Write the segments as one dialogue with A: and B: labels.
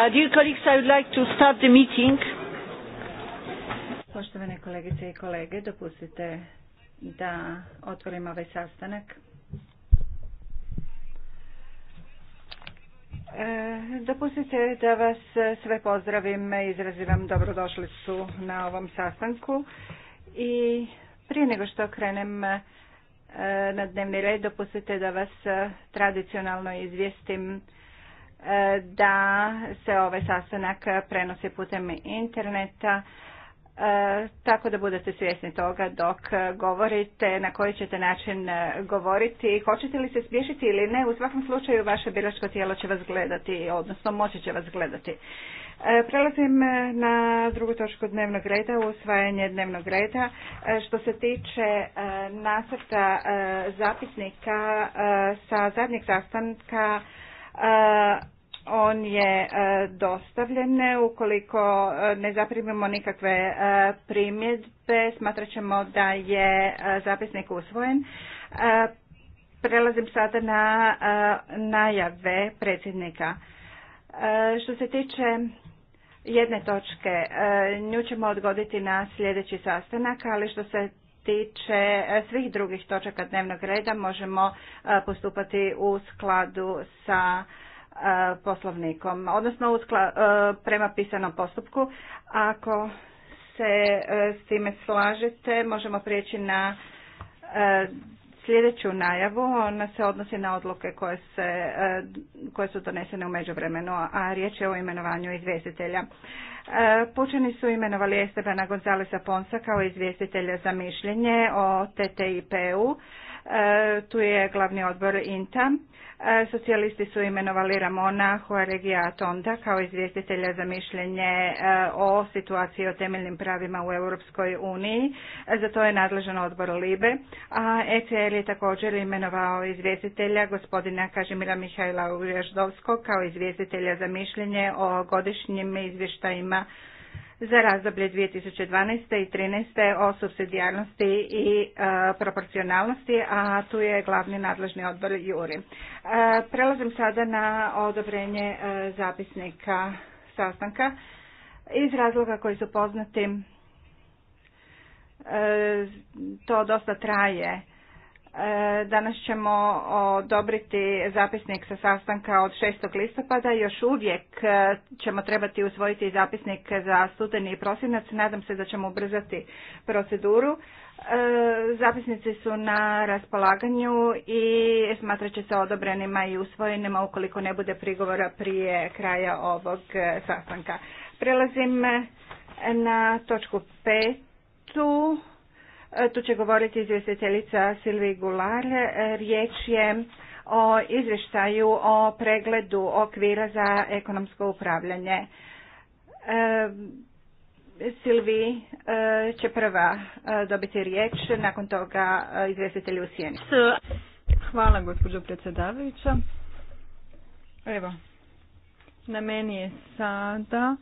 A: Uh, dear colleagues, I would like to start the meeting. Poštovane kolegice i kolege, dopustite da otvorim ovaj sastanak. E, dopustite da vas sve pozdravim i izrazivam dobrodošlicu na ovom sastanku. I prije nego što krenem e, na dnevni red, dopustite da vas tradicionalno izvijestim E, da se ovaj sastanak prenosi putem interneta e, tako da budete svjesni toga dok govorite, na koji ćete način e, govoriti, hoćete li se spješiti ili ne, u svakom slučaju vaše biračko tijelo će vas gledati, odnosno moći će vas gledati. Prelazim na drugu točku dnevnog reda, usvajanje dnevnog reda. Što se tiče nasrta zapisnika sa zadnjeg sastanka Eh, on je eh, dostavljen. Ukoliko eh, ne zaprimimo nikakve primjedbe, smatrat ćemo da je zapisnik usvojen. Prelazim sada na najave predsjednika. Što se tiče jedne točke, nju ćemo odgoditi na sljedeći sastanak, ali što se tiče e, svih drugih točaka dnevnog reda možemo e, postupati u skladu sa e, poslovnikom, odnosno prema pisanom postupku. Ako se s time slažete, možemo prijeći na sljedeću najavu. Ona se odnosi na odluke koje, se, e, koje su donesene u međuvremenu, a riječ je o imenovanju izvjestitelja. E, pučani su imenovali Estebana Gonzalesa Ponsa kao izvjestitelja za mišljenje o TTIP-u. E, tu je glavni odbor INTA. E, socijalisti su imenovali Ramona Huaregija Tonda kao izvjestitelja za mišljenje e, o situaciji o temeljnim pravima u Europskoj uniji. Za to je nadležan odbor Libe. A ECR je također imenovao izvjestitelja gospodina Kažimira Mihajla Uvježdovskog kao izvjestitelja za mišljenje o godišnjim izvještajima za razdoblje 2012. i 2013. o subsidijarnosti i e, proporcionalnosti, a tu je glavni nadležni odbor Juri. E, prelazim sada na odobrenje e, zapisnika sastanka iz razloga koji su poznati to dosta traje E, danas ćemo odobriti zapisnik sa sastanka od 6. listopada. Još uvijek e, ćemo trebati usvojiti zapisnik za studeni i prosinac. Nadam se da ćemo ubrzati proceduru. E, zapisnici su na raspolaganju i smatrat će se odobrenima i usvojenima ukoliko ne bude prigovora prije kraja ovog sastanka. Prelazim na točku 5. E, tu će govoriti izvjestiteljica Silvi Gular. E, riječ je o izvještaju o pregledu okvira za ekonomsko upravljanje. E, Silvi će prva dobiti riječ, nakon toga izvjestitelji u sjeni. Hvala gospođo predsjedavajuća. Evo, na meni je sada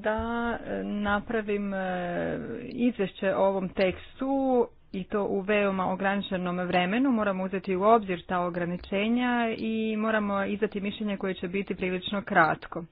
A: da e, napravim e, izvješće o ovom tekstu i to u veoma ograničenom vremenu. Moramo uzeti u obzir ta ograničenja i moramo izdati mišljenje koje će biti prilično kratko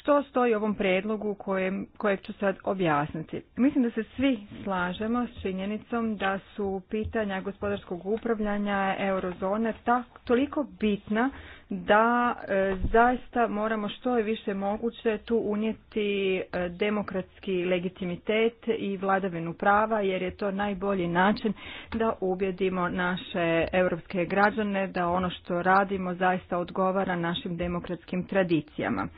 A: što stoji u ovom predlogu kojem, kojeg ću sad objasniti. Mislim da se svi slažemo s činjenicom da su pitanja gospodarskog upravljanja eurozone tak, toliko bitna da e, zaista moramo što je više moguće tu unijeti e, demokratski legitimitet i vladavinu prava jer je to najbolji način da ubjedimo naše europske građane da ono što radimo zaista odgovara našim demokratskim tradicijama.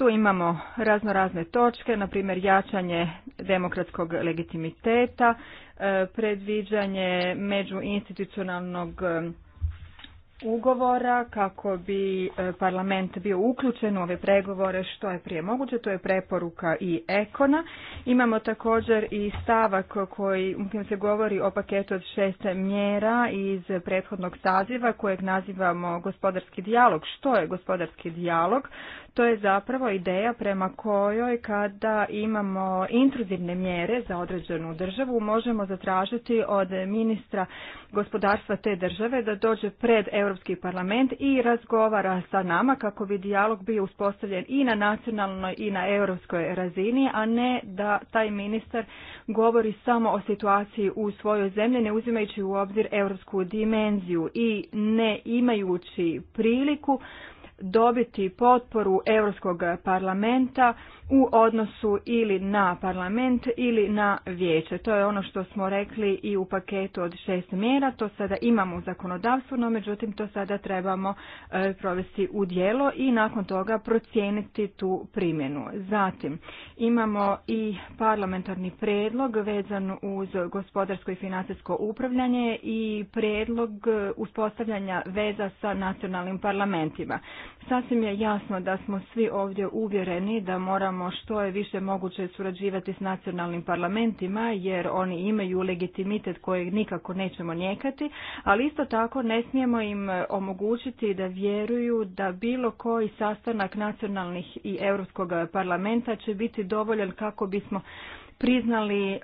A: Tu imamo razno razne točke, na primjer jačanje demokratskog legitimiteta, e, predviđanje međuinstitucionalnog e, ugovora kako bi e, parlament bio uključen u ove pregovore što je prije moguće, to je preporuka i ekona. Imamo također i stavak koji, u kojem se govori o paketu od šest mjera iz prethodnog saziva kojeg nazivamo gospodarski dijalog. Što je gospodarski dijalog? To je zapravo ideja prema kojoj kada imamo intruzivne mjere za određenu državu možemo zatražiti od ministra gospodarstva te države da dođe pred Europski parlament i razgovara sa nama kako bi dijalog bio uspostavljen i na nacionalnoj i na europskoj razini, a ne da taj ministar govori samo o situaciji u svojoj zemlji ne uzimajući u obzir europsku dimenziju i ne imajući priliku dobiti potporu Europskog parlamenta u odnosu ili na parlament ili na vijeće. To je ono što smo rekli i u paketu od šest mjera. To sada imamo u zakonodavstvu, no međutim to sada trebamo e, provesti u dijelo i nakon toga procijeniti tu primjenu. Zatim imamo i parlamentarni predlog vezan uz gospodarsko i financijsko upravljanje i predlog e, uspostavljanja veza sa nacionalnim parlamentima. Sasvim je jasno da smo svi ovdje uvjereni da moramo što je više moguće surađivati s nacionalnim parlamentima jer oni imaju legitimitet kojeg nikako nećemo njekati, ali isto tako ne smijemo im omogućiti da vjeruju da bilo koji sastanak nacionalnih i Europskog parlamenta će biti dovoljan kako bismo priznali e,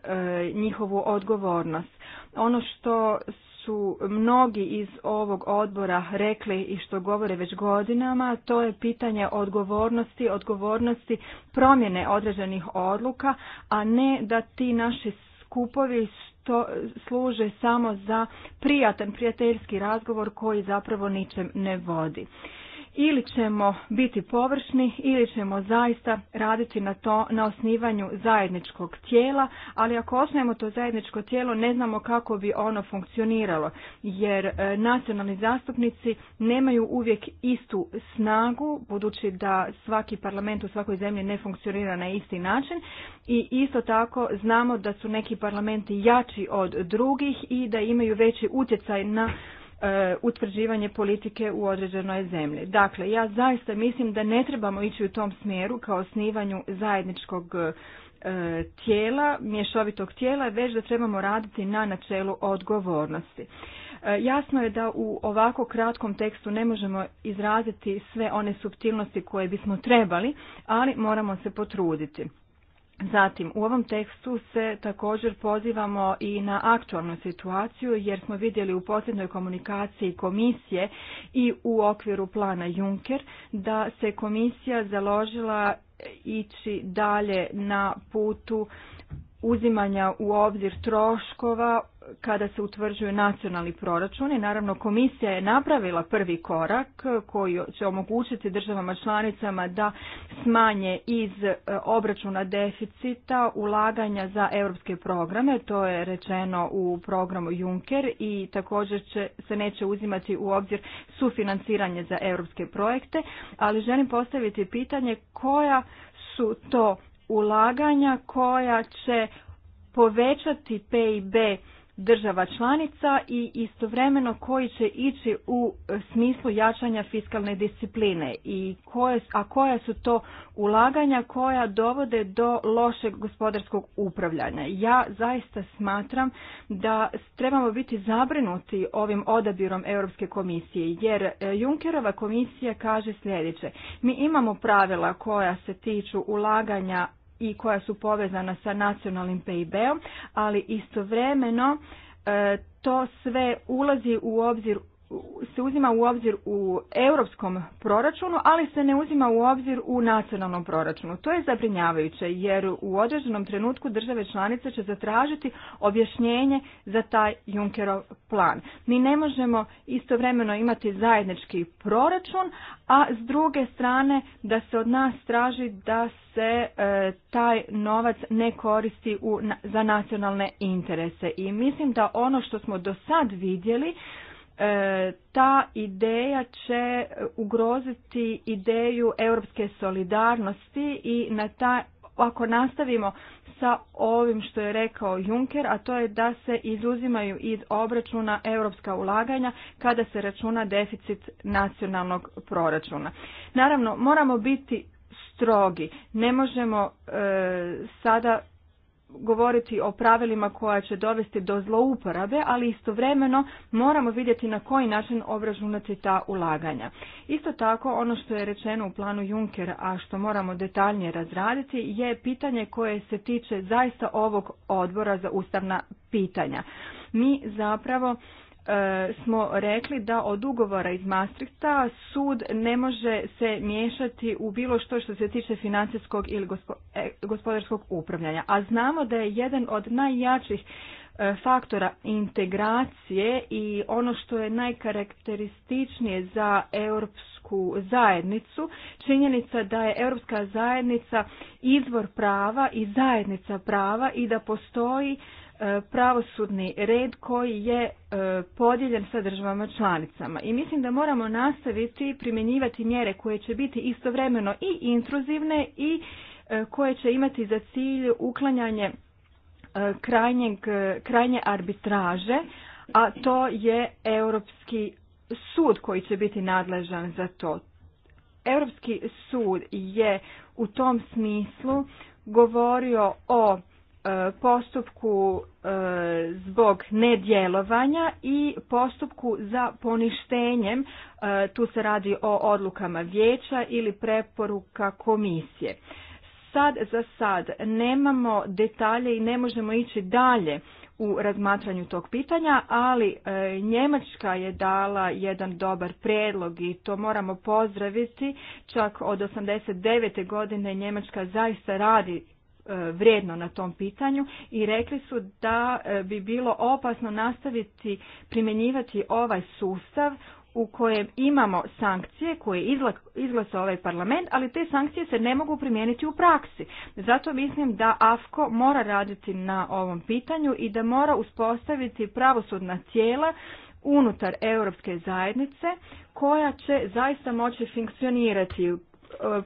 A: njihovu odgovornost. Ono što su mnogi iz ovog odbora rekli i što govore već godinama, to je pitanje odgovornosti, odgovornosti promjene određenih odluka, a ne da ti naši skupovi to služe samo za prijatan, prijateljski razgovor koji zapravo ničem ne vodi ili ćemo biti površni ili ćemo zaista raditi na to na osnivanju zajedničkog tijela, ali ako osnujemo to zajedničko tijelo ne znamo kako bi ono funkcioniralo jer e, nacionalni zastupnici nemaju uvijek istu snagu budući da svaki parlament u svakoj zemlji ne funkcionira na isti način i isto tako znamo da su neki parlamenti jači od drugih i da imaju veći utjecaj na E, utvrđivanje politike u određenoj zemlji. Dakle, ja zaista mislim da ne trebamo ići u tom smjeru kao osnivanju zajedničkog e, tijela, mješovitog tijela, već da trebamo raditi na načelu odgovornosti. E, jasno je da u ovako kratkom tekstu ne možemo izraziti sve one subtilnosti koje bismo trebali, ali moramo se potruditi. Zatim, u ovom tekstu se također pozivamo i na aktualnu situaciju jer smo vidjeli u posljednoj komunikaciji komisije i u okviru plana Juncker da se komisija založila ići dalje na putu uzimanja u obzir troškova kada se utvrđuju nacionalni proračuni. Naravno, komisija je napravila prvi korak koji će omogućiti državama članicama da smanje iz e, obračuna deficita ulaganja za europske programe. To je rečeno u programu Juncker i također će, se neće uzimati u obzir sufinanciranje za europske projekte. Ali želim postaviti pitanje koja su to ulaganja koja će povećati PIB država članica i istovremeno koji će ići u smislu jačanja fiskalne discipline i koje, a koja su to ulaganja koja dovode do lošeg gospodarskog upravljanja. Ja zaista smatram da trebamo biti zabrinuti ovim odabirom Europske komisije jer e, Junkerova komisija kaže sljedeće. Mi imamo pravila koja se tiču ulaganja i koja su povezana sa nacionalnim PIB-om, ali istovremeno e, to sve ulazi u obzir se uzima u obzir u europskom proračunu, ali se ne uzima u obzir u nacionalnom proračunu. To je zabrinjavajuće jer u određenom trenutku države članice će zatražiti objašnjenje za taj Junckerov plan. Mi ne možemo istovremeno imati zajednički proračun, a s druge strane da se od nas traži da se e, taj novac ne koristi u, za nacionalne interese. I mislim da ono što smo do sad vidjeli E, ta ideja će ugroziti ideju europske solidarnosti i na ta, ako nastavimo sa ovim što je rekao Juncker, a to je da se izuzimaju iz obračuna europska ulaganja kada se računa deficit nacionalnog proračuna. Naravno, moramo biti strogi. Ne možemo e, sada govoriti o pravilima koja će dovesti do zlouporabe, ali istovremeno moramo vidjeti na koji način obračunati ta ulaganja. Isto tako, ono što je rečeno u planu Juncker, a što moramo detaljnije razraditi, je pitanje koje se tiče zaista ovog odbora za ustavna pitanja. Mi zapravo E, smo rekli da od ugovora iz Maastrichta sud ne može se miješati u bilo što što se tiče financijskog ili e, gospodarskog upravljanja. A znamo da je jedan od najjačih e, faktora integracije i ono što je najkarakterističnije za europsku zajednicu, činjenica da je europska zajednica izvor prava i zajednica prava i da postoji E, pravosudni red koji je e, podijeljen sa državama članicama. I mislim da moramo nastaviti primjenjivati mjere koje će biti istovremeno i intruzivne i e, koje će imati za cilj uklanjanje krajnjeg, krajnje arbitraže, a to je Europski sud koji će biti nadležan za to. Europski sud je u tom smislu govorio o postupku e, zbog nedjelovanja i postupku za poništenjem, e, tu se radi o odlukama vijeća ili preporuka komisije. Sad za sad nemamo detalje i ne možemo ići dalje u razmatranju tog pitanja, ali e, Njemačka je dala jedan dobar predlog i to moramo pozdraviti. Čak od 1989. godine Njemačka zaista radi E, vrijedno na tom pitanju i rekli su da e, bi bilo opasno nastaviti primjenjivati ovaj sustav u kojem imamo sankcije koje izglasa ovaj parlament, ali te sankcije se ne mogu primijeniti u praksi. Zato mislim da AFKO mora raditi na ovom pitanju i da mora uspostaviti pravosudna tijela unutar Europske zajednice koja će zaista moći funkcionirati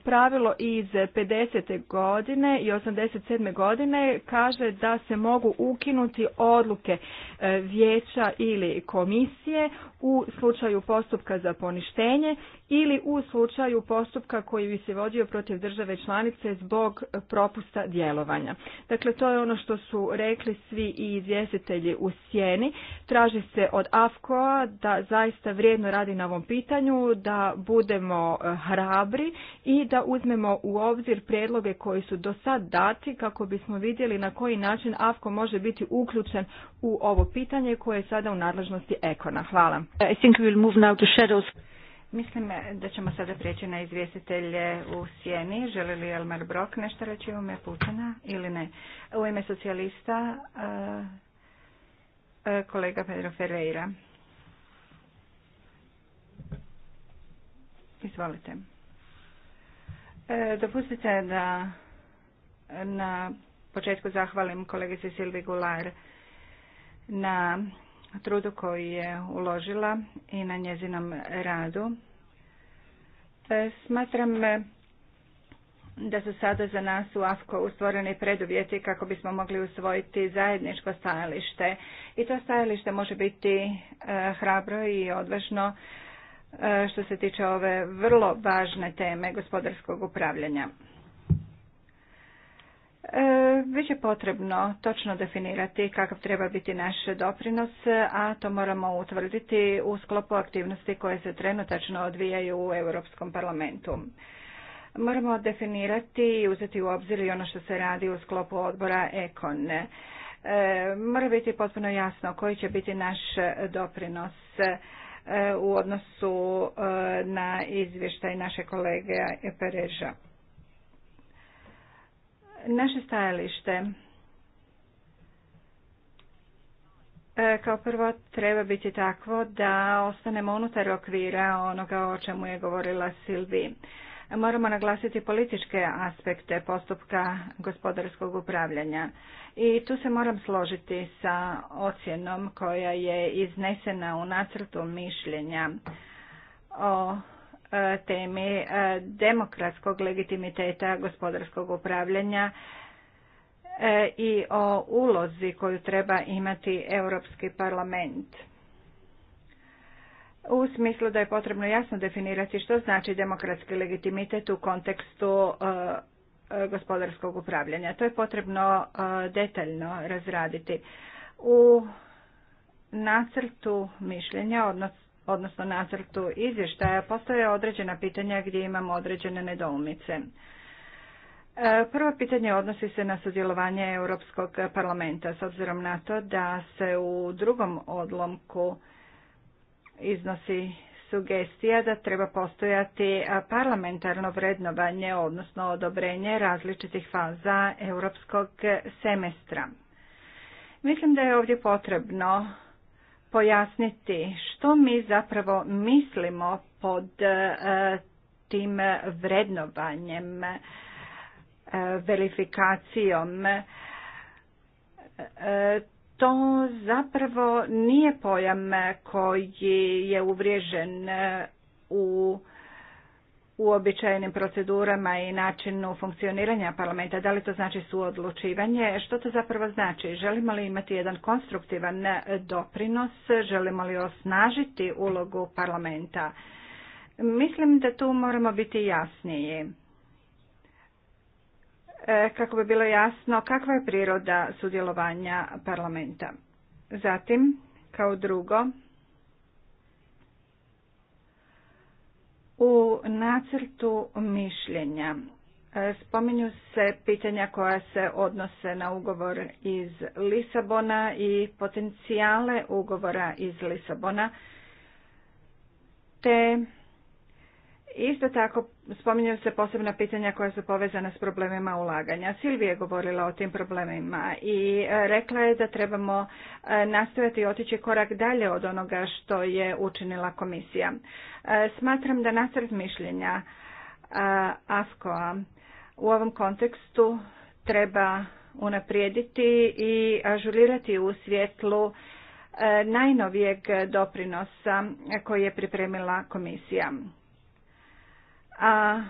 A: pravilo iz 50. godine i 87. godine kaže da se mogu ukinuti odluke e, vijeća ili komisije u slučaju postupka za poništenje ili u slučaju postupka koji bi se vodio protiv države članice zbog propusta djelovanja. Dakle, to je ono što su rekli svi i izvjestitelji u sjeni. Traži se od afko da zaista vrijedno radi na ovom pitanju, da budemo e, hrabri i da uzmemo u obzir predloge koji su do sad dati kako bismo vidjeli na koji način AFKO može biti uključen u ovo pitanje koje je sada u nadležnosti Ekona. Hvala. shadows. Mislim eh, da ćemo sada prijeći na izvjestitelje u sjeni. Želi li Elmar Brok nešto reći u ime ili ne? U ime socijalista eh, eh, kolega Pedro Ferreira. Izvolite. E, dopustite da na početku zahvalim kolegici Silvi Gular na trudu koji je uložila i na njezinom radu. E, smatram e, da su sada za nas u AFKO ustvoreni preduvjeti kako bismo mogli usvojiti zajedničko stajalište. I to stajalište može biti hrabro i odvažno E, što se tiče ove vrlo važne teme gospodarskog upravljanja. E, već je potrebno točno definirati kakav treba biti naš doprinos, a to moramo utvrditi u sklopu aktivnosti koje se trenutačno odvijaju u Europskom parlamentu. Moramo definirati i uzeti u obzir i ono što se radi u sklopu odbora EKON. E, mora biti potpuno jasno koji će biti naš doprinos E, u odnosu e, na izvještaj naše kolege Pereža. Naše stajalište e, kao prvo treba biti takvo da ostanemo unutar okvira onoga o čemu je govorila Silvi moramo naglasiti političke aspekte postupka gospodarskog upravljanja. I tu se moram složiti sa ocjenom koja je iznesena u nacrtu mišljenja o e, temi e, demokratskog legitimiteta gospodarskog upravljanja e, i o ulozi koju treba imati Europski parlament u smislu da je potrebno jasno definirati što znači demokratski legitimitet u kontekstu e, e, gospodarskog upravljanja. To je potrebno e, detaljno razraditi. U nacrtu mišljenja, odnosno nacrtu izvještaja, postoje određena pitanja gdje imamo određene nedoumice. Prvo pitanje odnosi se na sudjelovanje Europskog parlamenta, s obzirom na to da se u drugom odlomku iznosi sugestija da treba postojati parlamentarno vrednovanje, odnosno odobrenje različitih faza europskog semestra. Mislim da je ovdje potrebno pojasniti što mi zapravo mislimo pod e, tim vrednovanjem, e, verifikacijom. E, to zapravo nije pojam koji je uvriježen u uobičajenim procedurama i načinu funkcioniranja parlamenta, da li to znači suodlučivanje, što to zapravo znači? Želimo li imati jedan konstruktivan doprinos, želimo li osnažiti ulogu parlamenta? Mislim da tu moramo biti jasniji. E, kako bi bilo jasno kakva je priroda sudjelovanja parlamenta. Zatim, kao drugo, u nacrtu mišljenja e, spominju se pitanja koja se odnose na ugovor iz Lisabona i potencijale ugovora iz Lisabona, te isto tako spominju se posebna pitanja koja su povezana s problemima ulaganja. Silvija je govorila o tim problemima i e, rekla je da trebamo e, nastojati otići korak dalje od onoga što je učinila komisija. E, smatram da nastavit mišljenja asko a u ovom kontekstu treba unaprijediti i ažurirati u svjetlu najnovijeg doprinosa koji je pripremila komisija a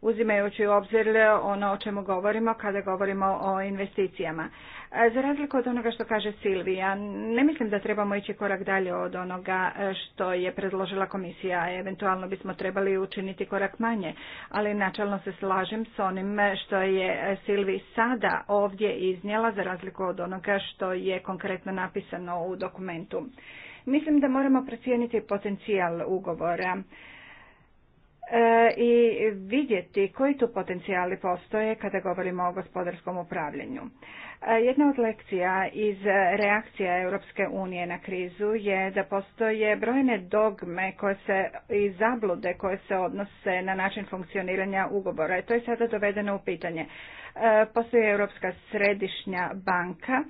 A: uzimajući u obzir ono o čemu govorimo kada govorimo o investicijama. Za razliku od onoga što kaže Silvija, ne mislim da trebamo ići korak dalje od onoga e, što je predložila komisija. Eventualno bismo trebali učiniti korak manje, ali načalno se slažem s onim e, što je Silvi sada ovdje iznijela za razliku od onoga što je konkretno napisano u dokumentu. Mislim da moramo procijeniti potencijal ugovora E, i vidjeti koji tu potencijali postoje kada govorimo o gospodarskom upravljanju. E, jedna od lekcija iz reakcija Europske unije na krizu je da postoje brojne dogme koje se i zablude koje se odnose na način funkcioniranja ugovora i to je sada dovedeno u pitanje. E, postoje Europska središnja banka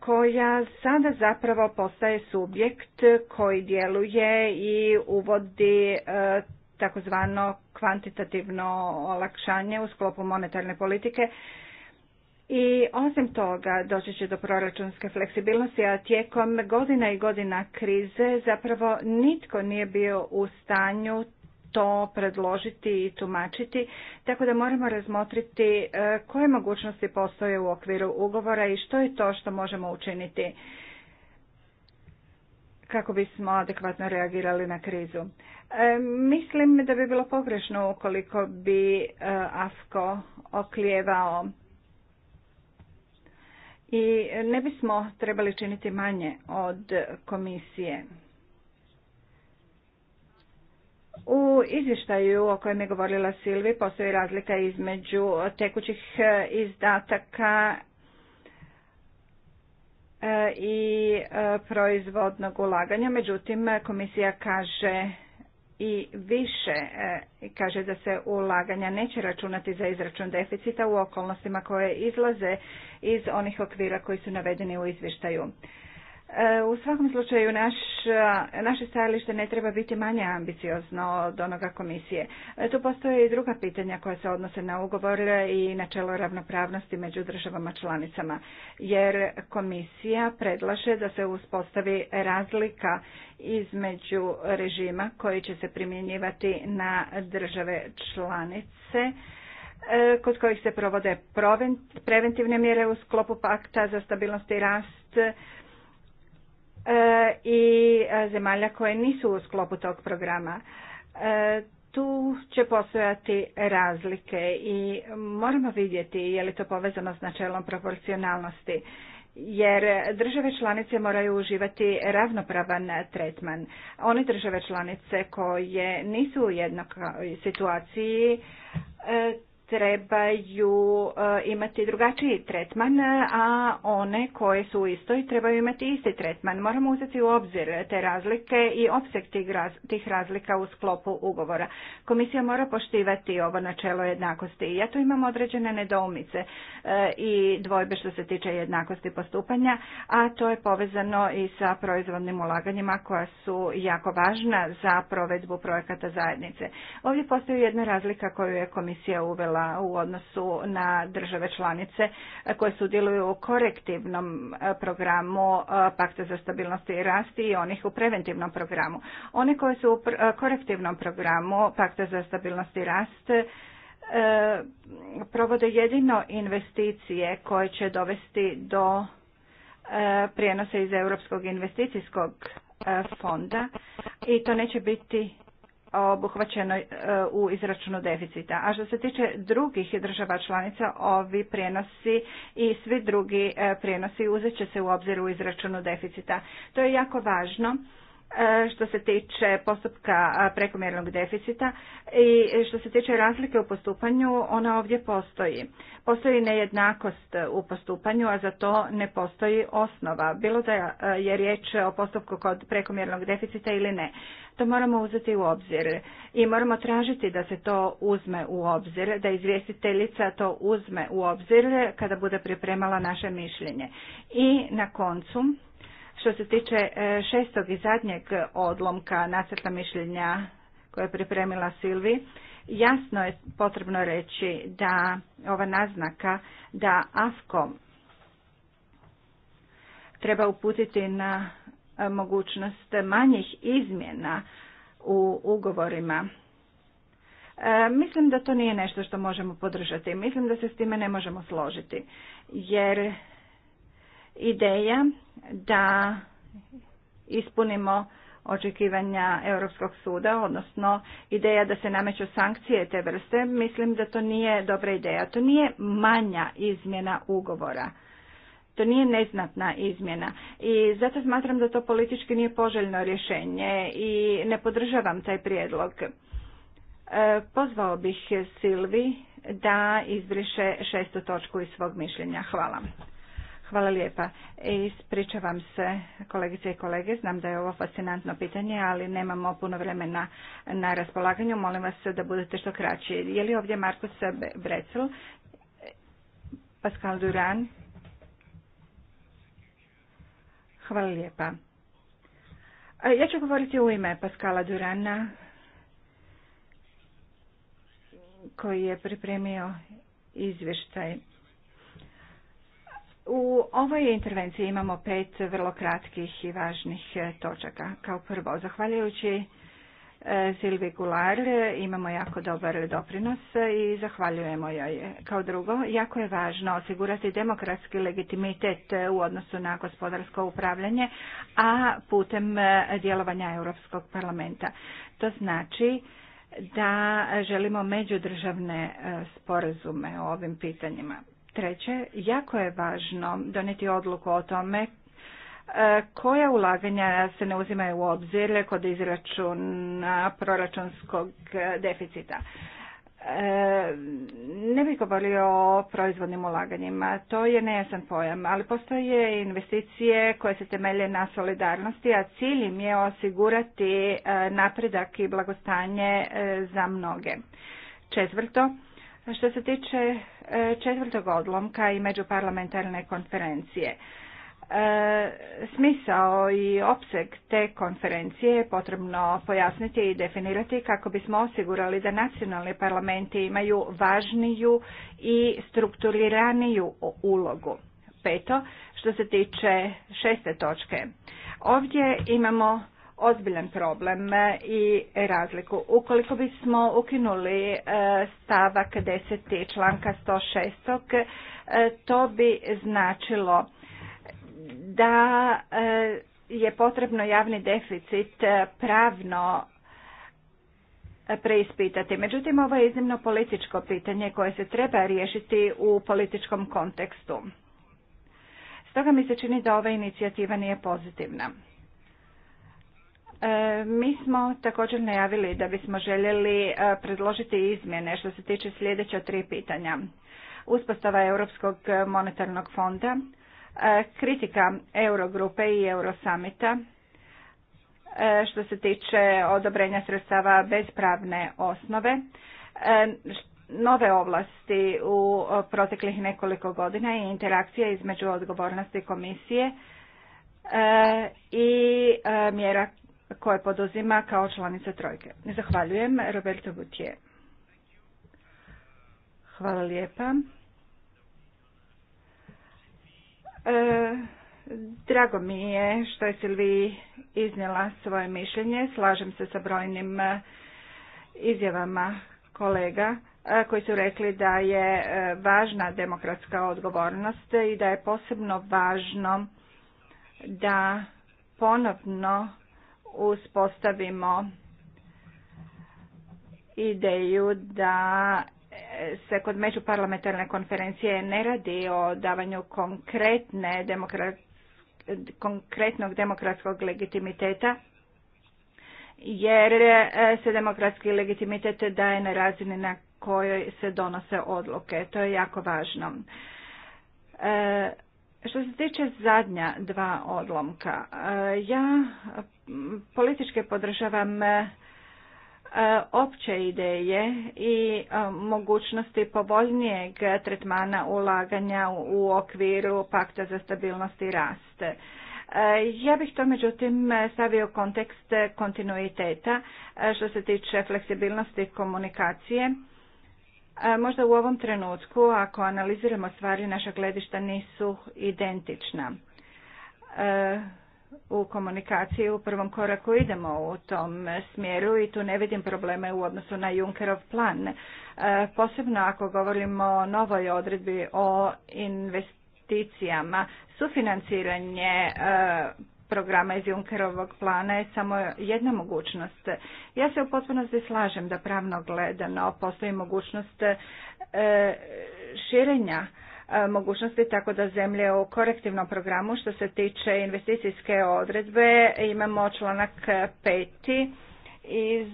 A: koja sada zapravo postaje subjekt koji djeluje i uvodi takozvano kvantitativno olakšanje u sklopu monetarne politike. I osim toga doći će do proračunske fleksibilnosti, a tijekom godina i godina krize zapravo nitko nije bio u stanju to predložiti i tumačiti, tako da moramo razmotriti e, koje mogućnosti postoje u okviru ugovora i što je to što možemo učiniti kako bismo adekvatno reagirali na krizu. E, mislim da bi bilo pogrešno ukoliko bi e, AFKO oklijevao i ne bismo trebali činiti manje od komisije. U izvještaju o kojem je govorila Silvi postoji razlika između tekućih e, izdataka E, i e, proizvodnog ulaganja. Međutim, komisija kaže i više e, kaže da se ulaganja neće računati za izračun deficita u okolnostima koje izlaze iz onih okvira koji su navedeni u izvještaju. E, u svakom slučaju naš, naše stajalište ne treba biti manje ambiciozno od onoga komisije. E, tu postoje i druga pitanja koja se odnose na ugovor i načelo ravnopravnosti među državama članicama, jer komisija predlaže da se uspostavi razlika između režima koji će se primjenjivati na države članice e, kod kojih se provode preventivne mjere u sklopu pakta za stabilnost i rast E, i e, zemalja koje nisu u sklopu tog programa. E, tu će postojati razlike i moramo vidjeti je li to povezano s načelom proporcionalnosti jer države članice moraju uživati ravnopravan tretman. One države članice koje nisu u jednog situaciji trebaju e, imati drugačiji tretman, a one koje su u istoj trebaju imati isti tretman. Moramo uzeti u obzir te razlike i opseg tih razlika u sklopu ugovora. Komisija mora poštivati ovo načelo jednakosti. Ja tu imam određene nedoumice e, i dvojbe što se tiče jednakosti postupanja, a to je povezano i sa proizvodnim ulaganjima koja su jako važna za provedbu projekata zajednice. Ovdje postoji jedna razlika koju je komisija uvela u odnosu na države članice koje sudjeluju u korektivnom e, programu e, Pakta za stabilnost i rast i onih u preventivnom programu. One koje su u e, korektivnom programu Pakta za stabilnost i rast provode jedino investicije koje će dovesti do prijenosa iz Europskog investicijskog fonda i to neće biti obuhvaćeno e, u izračunu deficita. A što se tiče drugih država članica, ovi prijenosi i svi drugi e, prijenosi uzet će se u obzir u izračunu deficita. To je jako važno E, što se tiče postupka e, prekomjernog deficita i što se tiče razlike u postupanju, ona ovdje postoji. Postoji nejednakost u postupanju, a za to ne postoji osnova, bilo da e, je riječ o postupku kod prekomjernog deficita ili ne. To moramo uzeti u obzir i moramo tražiti da se to uzme u obzir, da izvjestiteljica to uzme u obzir kada bude pripremala naše mišljenje. I na koncu, što se tiče e, šestog i zadnjeg odlomka nacrta mišljenja koje je pripremila Silvi, jasno je potrebno reći da ova naznaka da AFKO treba uputiti na mogućnost manjih izmjena u ugovorima. E, mislim da to nije nešto što možemo podržati. Mislim da se s time ne možemo složiti. Jer ideja da ispunimo očekivanja Europskog suda, odnosno ideja da se nameću sankcije te vrste, mislim da to nije dobra ideja. To nije manja izmjena ugovora. To nije neznatna izmjena i zato smatram da to politički nije poželjno rješenje i ne podržavam taj prijedlog. E, pozvao bih Silvi da izbriše šestu točku iz svog mišljenja. Hvala. Hvala lijepa. Ispričavam se kolegice i kolege, znam da je ovo fascinantno pitanje, ali nemamo puno vremena na raspolaganju. Molim vas da budete što kraći. Je li ovdje Markus Brecel, Pascal Duran? Hvala lijepa. Ja ću govoriti u ime Paskala Durana koji je pripremio izvještaj u ovoj intervenciji imamo pet vrlo kratkih i važnih e, točaka. Kao prvo, zahvaljujući e, Silvi Gular e, imamo jako dobar doprinos i zahvaljujemo joj. Kao drugo, jako je važno osigurati demokratski legitimitet u odnosu na gospodarsko upravljanje, a putem djelovanja Europskog parlamenta. To znači da želimo međudržavne sporazume o ovim pitanjima. Treće, jako je važno donijeti odluku o tome e, koja ulaganja se ne uzimaju u obzir kod izračuna proračunskog deficita. E, ne bih govorio o proizvodnim ulaganjima, to je nejasan pojam, ali postoje investicije koje se temelje na solidarnosti, a cilj im je osigurati e, napredak i blagostanje za mnoge. Četvrto, što se tiče e, četvrtog odlomka i međuparlamentarne konferencije, e, smisao i opseg te konferencije je potrebno pojasniti i definirati kako bismo osigurali da nacionalni parlamenti imaju važniju i strukturiraniju ulogu. Peto, što se tiče šeste točke. Ovdje imamo ozbiljan problem e, i razliku. Ukoliko bismo ukinuli e, stavak 10. članka 106. E, to bi značilo da je potrebno javni deficit pravno preispitati. Međutim, ovo je iznimno političko pitanje koje se treba riješiti u političkom kontekstu. Stoga mi se čini da ova inicijativa nije pozitivna. E, mi smo također najavili da bismo željeli e, predložiti izmjene što se tiče sljedeća tri pitanja. Uspostava Europskog monetarnog fonda, e, kritika Eurogrupe i Eurosamita, što se tiče odobrenja sredstava bez pravne osnove, nove ovlasti u proteklih nekoliko godina i interakcija između odgovornosti komisije i mjera koje poduzima kao članica trojke. Zahvaljujem Roberto butje Hvala lijepa. E, drago mi je što je Silvi iznijela svoje mišljenje. Slažem se sa brojnim e, izjavama kolega e, koji su rekli da je važna demokratska odgovornost i da je posebno važno da ponovno uspostavimo ideju da se kod međuparlamentarne konferencije ne radi o davanju konkretne konkretnog demokratskog legitimiteta, jer se demokratski legitimitet daje na razini na kojoj se donose odluke. To je jako važno. E, što se tiče zadnja dva odlomka, e, ja političke podržavam e, opće ideje i e, mogućnosti povoljnijeg tretmana ulaganja u okviru pakta za stabilnost i raste. Ja bih to međutim stavio u kontekst kontinuiteta e, što se tiče fleksibilnosti komunikacije. Možda u ovom trenutku, ako analiziramo stvari, naša gledišta nisu identična u komunikaciji u prvom koraku idemo u tom smjeru i tu ne vidim probleme u odnosu na Junkerov plan. E, posebno ako govorimo o novoj odredbi o investicijama, sufinanciranje e, programa iz Junkerovog plana je samo jedna mogućnost. Ja se u potpunosti slažem da pravno gledano postoji mogućnost e, širenja E, mogućnosti tako da zemlje u korektivnom programu što se tiče investicijske odredbe imamo članak 5. iz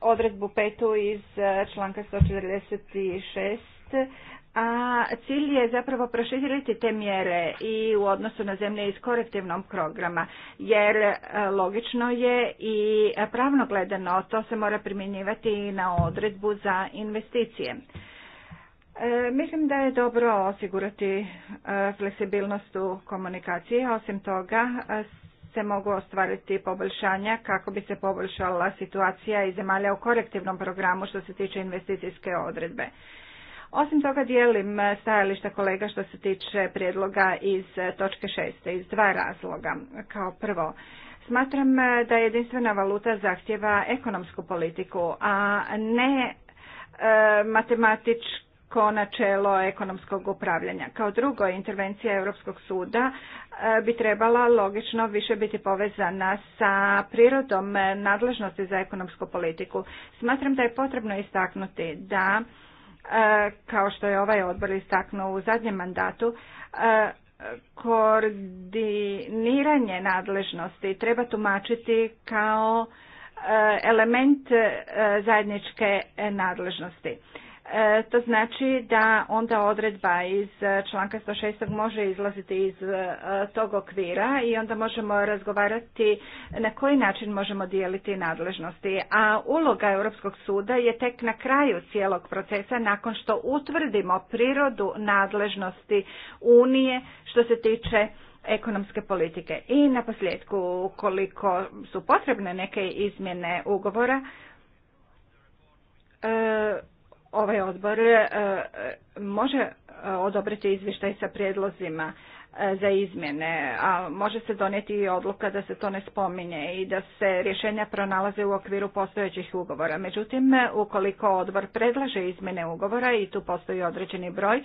A: odredbu petu iz e, članka 146 a cilj je zapravo proširiti te mjere i u odnosu na zemlje iz korektivnog programa, jer e, logično je i pravno gledano to se mora primjenjivati i na odredbu za investicije. E, mislim da je dobro osigurati e, fleksibilnost u komunikaciji, osim toga e, se mogu ostvariti poboljšanja kako bi se poboljšala situacija i zemalja u korektivnom programu što se tiče investicijske odredbe. Osim toga dijelim stajališta kolega što se tiče prijedloga iz točke 6. iz dva razloga. Kao prvo, smatram da jedinstvena valuta zahtjeva ekonomsku politiku, a ne matematičku ko načelo ekonomskog upravljanja. Kao drugo, intervencija Europskog suda e, bi trebala logično više biti povezana sa prirodom nadležnosti za ekonomsku politiku. Smatram da je potrebno istaknuti da, e, kao što je ovaj odbor istaknuo u zadnjem mandatu, e, koordiniranje nadležnosti treba tumačiti kao element zajedničke nadležnosti. E, to znači da onda odredba iz e, članka 106. može izlaziti iz e, tog okvira i onda možemo razgovarati na koji način možemo dijeliti nadležnosti. A uloga Europskog suda je tek na kraju cijelog procesa nakon što utvrdimo prirodu nadležnosti Unije što se tiče ekonomske politike. I na posljedku, koliko su potrebne neke izmjene ugovora, ovaj odbor e, e, može e, odobriti izvještaj sa prijedlozima za izmjene, a može se donijeti i odluka da se to ne spominje i da se rješenja pronalaze u okviru postojećih ugovora. Međutim, ukoliko odbor predlaže izmjene ugovora i tu postoji određeni broj,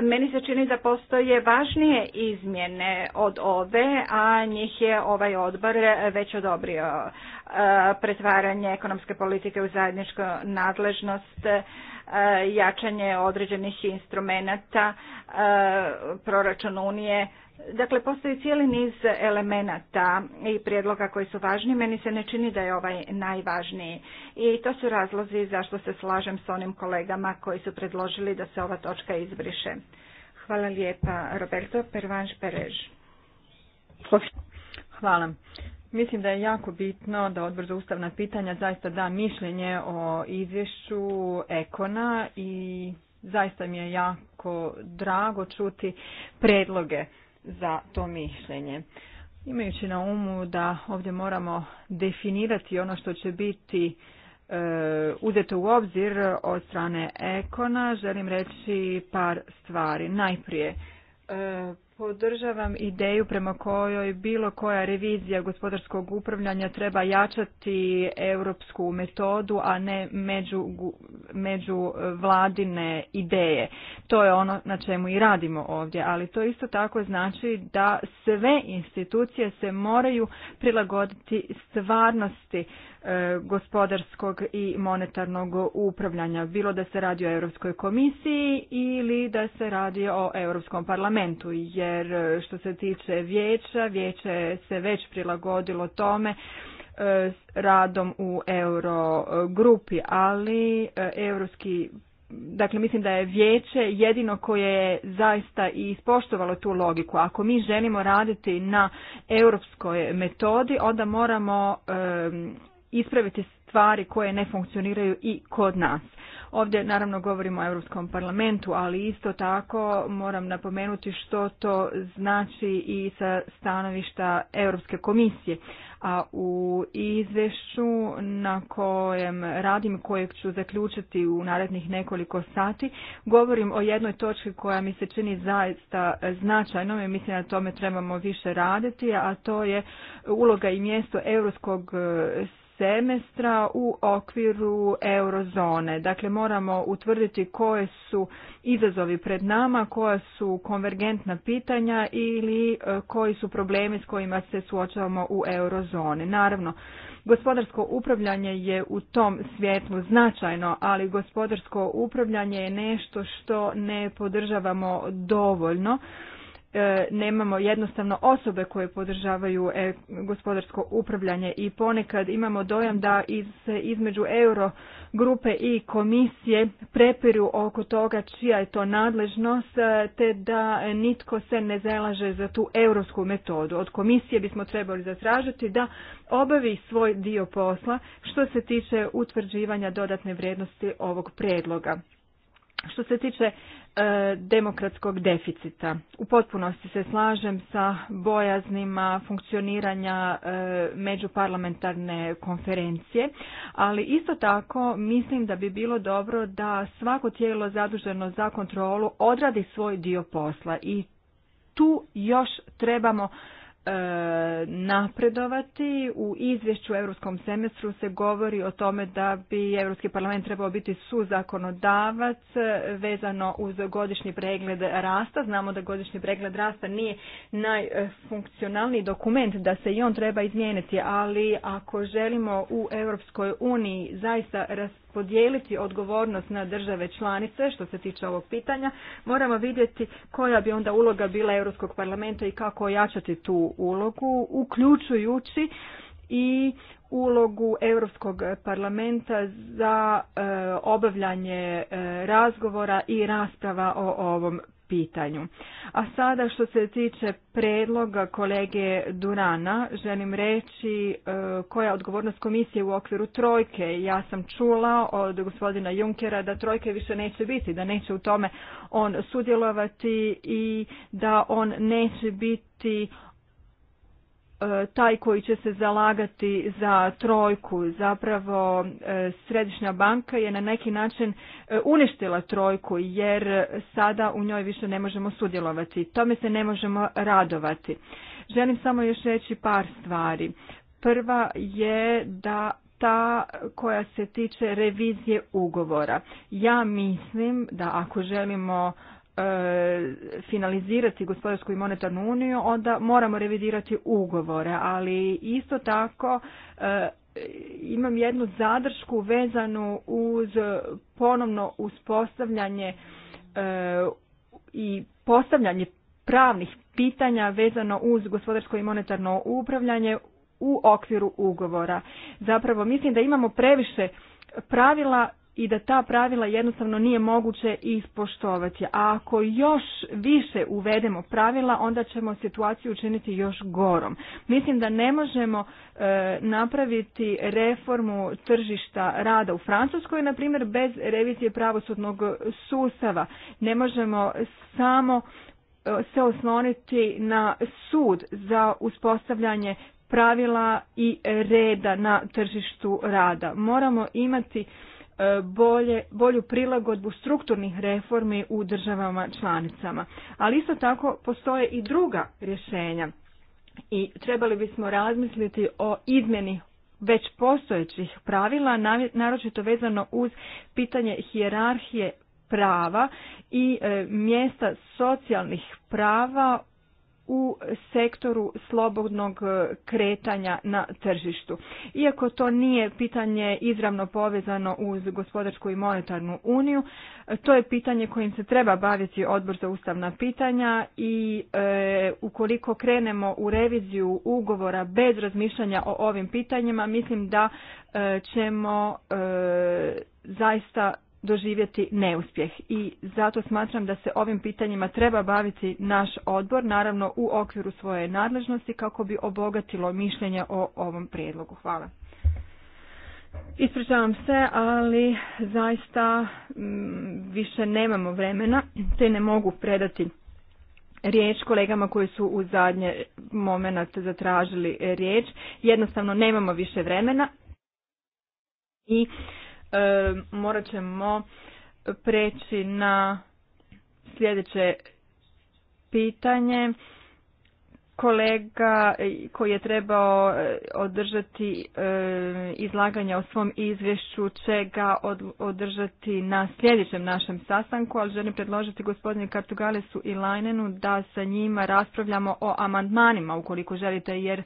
A: meni se čini da postoje važnije izmjene od ove, a njih je ovaj odbor već odobrio. Pretvaranje ekonomske politike u zajedničku nadležnost, E, jačanje određenih instrumenata, e, proračun Unije. Dakle, postoji cijeli niz elemenata i prijedloga koji su važni. Meni se ne čini da je ovaj najvažniji. I to su razlozi zašto se slažem s onim kolegama koji su predložili da se ova točka izbriše. Hvala lijepa, Roberto Pervanš Perež. Hvala. Mislim da je jako bitno da odbor za ustavna pitanja zaista da mišljenje o izvješću Ekona i zaista mi je jako drago čuti predloge za to mišljenje. Imajući na umu da ovdje moramo definirati ono što će biti e, uzeto u obzir od strane Ekona, želim reći par stvari. Najprije, e, podržavam ideju prema kojoj bilo koja revizija gospodarskog upravljanja treba jačati europsku metodu, a ne među, među e, vladine ideje. To je ono na čemu i radimo ovdje, ali to isto tako znači da sve institucije se moraju prilagoditi stvarnosti e, gospodarskog i monetarnog upravljanja, bilo da se radi o Europskoj komisiji ili da se radi o Europskom parlamentu, jer jer e, što se tiče vijeća, vijeće se već prilagodilo tome e, radom u euro grupi ali e, europski Dakle, mislim da je vijeće jedino koje je zaista i ispoštovalo tu logiku. Ako mi želimo raditi na europskoj metodi, onda moramo ispraviti stvari koje ne funkcioniraju i kod nas. Ovdje naravno govorimo o Europskom parlamentu, ali isto tako moram napomenuti što to znači i sa stanovišta Europske komisije. A u izvješću na kojem radim, kojeg ću zaključiti u narednih nekoliko sati, govorim o jednoj točki koja mi se čini zaista značajnom i mislim da tome trebamo više raditi, a to je uloga i mjesto Europskog semestra u okviru eurozone. Dakle, moramo utvrditi koje su izazovi pred nama, koja su konvergentna pitanja ili e, koji su problemi s kojima se suočavamo u eurozone. Naravno, Gospodarsko upravljanje je u tom svjetlu značajno, ali gospodarsko upravljanje je nešto što ne podržavamo dovoljno E, nemamo jednostavno osobe koje podržavaju e, gospodarsko upravljanje i ponekad imamo dojam da između euro grupe i komisije prepiru oko toga čija je to nadležnost e, te da nitko se ne zalaže za tu europsku metodu. Od komisije bismo trebali zatražiti da obavi svoj dio posla što se tiče utvrđivanja dodatne vrijednosti ovog predloga. Što se tiče e, demokratskog deficita, u potpunosti se slažem sa bojaznima funkcioniranja e, međuparlamentarne konferencije, ali isto tako mislim da bi bilo dobro da svako tijelo zaduženo za kontrolu odradi svoj dio posla i tu još trebamo E, napredovati. U izvješću u europskom semestru se govori o tome da bi Europski parlament trebao biti suzakonodavac vezano uz godišnji pregled rasta. Znamo da godišnji pregled rasta nije najfunkcionalniji dokument, da se i on treba izmijeniti, ali ako želimo u Europskoj uniji zaista rast podijeliti odgovornost na države članice što se tiče ovog pitanja, moramo vidjeti koja bi onda uloga bila Europskog parlamenta i kako ojačati tu ulogu, uključujući i ulogu Europskog parlamenta za e, obavljanje e, razgovora i rasprava o ovom pitanju. A sada što se tiče predloga kolege Durana, želim reći e, koja je odgovornost komisije u okviru trojke. Ja sam čula od gospodina Junkera da trojke više neće biti, da neće u tome on sudjelovati i da on neće biti E, taj koji će se zalagati za trojku. Zapravo e, Središnja banka je na neki način e, uništila trojku jer sada u njoj više ne možemo sudjelovati. Tome se ne možemo radovati. Želim samo još reći par stvari. Prva je da ta koja se tiče revizije ugovora. Ja mislim da ako želimo E, finalizirati gospodarsku i monetarnu uniju, onda moramo revidirati ugovore, ali isto tako e, imam jednu zadršku vezanu uz ponovno uspostavljanje e, i postavljanje pravnih pitanja vezano uz gospodarsko i monetarno upravljanje u okviru ugovora. Zapravo mislim da imamo previše pravila i da ta pravila jednostavno nije moguće ispoštovati. A ako još više uvedemo pravila, onda ćemo situaciju učiniti još gorom. Mislim da ne možemo e, napraviti reformu tržišta rada u Francuskoj, na primjer, bez revizije pravosudnog sustava. Ne možemo samo e, se osloniti na sud za uspostavljanje pravila i reda na tržištu rada. Moramo imati E, bolje, bolju prilagodbu strukturnih reformi u državama članicama. Ali isto tako postoje i druga rješenja i trebali bismo razmisliti o izmjeni već postojećih pravila, naročito vezano uz pitanje hijerarhije prava i e, mjesta socijalnih prava u sektoru slobodnog e, kretanja na tržištu. Iako to nije pitanje izravno povezano uz gospodarsku i monetarnu uniju, to je pitanje kojim se treba baviti odbor za ustavna pitanja i e, ukoliko krenemo u reviziju ugovora bez razmišljanja o ovim pitanjima, mislim da e, ćemo zaista doživjeti neuspjeh i zato smatram da se ovim pitanjima treba baviti naš odbor, naravno u okviru svoje nadležnosti kako bi obogatilo mišljenje o ovom prijedlogu. Hvala. Ispričavam se, ali zaista mm, više nemamo vremena, te ne mogu predati riječ kolegama koji su u zadnje moment zatražili riječ. Jednostavno nemamo više vremena i E, morat ćemo preći na sljedeće pitanje kolega koji je trebao eh, održati eh, izlaganje o svom izvješću će ga održati na sljedećem našem sastanku, ali želim predložiti gospodinu Kartugalesu i Lajnenu da sa njima raspravljamo o amandmanima ukoliko želite, jer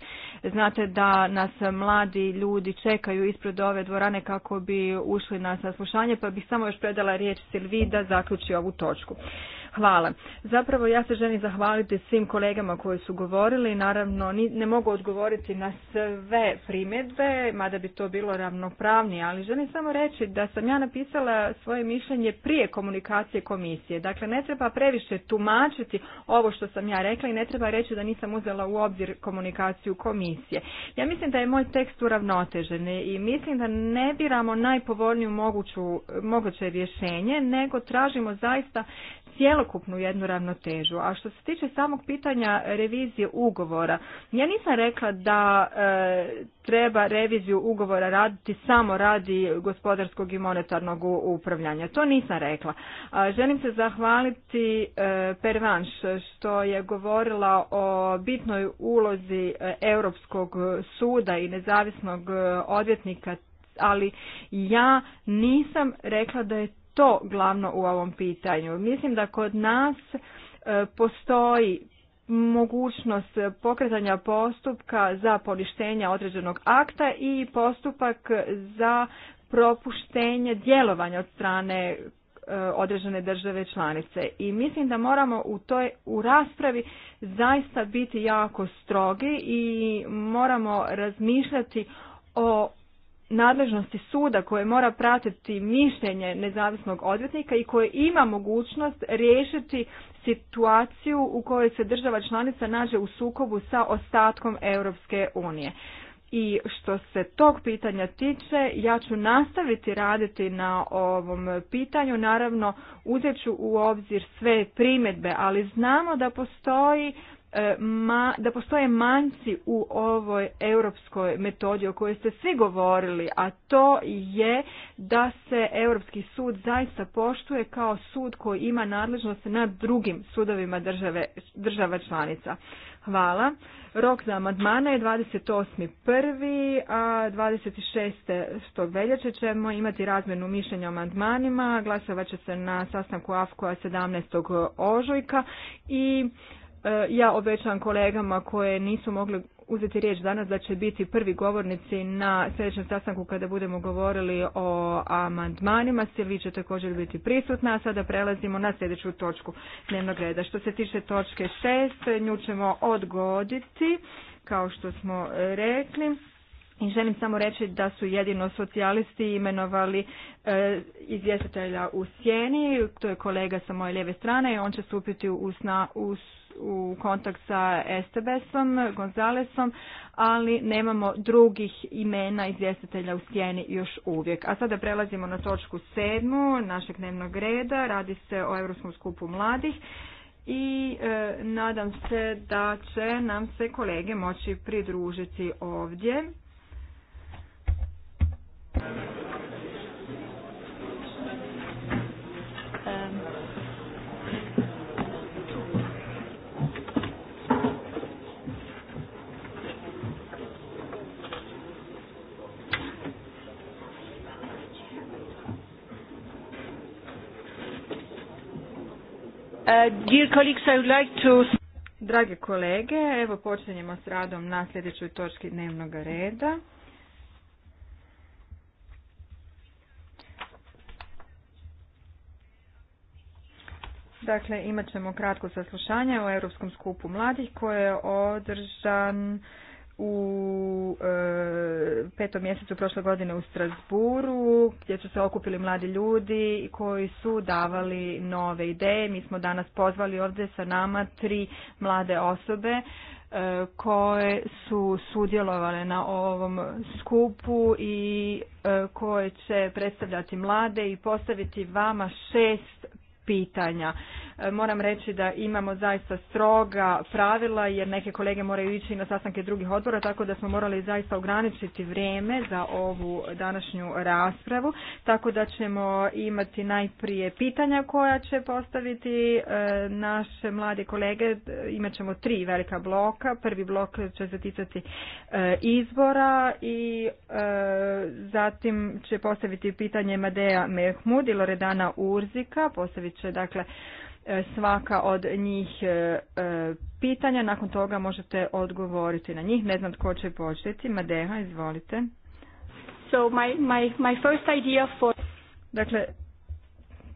A: znate da nas mladi ljudi čekaju ispred ove dvorane kako bi ušli na saslušanje, pa bih samo još predala riječ Silvi da zaključi ovu točku. Hvala. Zapravo ja se želim zahvaliti svim kolegama koji su govorili. Naravno ne mogu odgovoriti na sve primjedbe, mada bi to bilo ravnopravnije, ali želim samo reći da sam ja napisala svoje mišljenje prije komunikacije komisije. Dakle, ne treba previše tumačiti ovo što sam ja rekla i ne treba reći da nisam uzela u obzir komunikaciju komisije. Ja mislim da je moj tekst uravnotežen i mislim da ne biramo najpovoljniju moguću, moguće rješenje, nego tražimo zaista cjelokupnu jednu ravnotežu. A što se tiče samog pitanja revizije ugovora, ja nisam rekla da e, treba reviziju ugovora raditi samo radi gospodarskog i monetarnog upravljanja. To nisam rekla. E, želim se zahvaliti e, Pervanš što je govorila o bitnoj ulozi e, Europskog suda i nezavisnog odvjetnika ali ja nisam rekla da je to glavno u ovom pitanju. Mislim da kod nas e, postoji mogućnost pokretanja postupka za poništenje određenog akta i postupak za propuštenje djelovanja od strane e, određene države članice. I mislim da moramo u toj u raspravi zaista biti jako strogi i moramo razmišljati o nadležnosti suda koje mora pratiti mišljenje nezavisnog odvjetnika i koje ima mogućnost riješiti situaciju u kojoj se država članica nađe u sukobu sa ostatkom Europske unije. I što se tog pitanja tiče, ja ću nastaviti raditi na ovom pitanju. Naravno, uzet ću u obzir sve primjedbe, ali znamo da postoji E, ma, da postoje manjci u ovoj europskoj metodi o kojoj ste svi govorili, a to je da se Europski sud zaista poštuje kao sud koji ima nadležnost nad drugim sudovima države, država članica. Hvala. Rok za amandmane je 28.1. a 26. veljače ćemo imati razmjenu mišljenja o amandmanima. Glasovat će se na sastanku afkoa 17. ožujka i E, ja obećam kolegama koje nisu mogli uzeti riječ danas da će biti prvi govornici na sljedećem sastanku kada budemo govorili o amandmanima. vi će također biti prisutna, a sada prelazimo na sljedeću točku dnevnog reda. Što se tiče točke šest, nju ćemo odgoditi, kao što smo rekli. I želim samo reći da su jedino socijalisti imenovali e, izvjestitelja u sjeni, to je kolega sa moje lijeve strane i on će stupiti u, sna, u u kontakt sa Estebesom, Gonzalesom, ali nemamo drugih imena izvjestitelja u sjeni još uvijek. A sada prelazimo na točku sedmu našeg dnevnog reda, radi se o Europskom skupu mladih i e, nadam se da će nam se kolege moći pridružiti ovdje. dear colleagues, I like to... Drage kolege, evo počinjemo s radom na sljedećoj točki dnevnog reda. Dakle, imat ćemo kratko saslušanje o Europskom skupu mladih koje je održan u e, petom mjesecu prošle godine u Strasburu gdje su se okupili mladi ljudi koji su davali nove ideje. Mi smo danas pozvali ovdje sa nama tri mlade osobe e, koje su sudjelovale na ovom skupu i e, koje će predstavljati mlade i postaviti vama šest pitanja. E, moram reći da imamo zaista stroga pravila jer neke kolege moraju ići na sastanke drugih odbora, tako da smo morali zaista ograničiti vrijeme za ovu današnju raspravu, tako da ćemo imati najprije pitanja koja će postaviti e, naše mlade kolege. Imat ćemo tri velika bloka. Prvi blok će se e, izbora i zatim će postaviti pitanje Madeja Mehmud i Loredana Urzika, postavit Dakle, e, svaka od njih e, e, pitanja, nakon toga možete odgovoriti na njih. Ne znam tko će početi. Madeha, izvolite. So my, my, my first idea for... Dakle,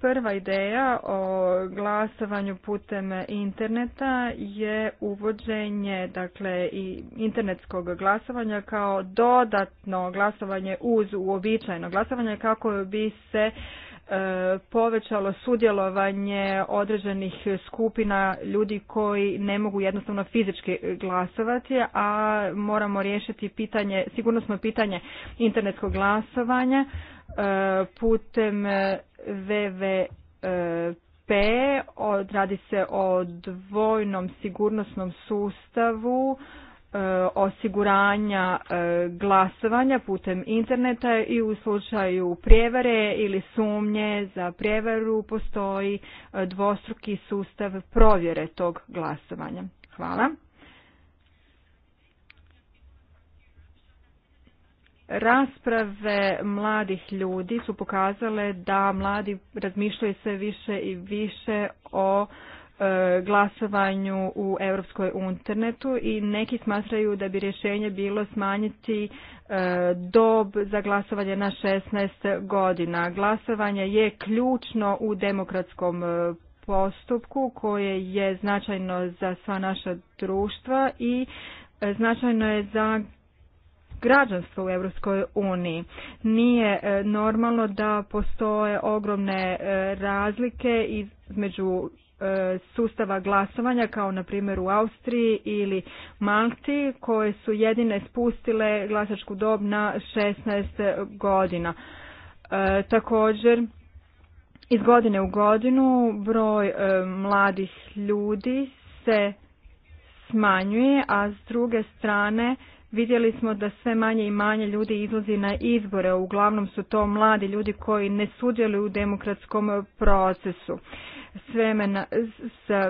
A: prva ideja o glasovanju putem interneta je uvođenje dakle i internetskog glasovanja kao dodatno glasovanje uz uobičajeno glasovanje kako bi se E, povećalo sudjelovanje određenih skupina ljudi koji ne mogu jednostavno fizički glasovati, a moramo riješiti pitanje, sigurnosno pitanje internetskog glasovanja e, putem VVP, radi se o dvojnom sigurnosnom sustavu E, osiguranja e, glasovanja putem interneta i u slučaju prijevare ili sumnje za prijevaru postoji e, dvostruki sustav provjere tog glasovanja. Hvala. Rasprave mladih ljudi su pokazale da mladi razmišljaju sve više i više o E, glasovanju u Europskoj internetu i neki smatraju da bi rješenje bilo smanjiti e, dob za glasovanje na 16 godina. Glasovanje je ključno u demokratskom e, postupku koje je značajno za sva naša društva i značajno je za građanstvo u Europskoj uniji. Nije normalno da postoje ogromne razlike između E, sustava glasovanja kao na primjer u Austriji ili Malti koje su jedine spustile glasačku dob na 16 godina. E, također iz godine u godinu broj e, mladih ljudi se smanjuje, a s druge strane vidjeli smo da sve manje i manje ljudi izlazi na izbore. Uglavnom su to mladi ljudi koji ne sudjeluju u demokratskom procesu s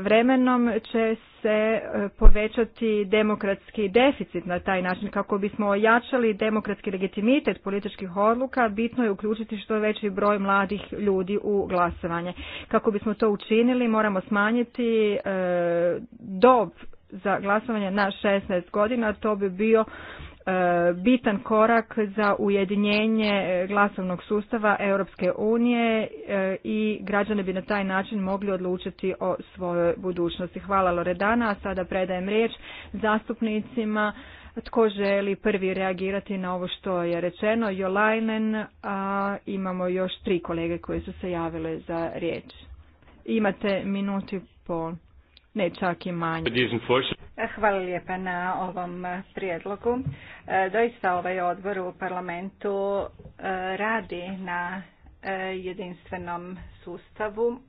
A: vremenom će se e, povećati demokratski deficit na taj način kako bismo ojačali demokratski legitimitet političkih odluka bitno je uključiti što veći broj mladih ljudi u glasovanje kako bismo to učinili moramo smanjiti e, dob za glasovanje na 16 godina to bi bio E, bitan korak za ujedinjenje glasovnog sustava Europske unije e, i građani bi na taj način mogli odlučiti o svojoj budućnosti. Hvala Loredana, a sada predajem riječ zastupnicima tko želi prvi reagirati na ovo što je rečeno. Jolajnen, a imamo još tri kolege koje su se javile za riječ. Imate minuti po pol ne čak i manje. E, hvala lijepa na ovom e, prijedlogu. E, doista ovaj odbor u parlamentu radi na jedinstvenom sustavu.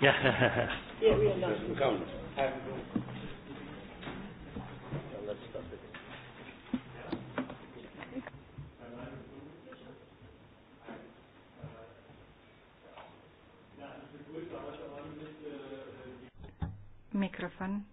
B: Ja,
A: Mikrofon.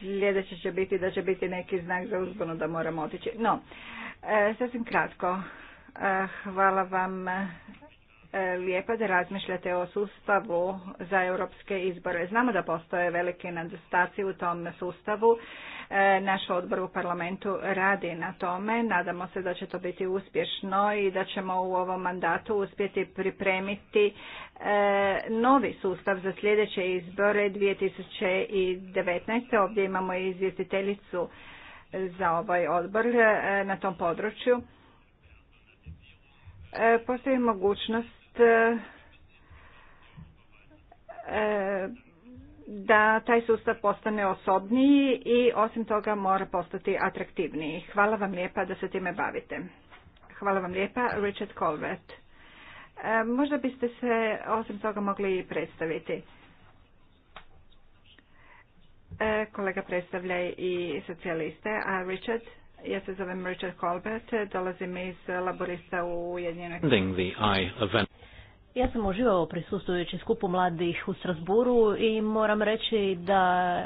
A: Sljedeće će biti da će biti neki znak za uzbunu da moramo otići. No, e, sasvim kratko. E, hvala vam lijepa da razmišljate o sustavu za europske izbore. Znamo da postoje velike nedostaci u tom sustavu. E, naš odbor u parlamentu radi na tome. Nadamo se da će to biti uspješno i da ćemo u ovom mandatu uspjeti pripremiti e, novi sustav za sljedeće izbore 2019. Ovdje imamo izvjestiteljicu za ovaj odbor e, na tom području postoji mogućnost E, e, da taj sustav postane osobniji i osim toga mora postati atraktivniji. Hvala vam lijepa da se time bavite. Hvala vam lijepa, Richard Colvert. E, možda biste se osim toga mogli i predstaviti. Kolega predstavlja i socijaliste, a Richard? Ja se zovem Richard Colbert, dolazim iz laborista u Ujedinjenoj. Ja sam uživao prisustujući skupu mladih u Strasburu i
C: moram reći da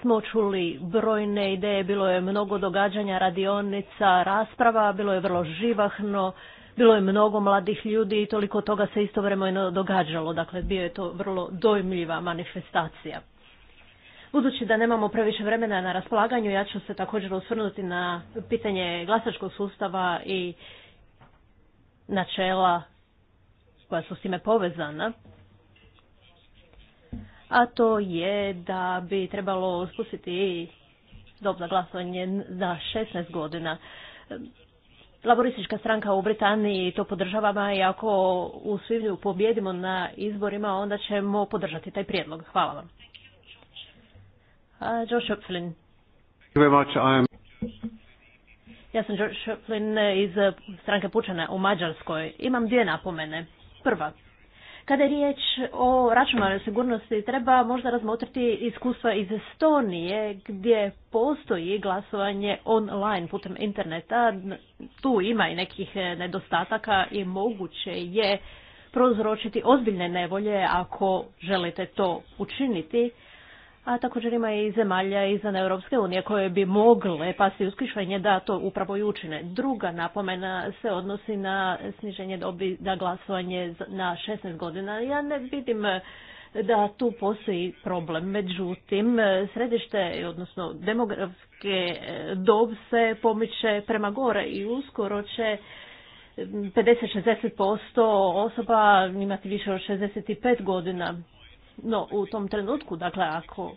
C: smo čuli brojne ideje, bilo je mnogo događanja, radionica, rasprava, bilo je vrlo živahno, bilo je mnogo mladih ljudi i toliko toga se istovremeno događalo, dakle bio je to vrlo dojmljiva manifestacija. Budući da nemamo previše vremena na raspolaganju, ja ću se također osvrnuti na pitanje glasačkog sustava i načela koja su s time povezana. A to je da bi trebalo spustiti dob za glasovanje za 16 godina. Laboristička stranka u Britaniji to podržava i ako u svibnju pobjedimo na izborima, onda ćemo podržati taj prijedlog. Hvala vam. Uh, very much. Ja sam George Schöpflin uh, iz uh, stranke Pučane u Mađarskoj. Imam dvije napomene. Prva, kada je riječ o računalnoj sigurnosti, treba možda razmotriti iskustva iz Estonije gdje postoji glasovanje online putem interneta. Tu ima i nekih uh, nedostataka i moguće je prozročiti ozbiljne nevolje ako želite to učiniti a također ima i zemalja izvan Europske unije koje bi mogle pasti uskrišenje da to upravo i učine. Druga napomena se odnosi na sniženje dobi da glasovanje na 16 godina. Ja ne vidim eh, da tu postoji problem. Međutim, eh, središte, odnosno demografske eh, dob se pomiče prema gore i uskoro će 50-60% mm, osoba imati više od 65 godina. No, u tom trenutku, dakle, ako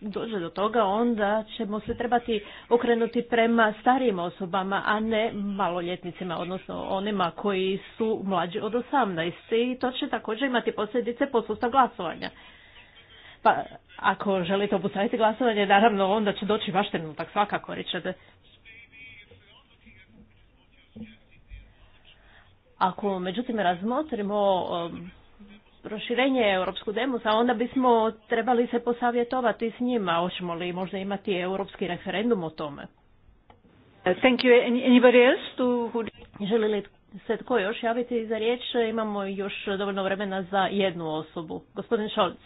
C: dođe do toga, onda ćemo se trebati okrenuti prema starijim osobama, a ne maloljetnicima, odnosno onima koji su mlađi od 18. I to će također imati posljedice po glasovanja. Pa, ako želite obustaviti glasovanje, naravno, onda će doći vaš trenutak, svakako, Richard. Ako, međutim, razmotrimo um, proširenje europsku a onda bismo trebali se posavjetovati s njima. Hoćemo li možda imati europski referendum o tome? Thank you. Anybody else to... Želi li se tko još javiti za riječ? Imamo još dovoljno vremena za jednu osobu. Gospodin Šolc.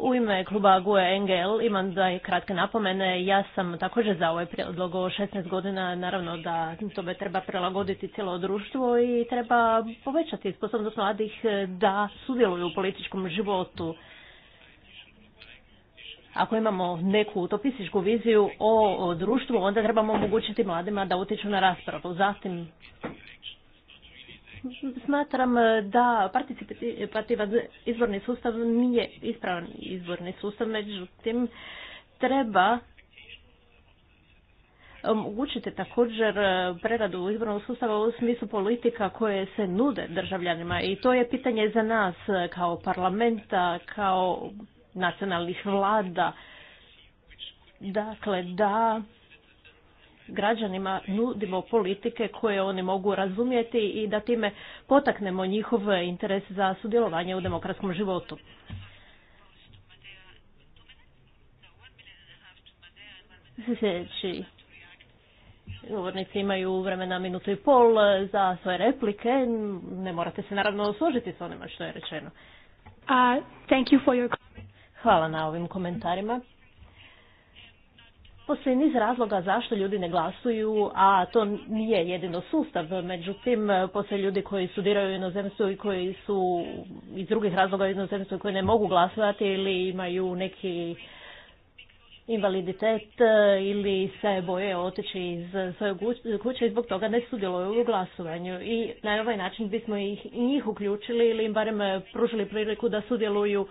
C: U ime kluba GUE Engel imam da kratke napomene. Ja sam također za ovaj prijedlog o 16 godina. Naravno da tome treba prilagoditi cijelo društvo i treba povećati sposobnost mladih eh, da sudjeluju u političkom životu. Ako imamo neku utopističku viziju o društvu, onda trebamo omogućiti mladima da utječu na raspravu. Zatim, Smatram eh, da participativan izborni sustav nije ispravan izborni sustav, međutim treba omogućiti također eh, preradu izbornog sustava u smislu politika koje se nude državljanima i to je pitanje za nas eh, kao parlamenta, kao nacionalnih vlada. Dakle, da građanima nudimo politike koje oni mogu razumjeti i da time potaknemo njihov interes za sudjelovanje u demokratskom životu. Sljedeći govornici imaju vremena minutu i pol za svoje replike. Ne morate se naravno složiti s onima što je rečeno. Uh, thank you for Hvala na ovim komentarima. Postoji niz razloga zašto ljudi ne glasuju, a to nije jedino sustav. Međutim, postoje ljudi koji studiraju u inozemstvu i koji su iz drugih razloga u inozemstvu i koji ne mogu glasovati ili imaju neki invaliditet e, ili se boje otići iz svoje kuće i zbog toga ne sudjeluju u glasovanju. I na ovaj način bismo ih, njih uključili ili im barem pružili priliku da sudjeluju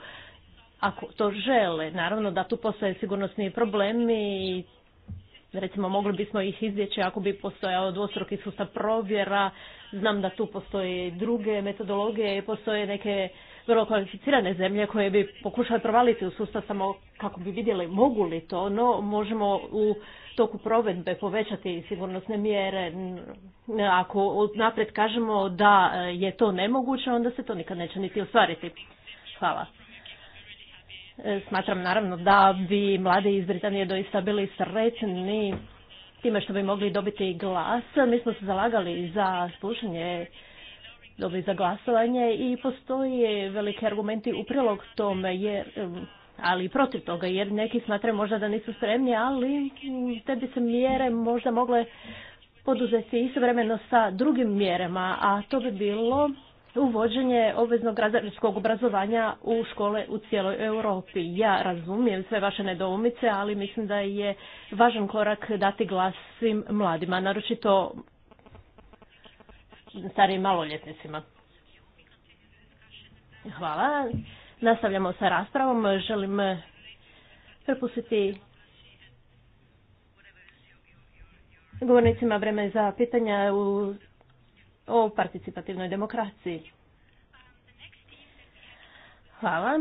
C: ako to žele. Naravno da tu postoje sigurnosni problemi i recimo mogli bismo ih izbjeći ako bi postojao dvostruki sustav provjera. Znam da tu postoje druge metodologije i postoje neke vrlo kvalificirane zemlje koje bi pokušale provaliti u sustav samo kako bi vidjeli mogu li to, no možemo u toku provedbe povećati sigurnosne mjere. Ako naprijed kažemo da je to nemoguće, onda se to nikad neće niti ostvariti. Hvala. Smatram naravno da bi mladi iz Britanije doista bili srećni time što bi mogli dobiti glas. Mi smo se zalagali za slušanje dobi za glasovanje i postoje veliki argumenti u prilog tome, jer, ali i protiv toga, jer neki smatraju možda da nisu spremni, ali te bi se mjere možda mogle poduzeti istovremeno sa drugim mjerama, a to bi bilo uvođenje obveznog razredskog obrazovanja u škole u cijeloj Europi. Ja razumijem sve vaše nedoumice, ali mislim da je važan korak dati glas svim mladima, naročito starijim maloljetnicima. Hvala. Nastavljamo sa raspravom. Želim prepustiti govornicima vreme za pitanja u o participativnoj demokraciji. Hvala.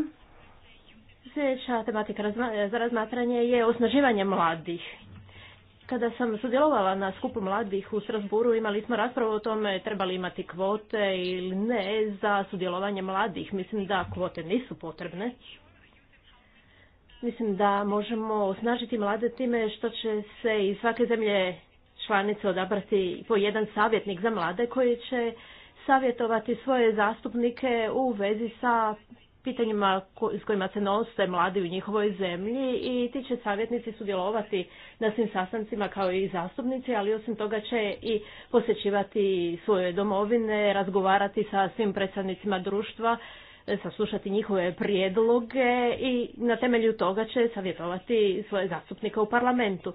C: Sljedeća tematika za razmatranje je osnaživanje mladih. Kada sam sudjelovala na skupu mladih u Strasburu, imali smo raspravu o tome trebali imati kvote ili ne za sudjelovanje mladih. Mislim da kvote nisu potrebne. Mislim da možemo osnažiti mlade time što će se iz svake zemlje članice odabrati po jedan savjetnik za mlade koji će savjetovati svoje zastupnike u vezi sa pitanjima s kojima se nose mladi u njihovoj zemlji i ti će savjetnici sudjelovati na svim sastancima kao i zastupnici, ali osim toga će i posjećivati svoje domovine, razgovarati sa svim predstavnicima društva, e, saslušati njihove prijedloge i na temelju toga će savjetovati svoje zastupnike u parlamentu.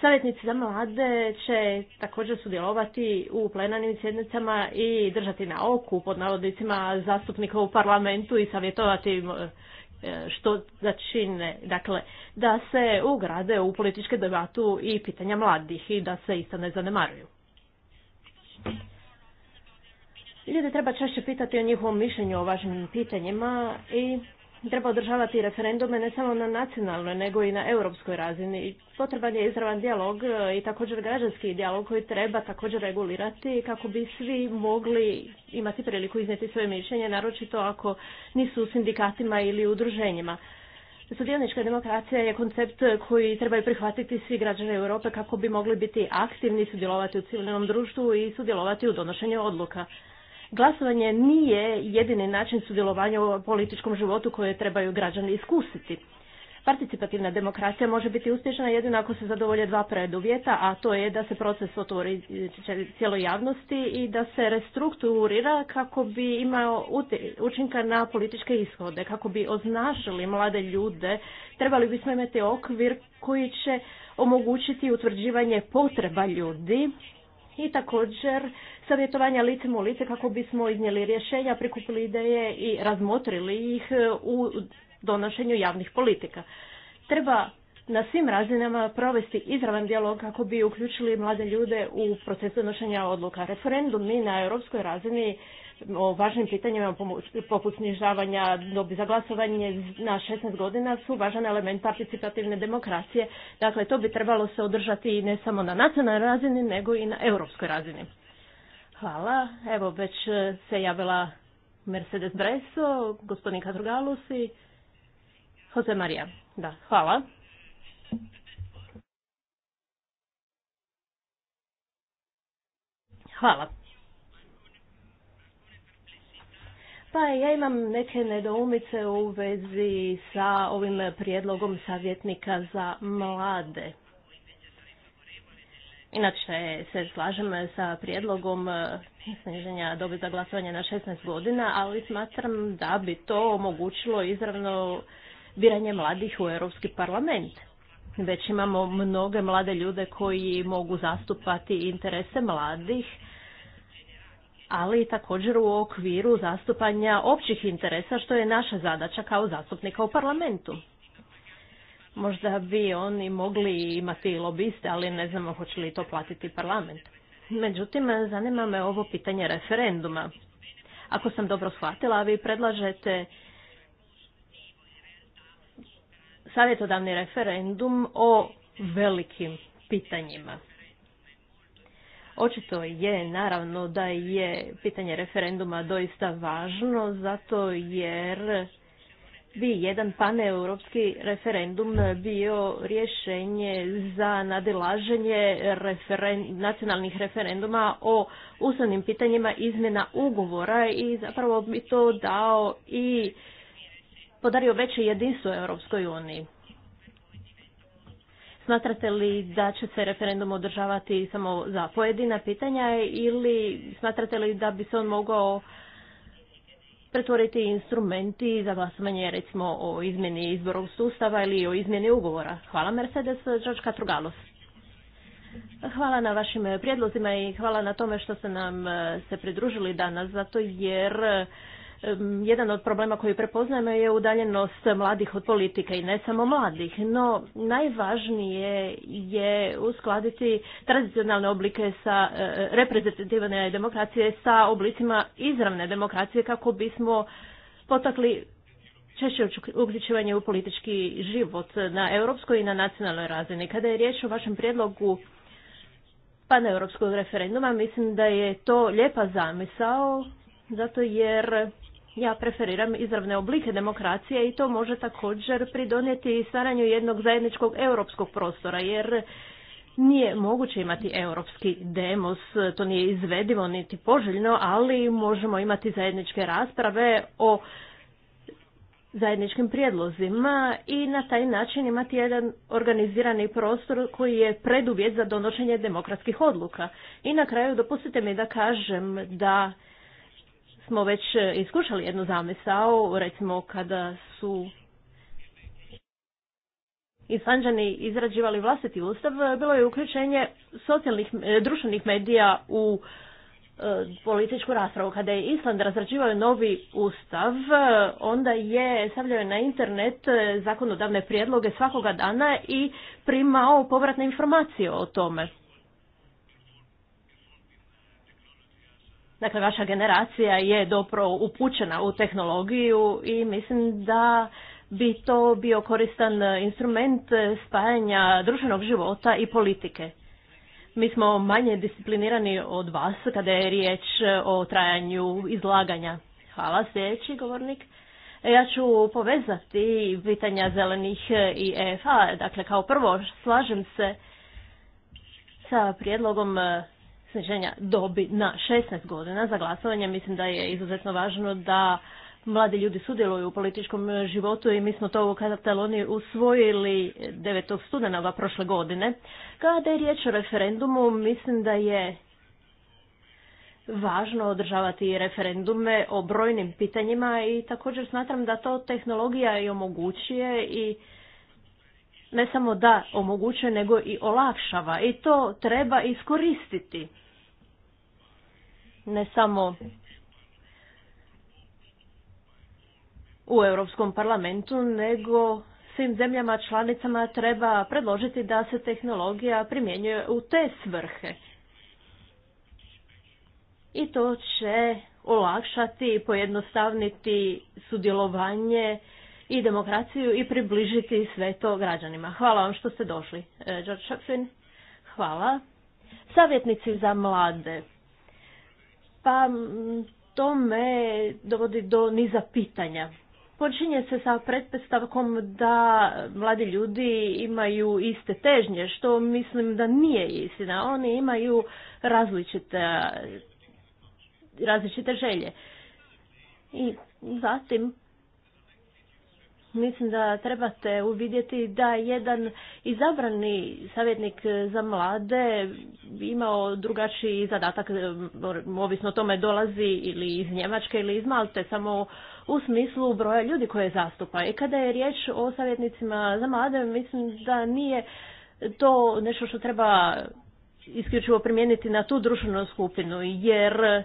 C: Savjetnici za mlade će također sudjelovati u plenarnim sjednicama i držati na oku pod navodnicima zastupnika u parlamentu i savjetovati e, što začine, dakle, da se ugrade u političke debatu i pitanja mladih i da se isto ne zanemaruju. Ljude treba češće pitati o njihovom mišljenju o važnim pitanjima i treba održavati referendume ne samo na nacionalnoj nego i na europskoj razini. Potreban je izravan dijalog e, i također građanski dijalog koji treba također regulirati kako bi svi mogli imati priliku iznijeti svoje mišljenje, naročito ako nisu u sindikatima ili udruženjima. Sudjelnička demokracija je koncept koji trebaju prihvatiti svi građani Europe kako bi mogli biti aktivni, sudjelovati u civilnom društvu i sudjelovati u donošenju odluka glasovanje nije jedini način sudjelovanja u političkom životu koje trebaju građani iskusiti. Participativna demokracija može biti uspješna jedino ako se zadovolje dva preduvjeta, a to je da se proces otvori cijeloj javnosti i da se restrukturira kako bi imao učinka na političke ishode, kako bi označili mlade ljude. Trebali bismo imati okvir koji će omogućiti utvrđivanje potreba ljudi i također savjetovanja licem u lice kako bismo iznijeli rješenja, prikupili ideje i razmotrili ih e, u donošenju javnih politika. Treba na svim razinama provesti izravan dijalog kako bi uključili mlade ljude u proces donošenja odluka. Referendum mi na europskoj razini o važnim pitanjima poput snižavanja dobi za glasovanje na 16 godina su važan element participativne demokracije. Dakle, to bi trebalo se održati ne samo na nacionalnoj razini, nego i na europskoj razini. Hvala. Evo, već e, se javila Mercedes Breso, gospodin Kadrugalus i Jose Marija. Da, hvala. Hvala. Pa ja imam neke nedoumice u vezi sa ovim prijedlogom savjetnika za mlade. Inače se slažem sa prijedlogom e, sniženja dobi za glasovanje na 16 godina, ali smatram da bi to omogućilo izravno biranje mladih u Europski parlament. Već imamo mnoge mlade ljude koji mogu zastupati interese mladih, ali također u okviru zastupanja općih interesa, što je naša zadaća kao zastupnika u parlamentu. Možda bi oni mogli imati lobiste, ali ne znamo hoće li to platiti parlament. Međutim, zanima me ovo pitanje referenduma. Ako sam dobro shvatila, vi predlažete savjetodavni referendum o velikim pitanjima. Očito je, naravno, da je pitanje referenduma doista važno, zato jer bi jedan paneuropski referendum bio rješenje za nadilaženje referen, nacionalnih referenduma o ustavnim pitanjima izmjena ugovora i zapravo bi to dao i podario veće jedinstvo Europskoj uniji. Smatrate li da će se referendum održavati samo za pojedina pitanja ili smatrate li da bi se on mogao pretvoriti instrumenti za glasovanje recimo o izmjeni izborog sustava ili o izmjeni ugovora. Hvala Mercedes, Đočka Trugalos. Hvala na vašim prijedlozima i hvala na tome što ste nam eh, se pridružili danas, zato jer jedan od problema koji prepoznajemo je udaljenost mladih od politike i ne samo mladih, no najvažnije je uskladiti tradicionalne oblike sa e, reprezentativne demokracije sa oblicima izravne demokracije kako bismo potakli češće uključivanje u politički život na europskoj i na nacionalnoj razini. Kada je riječ o vašem prijedlogu paneuropskog referenduma, mislim da je to lijepa zamisao, zato jer ja preferiram izravne oblike demokracije i to može također pridonijeti stvaranju jednog zajedničkog europskog prostora, jer nije moguće imati europski demos, to nije izvedivo niti poželjno, ali možemo imati zajedničke rasprave o zajedničkim prijedlozima i na taj način imati jedan organizirani prostor koji je preduvjet za donošenje demokratskih odluka. I na kraju dopustite mi da kažem da smo već e, iskušali jednu zamisao, recimo kada su Islanđani izrađivali vlastiti ustav, bilo je uključenje socijalnih, e, društvenih medija u e, političku raspravu. Kada je Island razrađivao novi ustav, onda je stavljao na internet zakonodavne prijedloge svakoga dana i primao povratne informacije o tome. Dakle, vaša generacija je dobro upućena u tehnologiju i mislim da bi to bio koristan instrument spajanja društvenog života i politike. Mi smo manje disciplinirani od vas kada je riječ o trajanju izlaganja. Hvala, sljedeći govornik. E, ja ću povezati pitanja zelenih i EFA. Dakle, kao prvo slažem se sa prijedlogom sniženja dobi na 16 godina za glasovanje. Mislim da je izuzetno važno da mladi ljudi sudjeluju u političkom životu i mi smo to u Kataloni usvojili 9. studenova prošle godine. Kada je riječ o referendumu, mislim da je važno održavati referendume o brojnim pitanjima i također smatram da to tehnologija i omogućuje i ne samo da omogućuje nego i olakšava i to treba iskoristiti ne samo u Europskom parlamentu, nego svim zemljama članicama treba predložiti da se tehnologija primjenjuje u te svrhe. I to će olakšati i pojednostavniti sudjelovanje i demokraciju i približiti sve to građanima. Hvala vam što ste došli, e, George Hvala. Savjetnici za mlade pa to me dovodi do niza pitanja. Počinje se sa pretpostavkom da mladi ljudi imaju iste težnje, što mislim da nije istina. Oni imaju različite, različite želje. I zatim Mislim da trebate uvidjeti da jedan izabrani savjetnik za mlade imao drugačiji zadatak, ovisno o tome dolazi ili iz Njemačke ili iz Malte, samo u smislu broja ljudi koje zastupa. I kada je riječ o savjetnicima za mlade, mislim da nije to nešto što treba isključivo primijeniti na tu društvenu skupinu, jer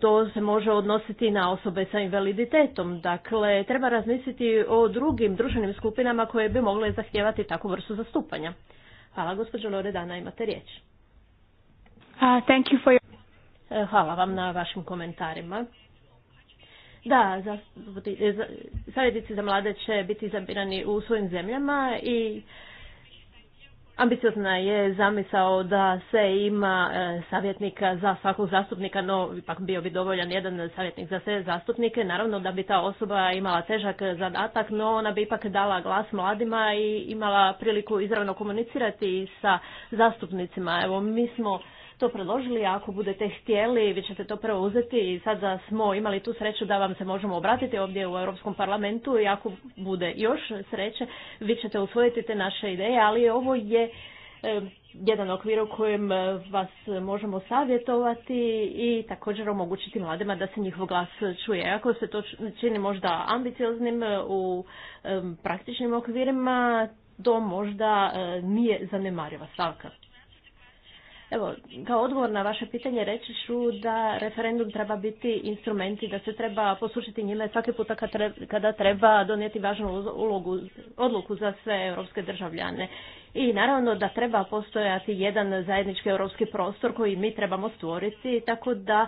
C: to se može odnositi na osobe sa invaliditetom. Dakle, treba razmisliti o drugim društvenim skupinama koje bi mogle zahtijevati takvu vrstu zastupanja. Hvala, gospođo Loredana, imate riječ.
A: Uh,
C: e, hvala vam na vašim komentarima. Da, za, savjetnici za mlade će biti zabirani u svojim zemljama i Ambiciozna je zamisao da se ima e, savjetnika za svakog zastupnika, no ipak bio bi dovoljan jedan savjetnik za sve zastupnike. Naravno da bi ta osoba imala težak zadatak, no ona bi ipak dala glas mladima i imala priliku izravno komunicirati sa zastupnicima. Evo, mi smo to predložili, ako budete htjeli, vi ćete to preuzeti i sada smo imali tu sreću da vam se možemo obratiti ovdje u Europskom parlamentu i ako bude još sreće, vi ćete usvojiti te naše ideje, ali ovo je jedan okvir u kojem vas možemo savjetovati i također omogućiti mladima da se njihov glas čuje. Ako se to čini možda ambicioznim u praktičnim okvirima, to možda nije zanemariva stavka. Evo, kao odgovor na vaše pitanje reći ću da referendum treba biti instrument i da se treba poslušati njime svaki puta kada treba donijeti važnu ulogu, odluku za sve europske državljane. I naravno da treba postojati jedan zajednički europski prostor koji mi trebamo stvoriti, tako da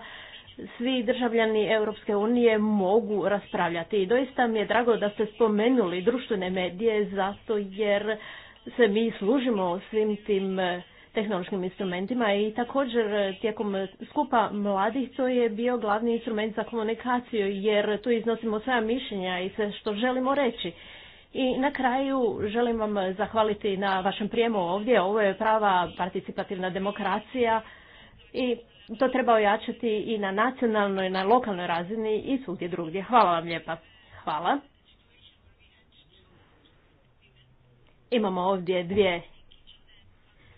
C: svi državljani Europske unije mogu raspravljati. I doista mi je drago da ste spomenuli društvene medije zato jer se mi služimo svim tim tehnološkim instrumentima i također e, tijekom e, skupa mladih to je bio glavni instrument za komunikaciju jer tu iznosimo svoja mišljenja i sve što želimo reći. I na kraju želim vam zahvaliti na vašem prijemu ovdje. Ovo je prava participativna demokracija i to treba ojačati i na nacionalnoj, i na lokalnoj razini i svugdje drugdje. Hvala vam lijepa. Hvala. Imamo ovdje dvije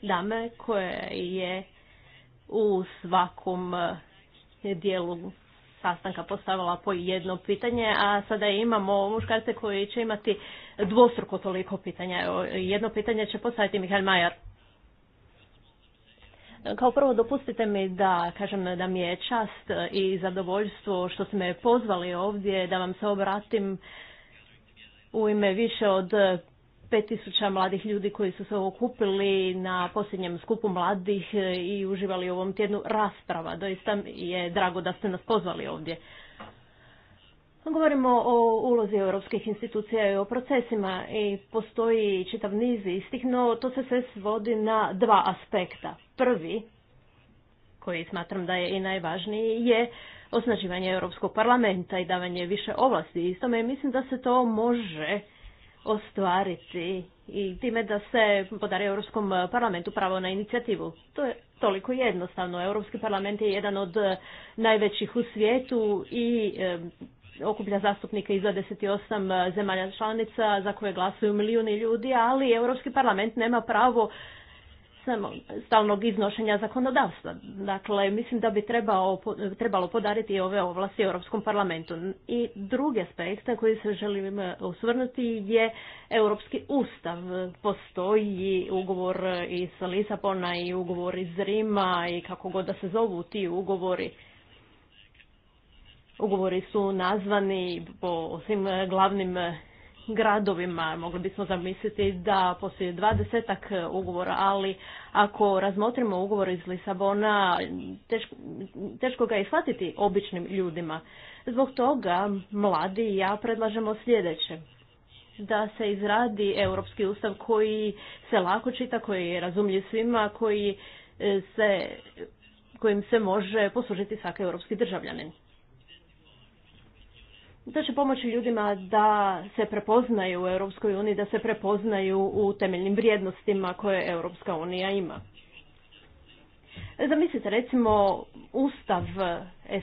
C: dame koja je u svakom eh, dijelu sastanka postavila po jedno pitanje, a sada imamo muškarce koji će imati dvostruko toliko pitanja. Jedno pitanje će postaviti Mihajl Majar. Kao prvo dopustite mi da kažem da mi je čast eh, i zadovoljstvo što ste me pozvali ovdje da vam se obratim u ime više od 5000 mladih ljudi koji su se okupili na posljednjem skupu mladih e, i uživali u ovom tjednu rasprava. Doista je drago da ste nas pozvali ovdje. Govorimo o ulozi europskih institucija i o procesima i postoji čitav niz istih, no to se sve svodi na dva aspekta. Prvi, koji smatram da je i najvažniji, je osnaživanje Europskog parlamenta i davanje više ovlasti. Istome mislim da se to može ostvariti i time da se podari Europskom parlamentu pravo na inicijativu. To je toliko jednostavno. Europski parlament je jedan od najvećih u svijetu i okuplja zastupnike iz 28 zemalja članica za koje glasuju milijuni ljudi, ali Europski parlament nema pravo stalnog iznošenja zakonodavstva. Dakle, mislim da bi trebao, trebalo podariti ove ovlasti Europskom parlamentu. I drugi aspekt na koji se želim eh, osvrnuti je Europski ustav. Postoji ugovor iz Lisabona i ugovor iz Rima i kako god da se zovu ti ugovori. Ugovori su nazvani po svim glavnim gradovima. Mogli bismo zamisliti da postoji dvadesetak ugovora, ali ako razmotrimo ugovor iz Lisabona, teško, teško ga je shvatiti običnim ljudima. Zbog toga mladi i ja predlažemo sljedeće da se izradi europski ustav koji se lako čita, koji je razumljiv svima, koji e, se, kojim se može poslužiti svaki europski državljanin. To će pomoći ljudima da se prepoznaju u Europskoj uniji, da se prepoznaju u temeljnim vrijednostima koje Europska unija ima. Zamislite recimo ustav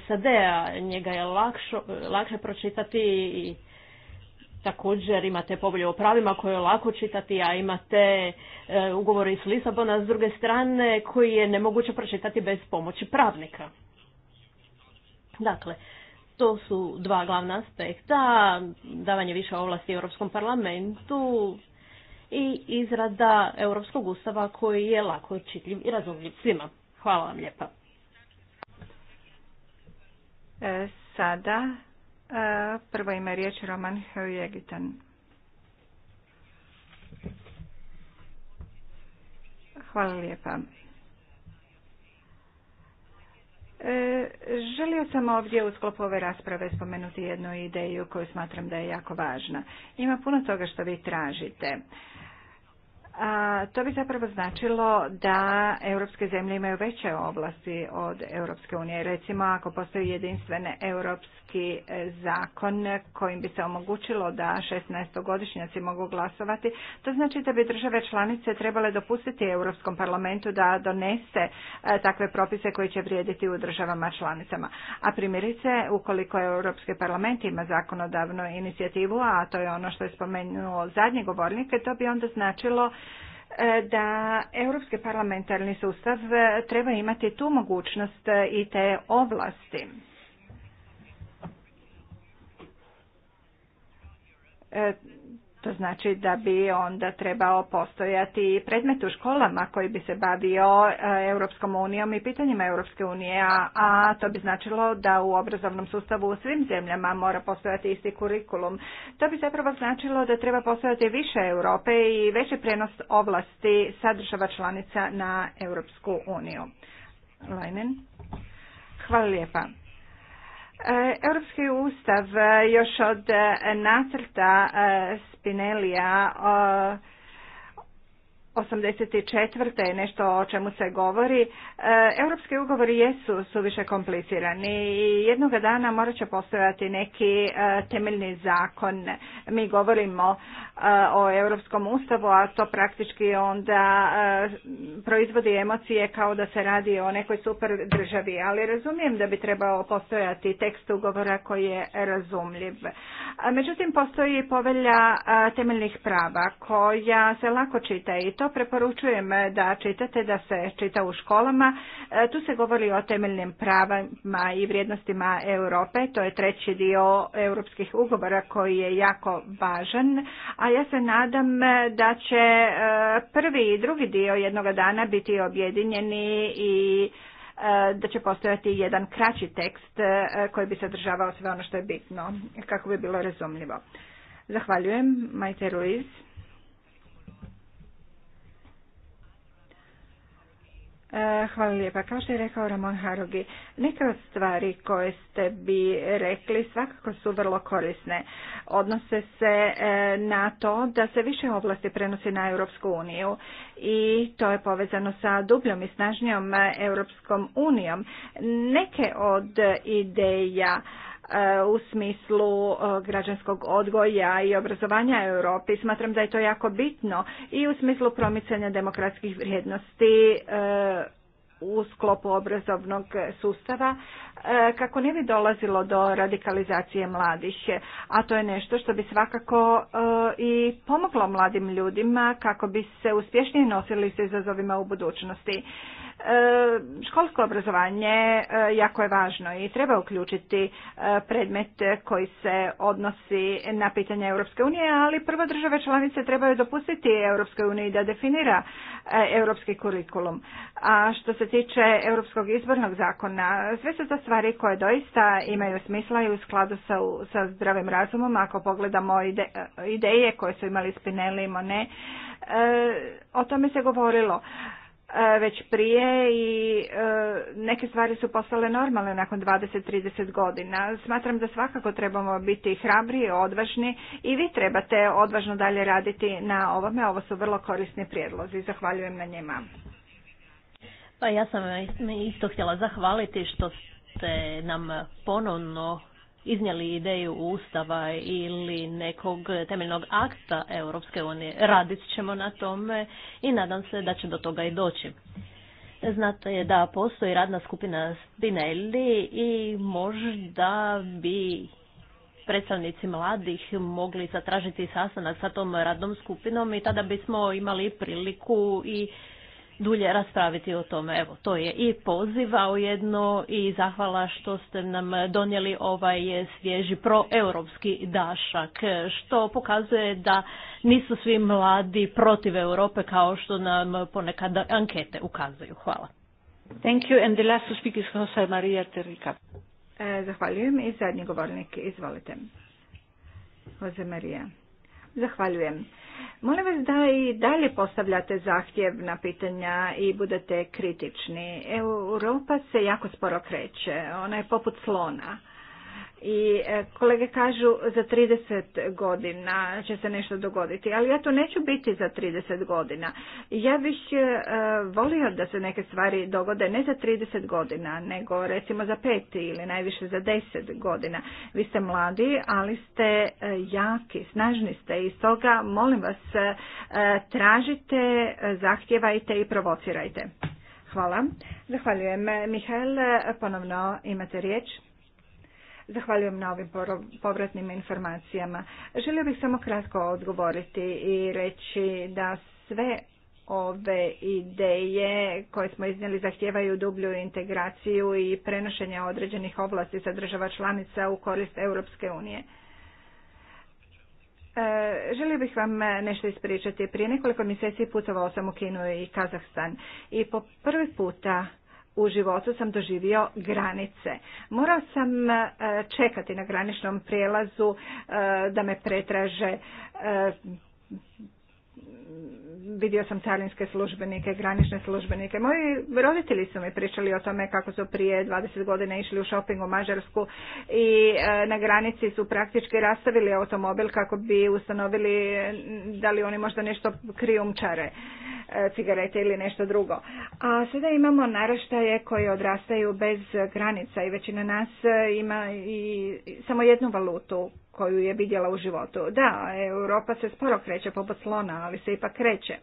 C: SAD-a, njega je lakšo, lakše pročitati i također imate povolje o pravima koje je lako čitati, a imate e, ugovor iz Lisabona s druge strane koji je nemoguće pročitati bez pomoći pravnika. Dakle, to su dva glavna aspekta, davanje više ovlasti Europskom parlamentu i izrada Europskog ustava koji je lako čitljiv i razumljiv svima. Hvala vam lijepa.
A: E, sada prva e, prvo ima riječ Roman Hrvijegitan. Hvala lijepa. E, želio sam ovdje u sklopu ove rasprave spomenuti jednu ideju koju smatram da je jako važna. Ima puno toga što vi tražite. A to bi zapravo značilo da europske zemlje imaju veće oblasti od Europske unije. Recimo, ako postoji jedinstven europski e, zakon kojim bi se omogućilo da 16-godišnjaci mogu glasovati, to znači da bi države članice trebale dopustiti Europskom parlamentu da donese e, takve propise koji će vrijediti u državama članicama. A primjerice, ukoliko Europski parlament ima zakonodavnu inicijativu, a to je ono što je spomenuo zadnji govornik, to bi onda značilo da Europski parlamentarni sustav e, treba imati tu mogućnost e, i te ovlasti. E, znači da bi onda trebao postojati predmet u školama koji bi se bavio e, Europskom unijom i pitanjima Europske unije, a to bi značilo da u obrazovnom sustavu u svim zemljama mora postojati isti kurikulum. To bi zapravo značilo da treba postojati više Europe i veći prenos ovlasti sa država članica na Europsku uniju. Leinen. Hvala lijepa. E, Europski ustav e, još od e, nacrta Spinelija 84. je nešto o čemu se govori. E, europski ugovori jesu suviše komplicirani i jednoga dana morat će postojati neki e, temeljni zakon. Mi govorimo e, o Europskom ustavu, a to praktički onda proizvodi emocije kao da se radi o nekoj super državi, ali razumijem da bi trebao postojati tekst ugovora koji je razumljiv. Međutim, postoji povelja temeljnih prava koja se lako čita i to preporučujem eh, da čitate, da se čita u školama. Eh, tu se govori o temeljnim pravima i vrijednostima Europe. To je treći dio europskih ugovora koji je jako važan. A ja se nadam eh, da će prvi i drugi dio jednoga dana biti objedinjeni i da će postojati jedan kraći tekst koji bi sadržavao sve ono što je bitno kako bi bilo razumljivo. Zahvaljujem, Majte Ruiz. E, hvala lijepa. Kao što je rekao Ramon Harugi, neke od stvari koje ste bi rekli svakako su vrlo korisne. Odnose se e, na to da se više oblasti prenosi na Europsku uniju i to je povezano sa dubljom i snažnijom Europskom unijom. Neke od ideja E, u smislu e, građanskog odgoja i obrazovanja Europi. Smatram da je to jako bitno i u smislu promicanja demokratskih vrijednosti e, u sklopu obrazovnog sustava kako ne bi dolazilo do radikalizacije mladih. A to je nešto što bi svakako i pomoglo mladim ljudima kako bi se uspješnije nosili s izazovima u budućnosti. E, školsko obrazovanje e, jako je važno i treba uključiti e, predmet koji se odnosi na pitanje Europske unije, ali prvo države članice trebaju dopustiti Europskoj uniji da definira europski kurikulum. A što se tiče Europskog izbornog zakona, sve su to stvari koje doista imaju smisla i u skladu sa, sa zdravim razumom. Ako pogledamo ideje koje su imali Spinelli i Monet, o tome se govorilo. E, već prije i e, neke stvari su postale normalne nakon 20-30 godina. Smatram da svakako trebamo biti hrabri i odvažni i vi trebate odvažno dalje raditi na ovome. Ovo su vrlo korisni prijedlozi. Zahvaljujem na njima.
C: Pa ja sam isto htjela zahvaliti što ste nam ponovno iznijeli ideju Ustava ili nekog temeljnog akta Europske unije. Radit ćemo na tome i nadam se da će do toga i doći. Znate da postoji radna skupina Spinelli i možda bi predstavnici mladih mogli zatražiti sastanak sa tom radnom skupinom i tada bismo imali priliku i dulje raspraviti o tome. Evo, to je i poziva ujedno i zahvala što ste nam donijeli ovaj svježi proeuropski dašak, što pokazuje da nisu svi mladi protiv Europe kao što nam ponekad ankete ukazuju. Hvala.
A: Thank you and the last speaker is Jose Maria Terrica. E, zahvaljujem i zadnji govornik, izvolite. Jose Maria. Zahvaljujem. Molim vas da i dalje postavljate zahtjev na pitanja i budete kritični. Europa se jako sporo kreće, ona je poput slona i e, kolege kažu za 30 godina će se nešto dogoditi, ali ja to neću biti za 30 godina. Ja bih e, volio da se neke stvari dogode ne za 30 godina, nego recimo za 5 ili najviše za 10 godina. Vi ste mladi, ali ste e, jaki, snažni ste i stoga molim vas tražite, zahtjevajte i provocirajte. Hvala. Zahvaljujem. Mihael, ponovno imate riječ. Zahvaljujem na ovim povratnim informacijama. Želio bih samo kratko odgovoriti i reći da sve ove ideje koje smo iznijeli zahtijevaju dublju integraciju i prenošenje određenih ovlasti sa država članica u korist Europske unije. E, želio bih vam nešto ispričati. Prije nekoliko mjeseci putovao sam u Kinu i Kazahstan i po prvi puta u životu sam doživio granice. Morao sam e, čekati na graničnom prijelazu e, da me pretraže e, vidio sam carinske službenike, granične službenike. Moji roditelji su mi pričali o tome kako su prije 20 godina išli u shopping u Mađarsku i na granici su praktički rastavili automobil kako bi ustanovili da li oni možda nešto krijumčare. E, cigarete ili nešto drugo. A sada imamo naraštaje koji odrastaju bez granica i većina nas e, ima i samo jednu valutu koju je vidjela u životu. Da, Europa se sporo kreće poput slona, ali se ipak kreće. E,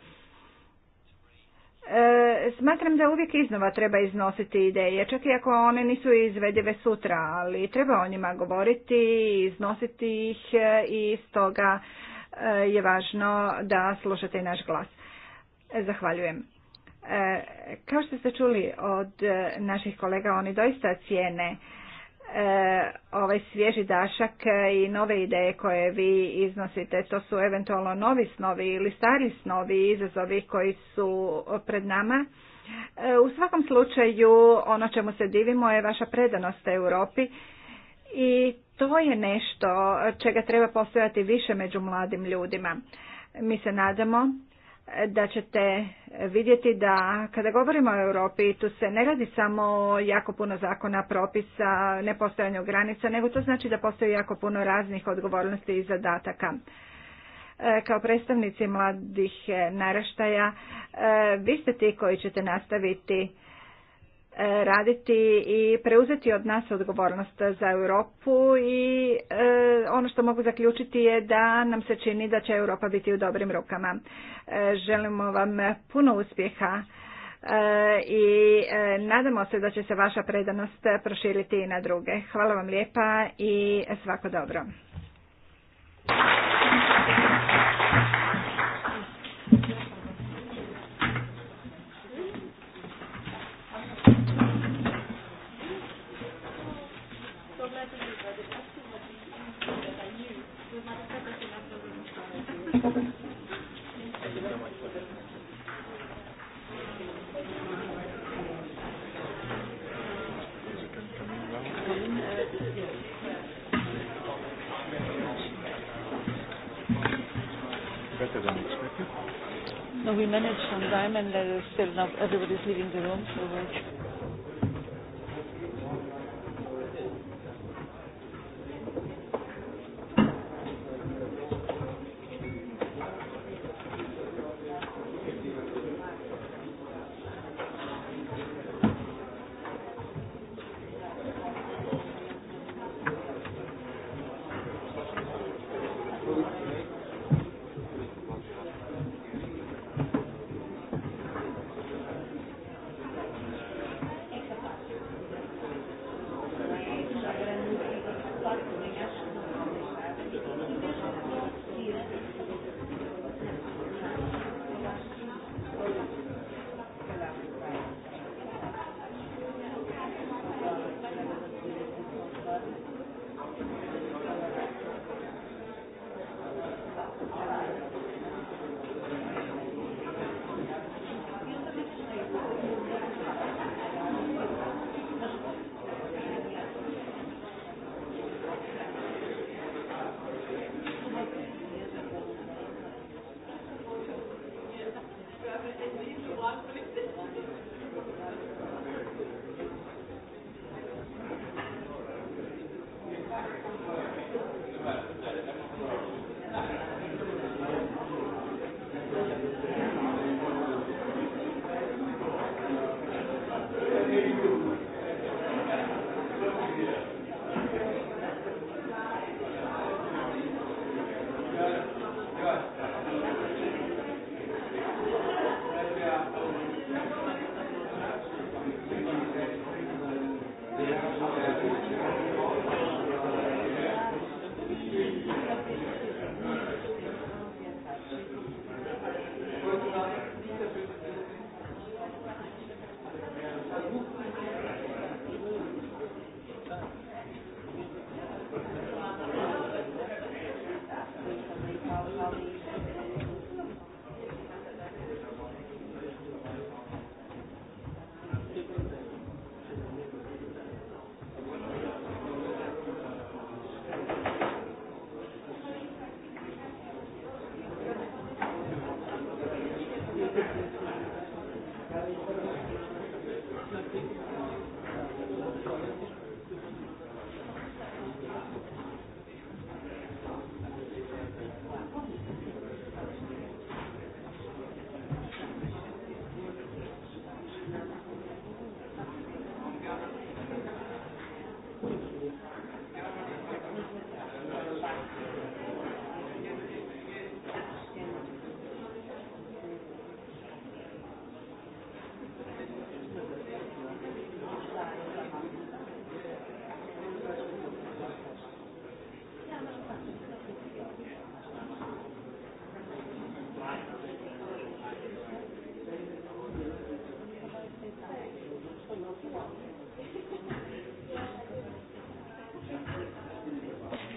A: smatram da uvijek iznova treba iznositi ideje, čak i ako one nisu izvedive sutra, ali treba o njima govoriti, iznositi ih e, i stoga je važno da slušate naš glas. E, zahvaljujem. E, kao što ste čuli od e, naših kolega, oni doista cijene ovaj svježi dašak i nove ideje koje vi iznosite. To su eventualno novi snovi ili stari snovi, izazovi koji su pred nama. U svakom slučaju, ono čemu se divimo je vaša predanost Europi i to je nešto čega treba postojati više među mladim ljudima. Mi se nadamo da ćete vidjeti da kada govorimo o Europi tu se ne radi samo jako puno zakona, propisa, nepostojanju granica, nego to znači da postoji jako puno raznih odgovornosti i zadataka. E, kao predstavnici mladih naraštaja, e, vi ste ti koji ćete nastaviti E, raditi i preuzeti od nas odgovornost za Europu i e, ono što mogu zaključiti je da nam se čini da će Europa biti u dobrim rukama. E, želimo vam puno uspjeha i nadamo se da će se vaša predanost proširiti i na druge. Hvala vam lijepa i svako dobro.
B: No, we managed on time and uh, still not everybody's leaving the room, so we're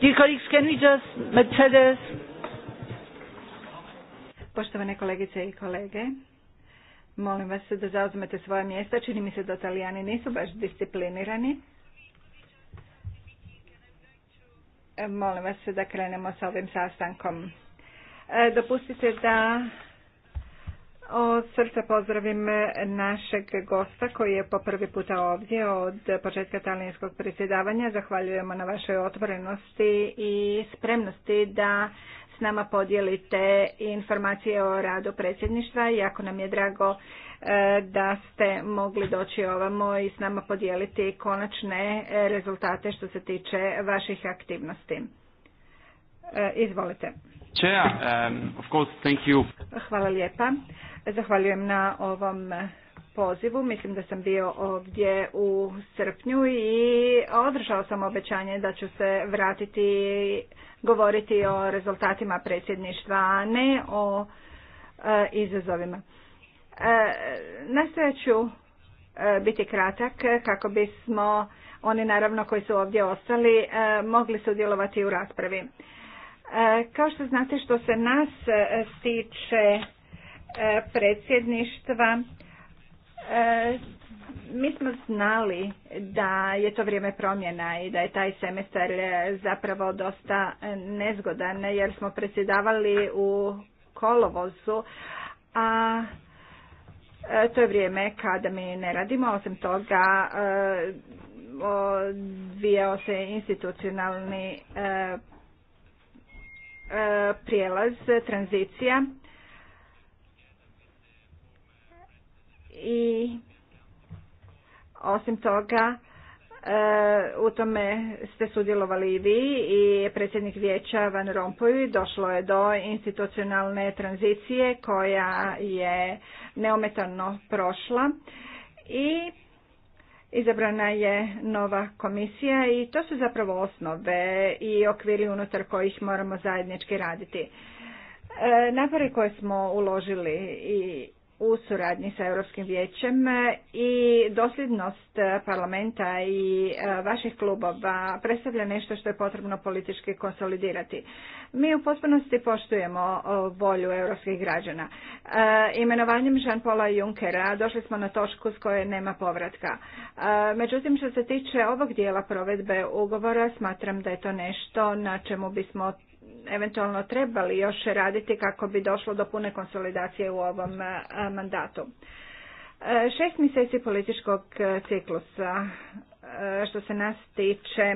B: Dear colleagues,
A: Mercedes? Poštovane kolegice i kolege, molim vas da zauzmete svoje mjesta. Čini mi se da Italijani nisu baš disciplinirani. E, molim vas da krenemo sa ovim sastankom. E, dopustite da od srca pozdravim našeg gosta koji je po prvi puta ovdje od početka talijanskog predsjedavanja. Zahvaljujemo na vašoj otvorenosti i spremnosti da s nama podijelite informacije o radu predsjedništva. Jako nam je drago e, da ste mogli doći ovamo i s nama podijeliti konačne rezultate što se tiče vaših aktivnosti. E, izvolite.
B: Um,
A: Hvala lijepa. Zahvaljujem na ovom pozivu. Mislim da sam bio ovdje u srpnju i održao sam obećanje da ću se vratiti govoriti o rezultatima predsjedništva, a ne o e, izazovima. E, ću e, biti kratak kako bismo oni naravno koji su ovdje ostali e, mogli sudjelovati u raspravi. Kao što znate što se nas tiče E, predsjedništva e, mi smo znali da je to vrijeme promjena i da je taj semestar e, zapravo dosta nezgodan jer smo predsjedavali u kolovozu, a to je vrijeme kada mi ne radimo. Osim toga, odvijao se institucionalni prijelaz, tranzicija i osim toga e, u tome ste sudjelovali i vi i predsjednik vijeća Van Rompuy. Došlo je do institucionalne tranzicije koja je neometano prošla i izabrana je nova komisija i to su zapravo osnove i okviri unutar kojih moramo zajednički raditi. E, Napore koje smo uložili i u suradnji sa Europskim vijećem e, i dosljednost parlamenta i e, vaših klubova predstavlja nešto što je potrebno politički konsolidirati. Mi u potpunosti poštujemo e, volju europskih građana. Imenovanjem Jean-Paula Junckera došli smo na točku s koje nema povratka. Međutim, što se tiče ovog dijela provedbe ugovora, smatram da je to nešto na čemu bismo eventualno trebali još raditi kako bi došlo do pune konsolidacije u ovom e, mandatu. E, šest mjeseci političkog e, ciklusa što se nas tiče,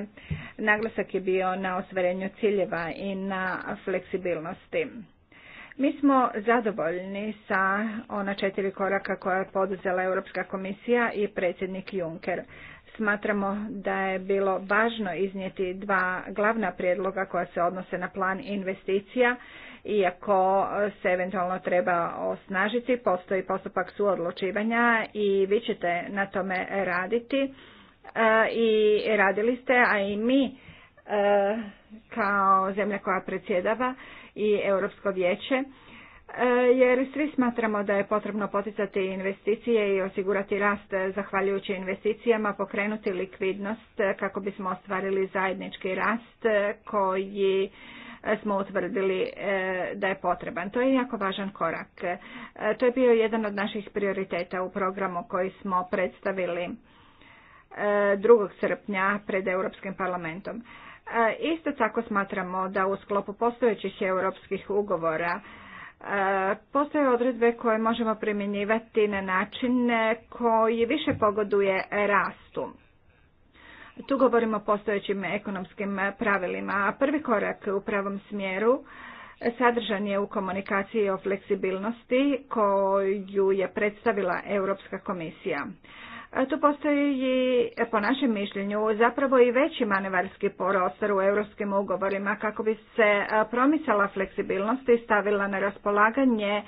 A: naglasak je bio na osvarenju ciljeva i na fleksibilnosti. Mi smo zadovoljni sa ona četiri koraka koja je poduzela Europska komisija i predsjednik Juncker. Smatramo da je bilo važno iznijeti dva glavna prijedloga koja se odnose na plan investicija, iako se eventualno treba osnažiti, postoji postupak suodlučivanja i vi ćete na tome raditi e, i radili ste, a i mi e, kao zemlja koja predsjedava i Europsko vijeće E, jer svi smatramo da je potrebno poticati investicije i osigurati rast e, zahvaljujući investicijama, pokrenuti likvidnost e, kako bismo ostvarili zajednički rast koji smo utvrdili da je potreban. To je jako važan korak. To je bio jedan od naših prioriteta u programu koji smo predstavili 2. srpnja pred Europskim parlamentom. Isto tako smatramo da u sklopu postojećih europskih ugovora Postoje odredbe koje možemo primjenjivati na način koji više pogoduje rastu. Tu govorimo o postojećim ekonomskim pravilima, prvi korak u pravom smjeru sadržan je u komunikaciji o fleksibilnosti koju je predstavila Europska komisija. Tu postoji i, po našem mišljenju, zapravo i veći manevarski prostor u europskim ugovorima kako bi se promisala fleksibilnost i stavila na raspolaganje e,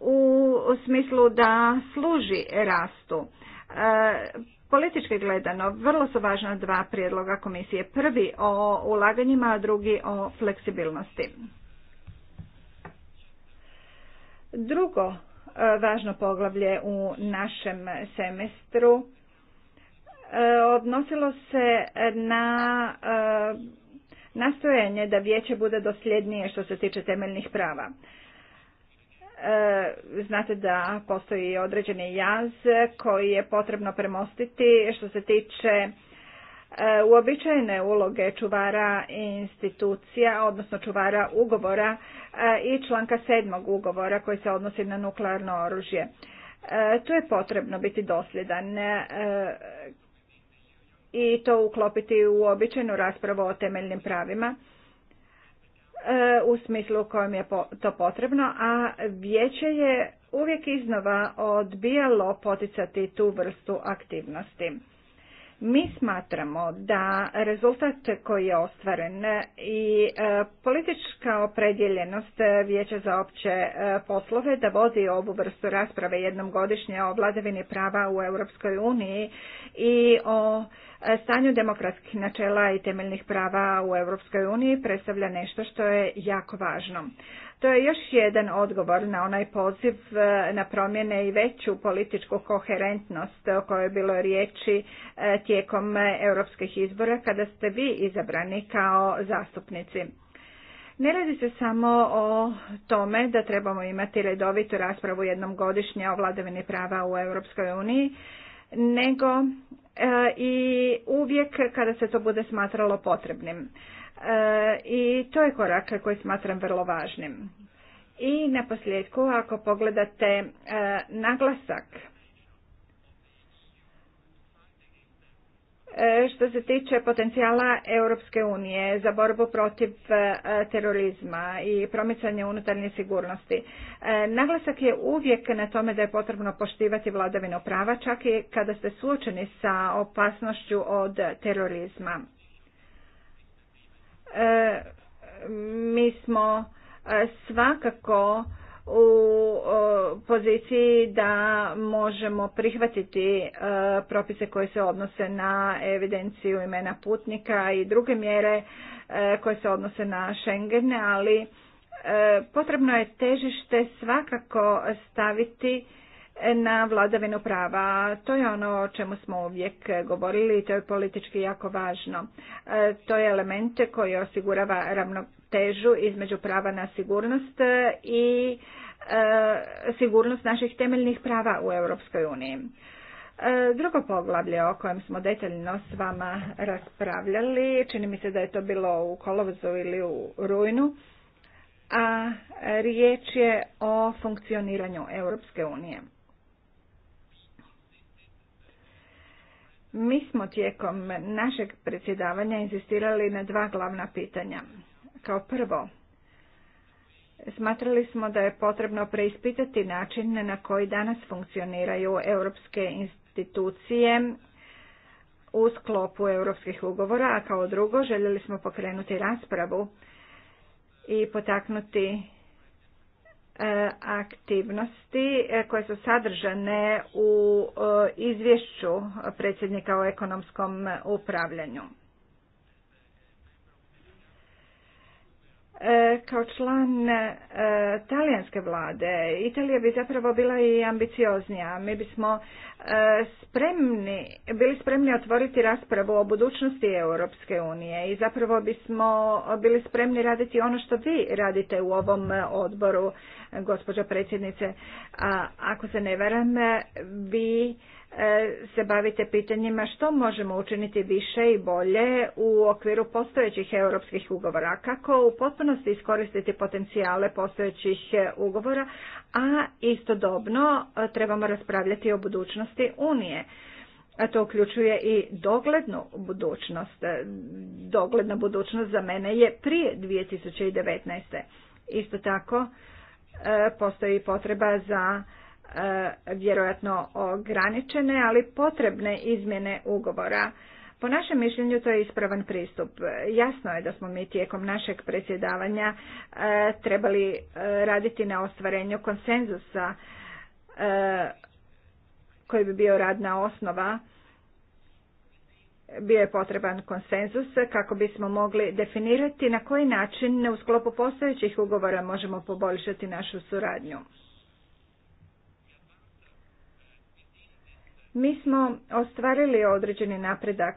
A: u smislu da služi rastu. E, politički gledano, vrlo su važna dva prijedloga komisije. Prvi o ulaganjima, a drugi o fleksibilnosti. Drugo važno poglavlje u našem semestru. E, odnosilo se na e, nastojanje da vijeće bude dosljednije što se tiče temeljnih prava. E, znate da postoji određeni jaz koji je potrebno premostiti što se tiče E, uobičajene uloge čuvara institucija, odnosno čuvara ugovora e, i članka sedmog ugovora koji se odnosi na nuklearno oružje. E, tu je potrebno biti dosljedan i to uklopiti u običajnu raspravu o temeljnim pravima u smislu u kojem je to potrebno, a vijeće je uvijek iznova odbijalo poticati tu vrstu aktivnosti. Mi smatramo da rezultat koji je ostvaren i e, politička opredjeljenost Vijeća za opće e, poslove da vodi ovu vrstu rasprave jednom godišnje o vladavini prava u Europskoj uniji i o e, stanju demokratskih načela i temeljnih prava u Europskoj uniji predstavlja nešto što je jako važno. To je još jedan odgovor na onaj poziv e, na promjene i veću političku koherentnost o kojoj je bilo riječi e, tijekom europskih izbora kada ste vi izabrani kao zastupnici. Ne radi se samo o tome da trebamo imati redovitu raspravu jednom godišnje o vladavini prava u Europskoj uniji, nego e, i uvijek kada se to bude smatralo potrebnim. E, i to je korak koji smatram vrlo važnim. I na posljedku, ako pogledate e, naglasak e, što se tiče potencijala Europske unije za borbu protiv terorizma i promicanje unutarnje sigurnosti. Naglasak je uvijek na tome da je potrebno poštivati vladavinu prava, čak i kada ste suočeni sa opasnošću od terorizma. E, mi smo e, svakako u e, poziciji da možemo prihvatiti propise koje se odnose na evidenciju imena putnika i druge mjere koje se odnose na Schengen, ali potrebno je težište svakako staviti na vladavinu prava. To je ono o čemu smo uvijek govorili i to je politički jako važno. E, to je element koji osigurava ravnotežu između prava na sigurnost i e, sigurnost naših temeljnih prava u Europskoj uniji. E, drugo poglavlje o kojem smo detaljno s vama raspravljali, čini mi se da je to bilo u kolovozu ili u rujnu, a riječ je o funkcioniranju Europske unije. Mi smo tijekom našeg predsjedavanja insistirali na dva glavna pitanja. Kao prvo, smatrali smo da je potrebno preispitati način na koji danas funkcioniraju europske institucije u sklopu europskih ugovora, a kao drugo željeli smo pokrenuti raspravu i potaknuti E, aktivnosti e, koje su sadržane u e, izvješću predsjednika o ekonomskom upravljanju. Kao član talijanske vlade, Italija bi zapravo bila i ambicioznija. Mi bismo spremni, bili spremni otvoriti raspravu o budućnosti Europske unije i zapravo bismo bili spremni raditi ono što vi radite u ovom odboru gospođo predsjednice. ako se ne varam, vi e, se bavite pitanjima što možemo učiniti više i bolje u okviru postojećih europskih ugovora, kako u potpunosti iskoristiti potencijale postojećih e, ugovora, a istodobno e, trebamo raspravljati o budućnosti Unije. To uključuje i doglednu budućnost. Dogledna budućnost za mene je prije 2019. Isto tako, E, postoji potreba za e, vjerojatno ograničene, ali potrebne izmjene ugovora. Po našem mišljenju to je ispravan pristup. Jasno je da smo mi tijekom našeg predsjedavanja e, trebali raditi na ostvarenju konsenzusa koji bi bio radna osnova bio je potreban konsenzus kako bismo mogli definirati na koji način u sklopu postojećih ugovora možemo poboljšati našu suradnju. Mi smo ostvarili određeni napredak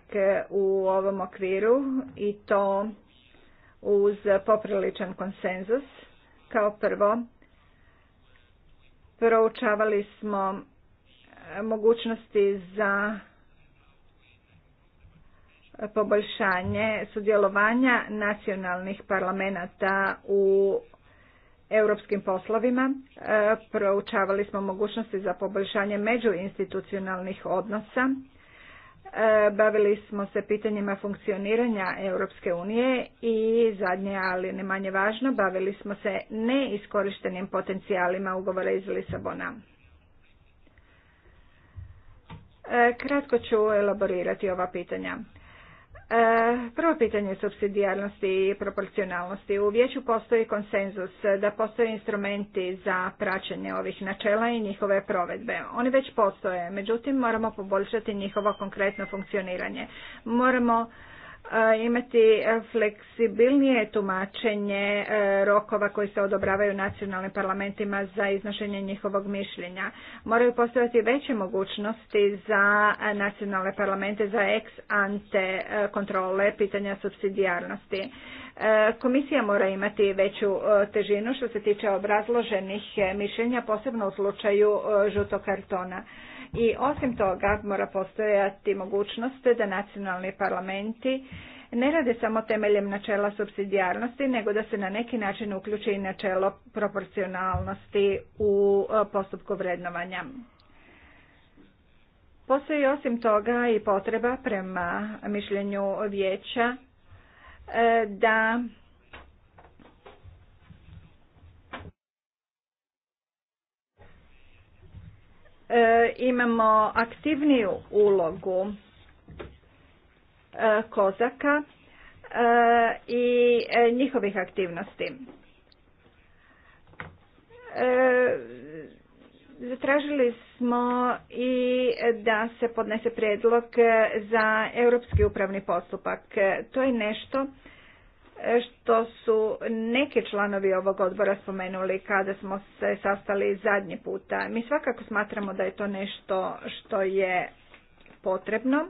A: u ovom okviru i to uz popriličan konsenzus. Kao prvo, proučavali smo mogućnosti za poboljšanje sudjelovanja nacionalnih parlamenta u europskim poslovima. E, proučavali smo mogućnosti za poboljšanje međuinstitucionalnih odnosa. E, bavili smo se pitanjima funkcioniranja Europske unije i zadnje, ali ne manje važno, bavili smo se neiskorištenim potencijalima ugovora iz Lisabona. E, kratko ću elaborirati ova pitanja. E, prvo pitanje subsidijarnosti i proporcionalnosti. U vijeću postoji konsenzus da postoje instrumenti za praćenje ovih načela i njihove provedbe. Oni već postoje, međutim moramo poboljšati njihovo konkretno funkcioniranje. Moramo imati e, fleksibilnije tumačenje e, rokova koji se odobravaju nacionalnim parlamentima za iznošenje njihovog mišljenja. Moraju postojati veće mogućnosti za nacionalne parlamente za ex ante e, kontrole pitanja subsidijarnosti. Komisija mora imati veću težinu što se tiče obrazloženih mišljenja, posebno u slučaju žutog kartona. I osim toga mora postojati mogućnost da nacionalni parlamenti ne rade samo temeljem načela subsidijarnosti, nego da se na neki način uključi i načelo proporcionalnosti u e, postupku vrednovanja. Postoji osim toga i potreba prema mišljenju vijeća e, da E, imamo aktivniju ulogu e, kozaka e, i njihovih aktivnosti. Zatražili smo i da se podnese predlog za europski upravni postupak. To je nešto što su neki članovi ovog odbora spomenuli kada smo se sastali zadnji puta. Mi svakako smatramo da je to nešto što je potrebno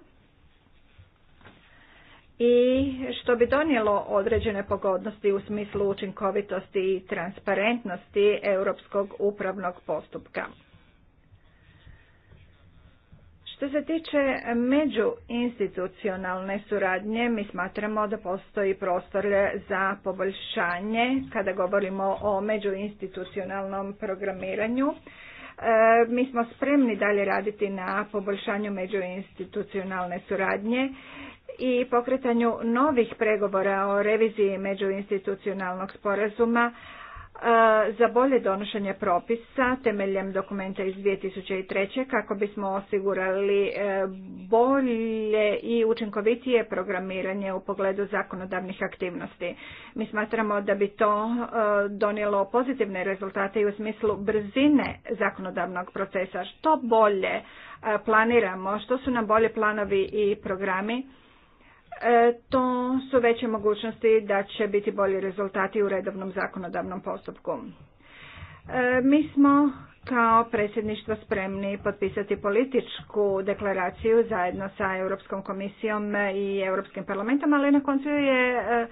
A: i što bi donijelo određene pogodnosti u smislu učinkovitosti i transparentnosti europskog upravnog postupka. Što se tiče međuinstitucionalne suradnje, mi smatramo da postoji prostor za poboljšanje kada govorimo o međuinstitucionalnom programiranju. E, mi smo spremni dalje raditi na poboljšanju međuinstitucionalne suradnje i pokretanju novih pregovora o reviziji međuinstitucionalnog sporazuma E, za bolje donošenje propisa temeljem dokumenta iz 2003. kako bismo osigurali e, bolje i učinkovitije programiranje u pogledu zakonodavnih aktivnosti. Mi smatramo da bi to e, donijelo pozitivne rezultate i u smislu brzine zakonodavnog procesa. Što bolje planiramo, što su nam bolje planovi i programi, E, to su veće mogućnosti da će biti bolji rezultati u redovnom zakonodavnom postupku. E, mi smo kao predsjedništvo spremni potpisati političku deklaraciju zajedno sa Europskom komisijom i Europskim parlamentom, ali na koncu je e,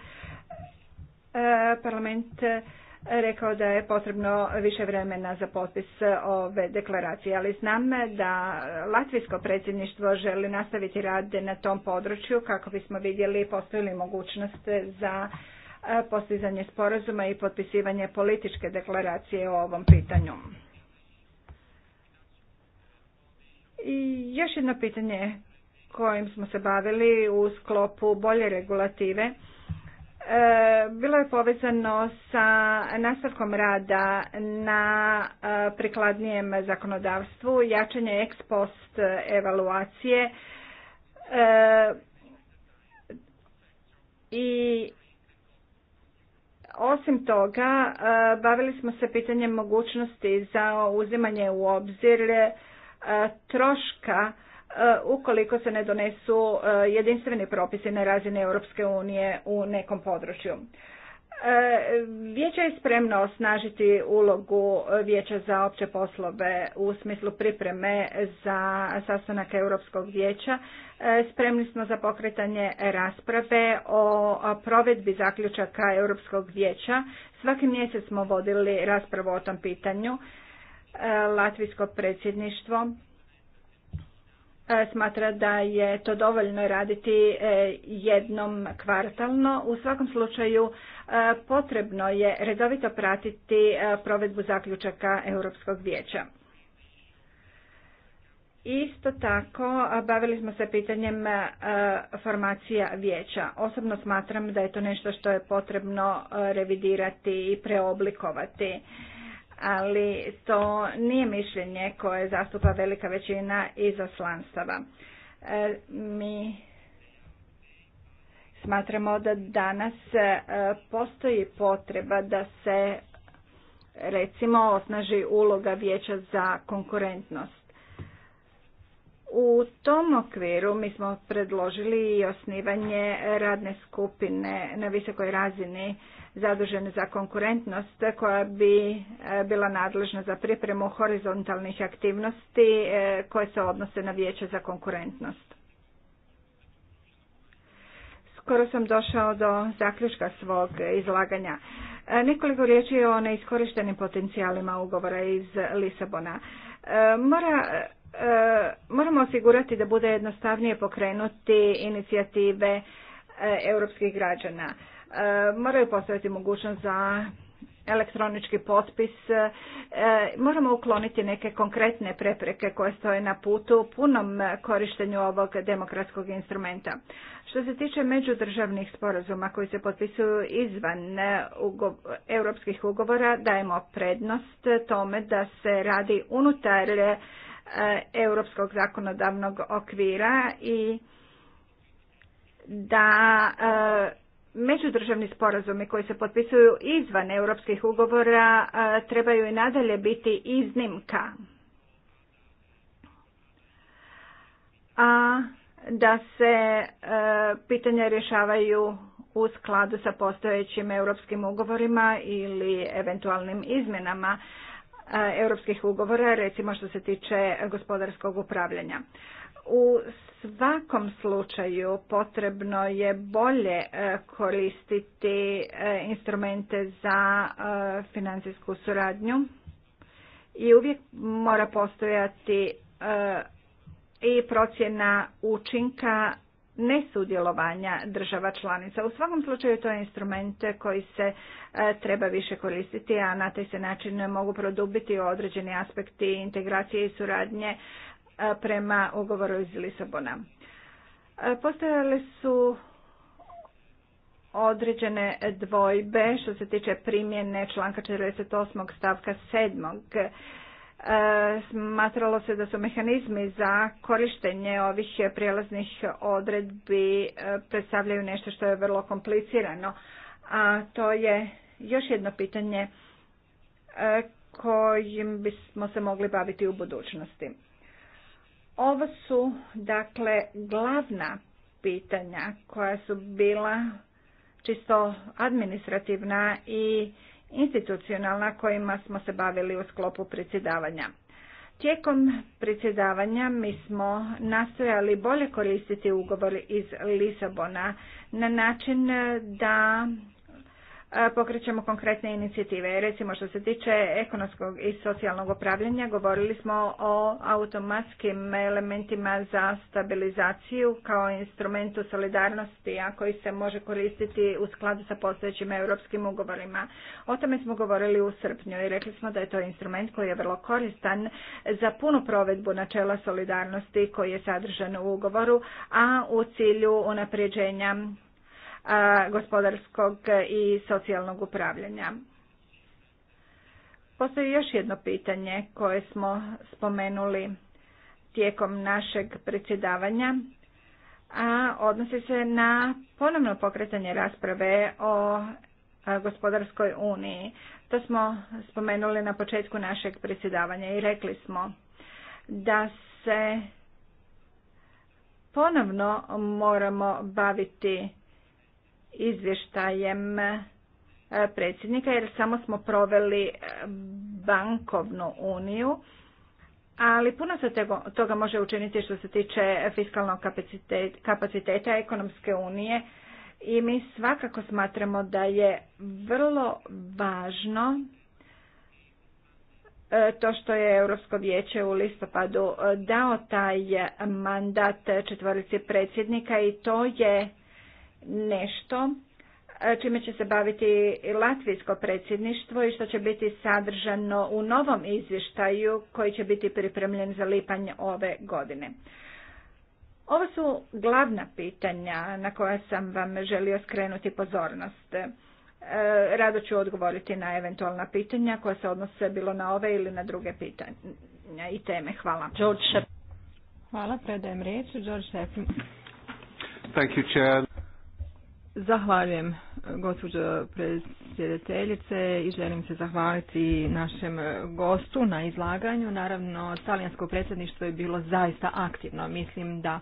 A: parlament rekao da je potrebno više vremena za potpis ove deklaracije, ali znam da Latvijsko predsjedništvo želi nastaviti rad na tom području kako bismo vidjeli postojili mogućnost za e, postizanje sporazuma i potpisivanje političke deklaracije o ovom pitanju. I još jedno pitanje kojim smo se bavili u sklopu bolje regulative Eh, bilo je povezano sa nastavkom rada na eh, prikladnijem zakonodavstvu, jačanje ex post evaluacije eh, i osim toga, bavili smo se pitanjem mogućnosti za uzimanje u obzir troška E, ukoliko se ne donesu e, jedinstveni propisi na razini Europske unije u nekom području. E, vijeće je spremno osnažiti ulogu Vijeća za opće poslove u smislu pripreme za sastanak Europskog vijeća. Spremni smo za pokretanje rasprave o provedbi zaključaka Europskog vijeća. Svaki mjesec smo vodili raspravu o tom pitanju. Latvijsko predsjedništvo E, smatra da je to dovoljno raditi e, jednom kvartalno. U svakom slučaju e, potrebno je redovito pratiti provedbu zaključaka Europskog vijeća. Isto tako, bavili smo se pitanjem formacija vijeća. Osobno smatram da je to nešto što je potrebno revidirati i preoblikovati ali to nije mišljenje koje zastupa velika većina izaslanstava. E, mi smatramo da danas e, postoji potreba da se recimo osnaži uloga vijeća za konkurentnost. U tom okviru mi smo predložili i osnivanje radne skupine na visokoj razini zadužene za konkurentnost koja bi e, bila nadležna za pripremu horizontalnih aktivnosti e, koje se odnose na vijeće za konkurentnost. Skoro sam došao do zaključka svog izlaganja. E, nekoliko riječi o neiskorištenim potencijalima ugovora iz Lisabona. Mora moramo osigurati da bude jednostavnije pokrenuti inicijative europskih građana. E, moraju postaviti mogućnost za elektronički potpis. E, moramo ukloniti neke konkretne prepreke koje stoje na putu punom korištenju ovog demokratskog instrumenta. Što se tiče međudržavnih sporazuma koji se potpisuju izvan europskih ugovora, dajemo prednost tome da se radi unutar e, europskog zakonodavnog okvira i da međudržavni sporazumi koji se potpisuju izvan europskih ugovora e, trebaju i nadalje biti iznimka. A da se e, pitanja rješavaju u skladu sa postojećim europskim ugovorima ili eventualnim izmjenama e, europskih ugovora, recimo što se tiče gospodarskog upravljanja. U svakom slučaju potrebno je bolje e, koristiti e, instrumente za e, financijsku suradnju i uvijek mora postojati i procjena učinka nesudjelovanja država članica. U svakom slučaju to je instrument koji se treba više koristiti, a na taj se način mogu produbiti određeni aspekti integracije i suradnje prema ugovoru iz Lisabona. Postojale su određene dvojbe što se tiče primjene članka 48. stavka 7. smatralo se da su mehanizmi za korištenje ovih prijelaznih odredbi predstavljaju nešto što je vrlo komplicirano. A to je još jedno pitanje kojim bismo se mogli baviti u budućnosti. Ovo su dakle glavna pitanja koja su bila čisto administrativna i institucionalna kojima smo se bavili u sklopu predsjedavanja. Tijekom predsjedavanja mi smo nastojali bolje koristiti ugovor iz Lisabona na način da E, pokrećemo konkretne inicijative. Recimo što se tiče ekonomskog i socijalnog upravljanja, govorili smo o automatskim elementima za stabilizaciju kao instrumentu solidarnosti, a koji se može koristiti u skladu sa postojećim europskim ugovorima. O tome smo govorili u srpnju i rekli smo da je to instrument koji je vrlo koristan za punu provedbu načela solidarnosti koji je sadržan u ugovoru, a u cilju unapređenja gospodarskog i socijalnog upravljanja. Postoji još jedno pitanje koje smo spomenuli tijekom našeg predsjedavanja, a odnosi se na ponovno pokretanje rasprave o gospodarskoj uniji. To smo spomenuli na početku našeg predsjedavanja i rekli smo da se ponovno moramo baviti izvještajem e, predsjednika jer samo smo proveli e, bankovnu uniju, ali puno se toga može učiniti što se tiče fiskalnog kapaciteta ekonomske unije i mi svakako smatramo da je vrlo važno e, to što je Europsko vijeće u listopadu dao taj mandat četvorici predsjednika i to je nešto e, čime će se baviti latvijsko predsjedništvo i što će biti sadržano u novom izvještaju koji će biti pripremljen za lipanj ove godine. Ovo su glavna pitanja na koja sam vam želio skrenuti pozornost. E, rado ću odgovoriti na eventualna pitanja koja se odnose bilo na ove ili na druge pitanja i teme. Hvala. George. Hvala, predajem riječ. George
B: Thank you,
A: Zahvaljujem gospođo predsjedateljice i želim se zahvaliti našem gostu na izlaganju. Naravno, talijansko predsjedništvo je bilo zaista aktivno. Mislim da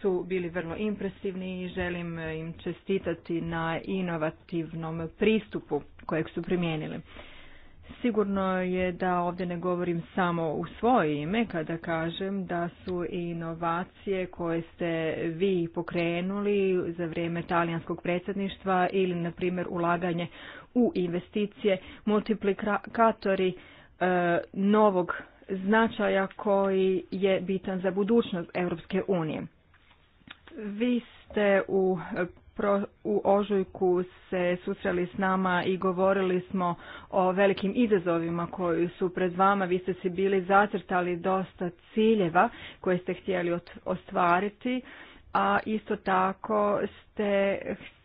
A: su bili vrlo impresivni i želim im čestitati na inovativnom pristupu kojeg su primijenili. Sigurno je da ovdje ne govorim samo u svoje ime kada kažem da su inovacije koje ste vi pokrenuli za vrijeme talijanskog predsjedništva ili na primjer ulaganje u investicije multiplikatori e, novog značaja koji je bitan za budućnost Europske unije. Vi ste u u ožujku se susreli s nama i govorili smo o velikim izazovima koji su pred vama. Vi ste si bili zacrtali dosta ciljeva koje ste htjeli ostvariti, a isto tako ste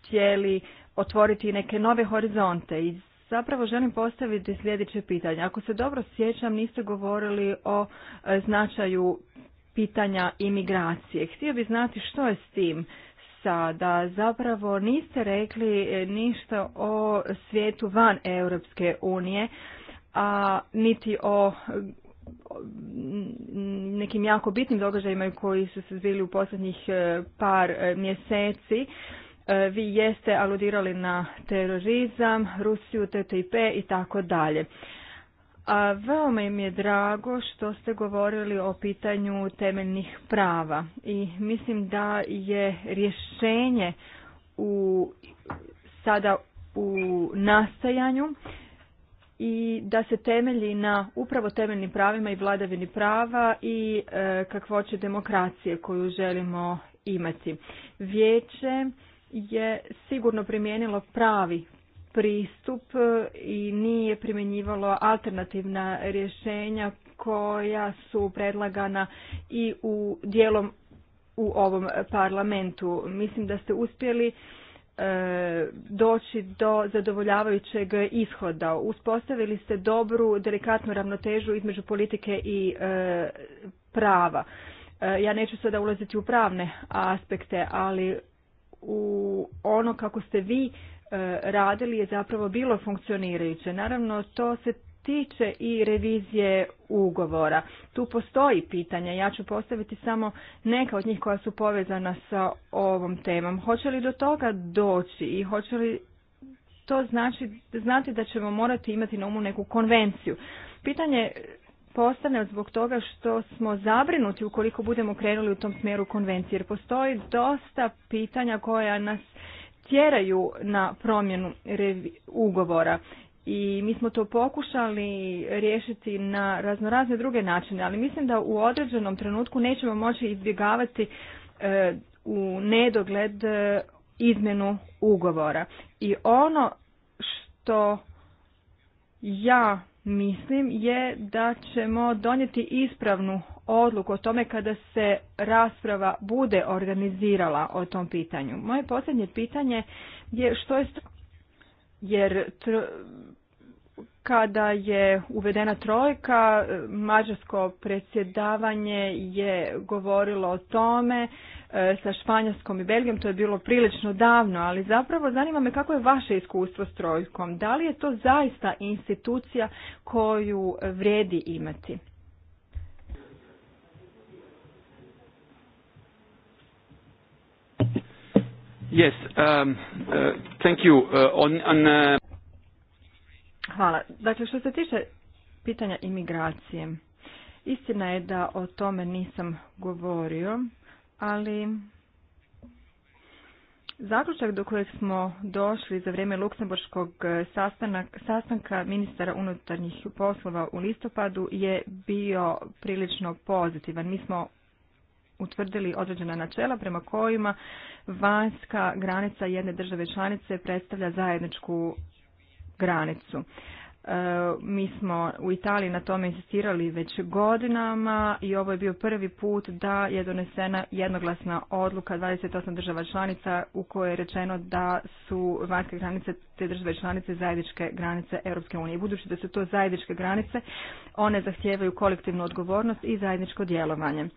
A: htjeli otvoriti neke nove horizonte i Zapravo želim postaviti sljedeće pitanje. Ako se dobro sjećam, niste govorili o e, značaju pitanja imigracije. Htio bih znati što je s tim sada zapravo niste rekli e, ništa o svijetu van Europske unije, a niti o mm, nekim jako bitnim događajima koji su se zbili u posljednjih e, par e, mjeseci. Vi jeste aludirali na terorizam, Rusiju, TTIP i tako dalje. A veoma im je drago što ste govorili o pitanju temeljnih prava i mislim da je rješenje u, sada u nastajanju i da se temelji na upravo temeljnim pravima i vladavini prava i e, kakvoće demokracije koju želimo imati. Vijeće je sigurno primijenilo pravi pristup e, i nije primjenjivalo alternativna rješenja koja su predlagana i u dijelom u ovom parlamentu. Mislim da ste uspjeli e, doći do zadovoljavajućeg ishoda. Uspostavili ste dobru, delikatnu ravnotežu između politike i e, prava. Ja neću sada ulaziti u pravne aspekte, ali u ono kako ste vi E, radili je zapravo bilo funkcionirajuće. Naravno, to se tiče i revizije ugovora. Tu postoji pitanja, ja ću postaviti samo neka od njih koja su povezana sa ovom temom. Hoće li do toga doći i hoće li to znači, znati da ćemo morati imati na umu neku konvenciju. Pitanje postane zbog toga što smo zabrinuti ukoliko budemo krenuli u tom smjeru konvencije, jer postoji dosta pitanja koja nas tjeraju na promjenu ugovora. I mi smo to pokušali riješiti na raznorazne druge načine, ali mislim da u određenom trenutku nećemo moći izbjegavati e, u nedogled e, izmjenu ugovora. I ono što ja mislim je da ćemo donijeti ispravnu odluku o tome kada se rasprava bude organizirala o tom pitanju. Moje posljednje pitanje je što je jer kada je uvedena trojka, mađarsko predsjedavanje je govorilo o tome e, sa Španjolskom i Belgijom, to je bilo prilično davno, ali zapravo zanima me kako je vaše iskustvo s trojkom. Da li je to zaista institucija koju vrijedi imati?
B: Yes, um, uh, uh, uh,
A: Hvala. Dakle, što se tiče pitanja imigracije, istina je da o tome nisam govorio, ali Zaključak do kojeg smo došli za vrijeme luksemburškog sastanka ministara unutarnjih poslova u listopadu je bio prilično pozitivan. Mi smo utvrdili određena načela prema kojima vanjska granica jedne države članice predstavlja zajedničku granicu. E, mi smo u Italiji na tome insistirali već godinama i ovo je bio prvi put da je donesena jednoglasna odluka 28 država članica u kojoj je rečeno da su vanjske granice te države članice zajedničke granice Europske unije. Budući da su to zajedničke granice, one zahtijevaju kolektivnu odgovornost i zajedničko djelovanje.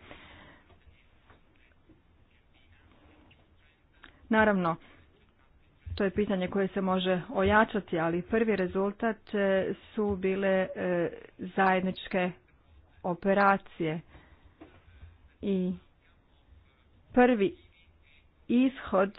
A: Naravno, to je pitanje koje se može ojačati, ali prvi rezultat e, su bile e, zajedničke operacije i prvi ishod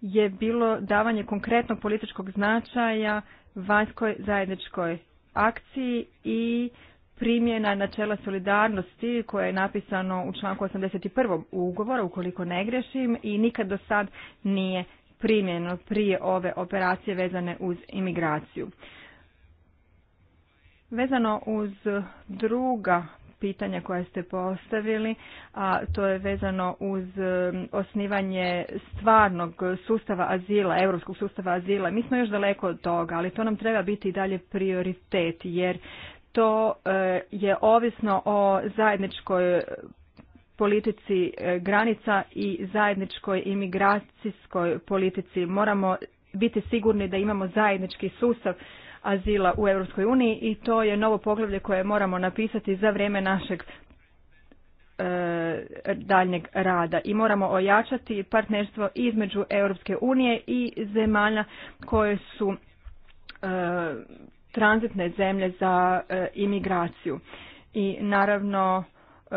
A: je bilo davanje konkretnog političkog značaja vanjskoj zajedničkoj akciji i primjena načela solidarnosti koje je napisano u članku 81. ugovora ukoliko ne grešim i nikad do sad nije primjeno prije ove operacije vezane uz imigraciju. Vezano uz druga pitanja koja ste postavili, a to je vezano uz um, osnivanje stvarnog sustava azila, europskog sustava azila. Mi smo još daleko od toga, ali to nam treba biti i dalje prioritet, jer to e, je ovisno o zajedničkoj politici e, granica i zajedničkoj imigracijskoj politici. Moramo biti sigurni da imamo zajednički sustav azila u EU i to je novo poglavlje koje moramo napisati za vrijeme našeg e, daljnjeg rada i moramo ojačati partnerstvo između Europske unije i zemalja koje su tranzitne zemlje za e, imigraciju. I naravno e,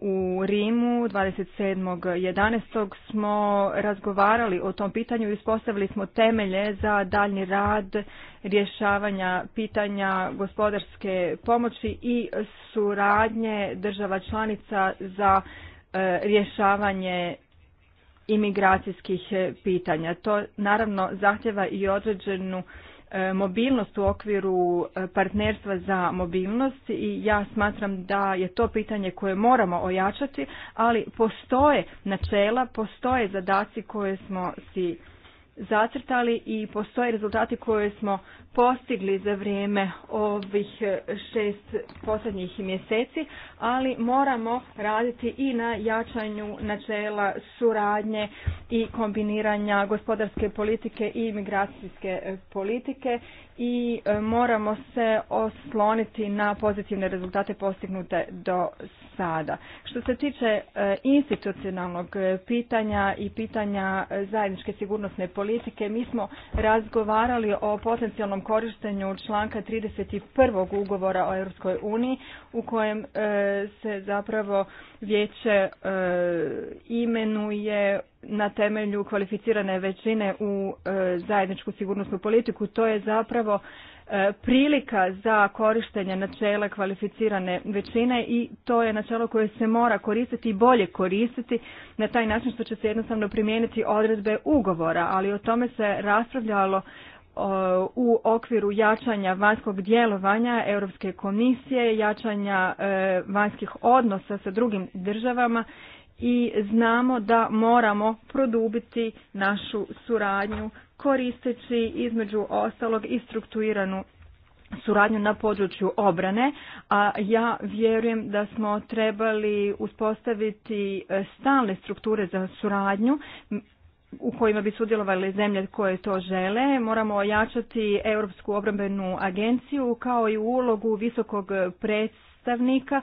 A: u Rimu 27.11. smo razgovarali o tom pitanju i uspostavili smo temelje za daljnji rad rješavanja pitanja gospodarske pomoći i suradnje država članica za e, rješavanje imigracijskih pitanja. To naravno zahtjeva i određenu E, mobilnost u okviru e, partnerstva za mobilnost i ja smatram da je to pitanje koje moramo ojačati, ali postoje načela, postoje zadaci koje smo si zacrtali i postoje rezultati koje smo postigli za vrijeme ovih e, šest posljednjih mjeseci, ali moramo raditi i na jačanju načela suradnje i kombiniranja gospodarske politike i migracijske politike i e, moramo se osloniti na pozitivne rezultate postignute do sada. Što se tiče e, institucionalnog pitanja i pitanja zajedničke sigurnosne politike, mi smo razgovarali o potencijalnom korištenju članka 31. ugovora o Europskoj uniji u kojem e, se zapravo vijeće imenuje na temelju kvalificirane većine u zajedničku sigurnosnu politiku. To je zapravo zapravo e, prilika za korištenje načela kvalificirane većine i to je načelo koje se mora koristiti i bolje koristiti na taj način što će se jednostavno primijeniti odredbe ugovora, ali o tome se raspravljalo u okviru jačanja vanjskog djelovanja Europske komisije, jačanja e, vanjskih odnosa sa drugim državama i znamo da moramo produbiti našu suradnju koristeći između ostalog i strukturiranu suradnju na području obrane, a ja vjerujem da smo trebali uspostaviti e, stalne strukture za suradnju u kojima bi sudjelovali zemlje koje to žele. Moramo ojačati Europsku obrambenu agenciju kao i ulogu visokog predstavnika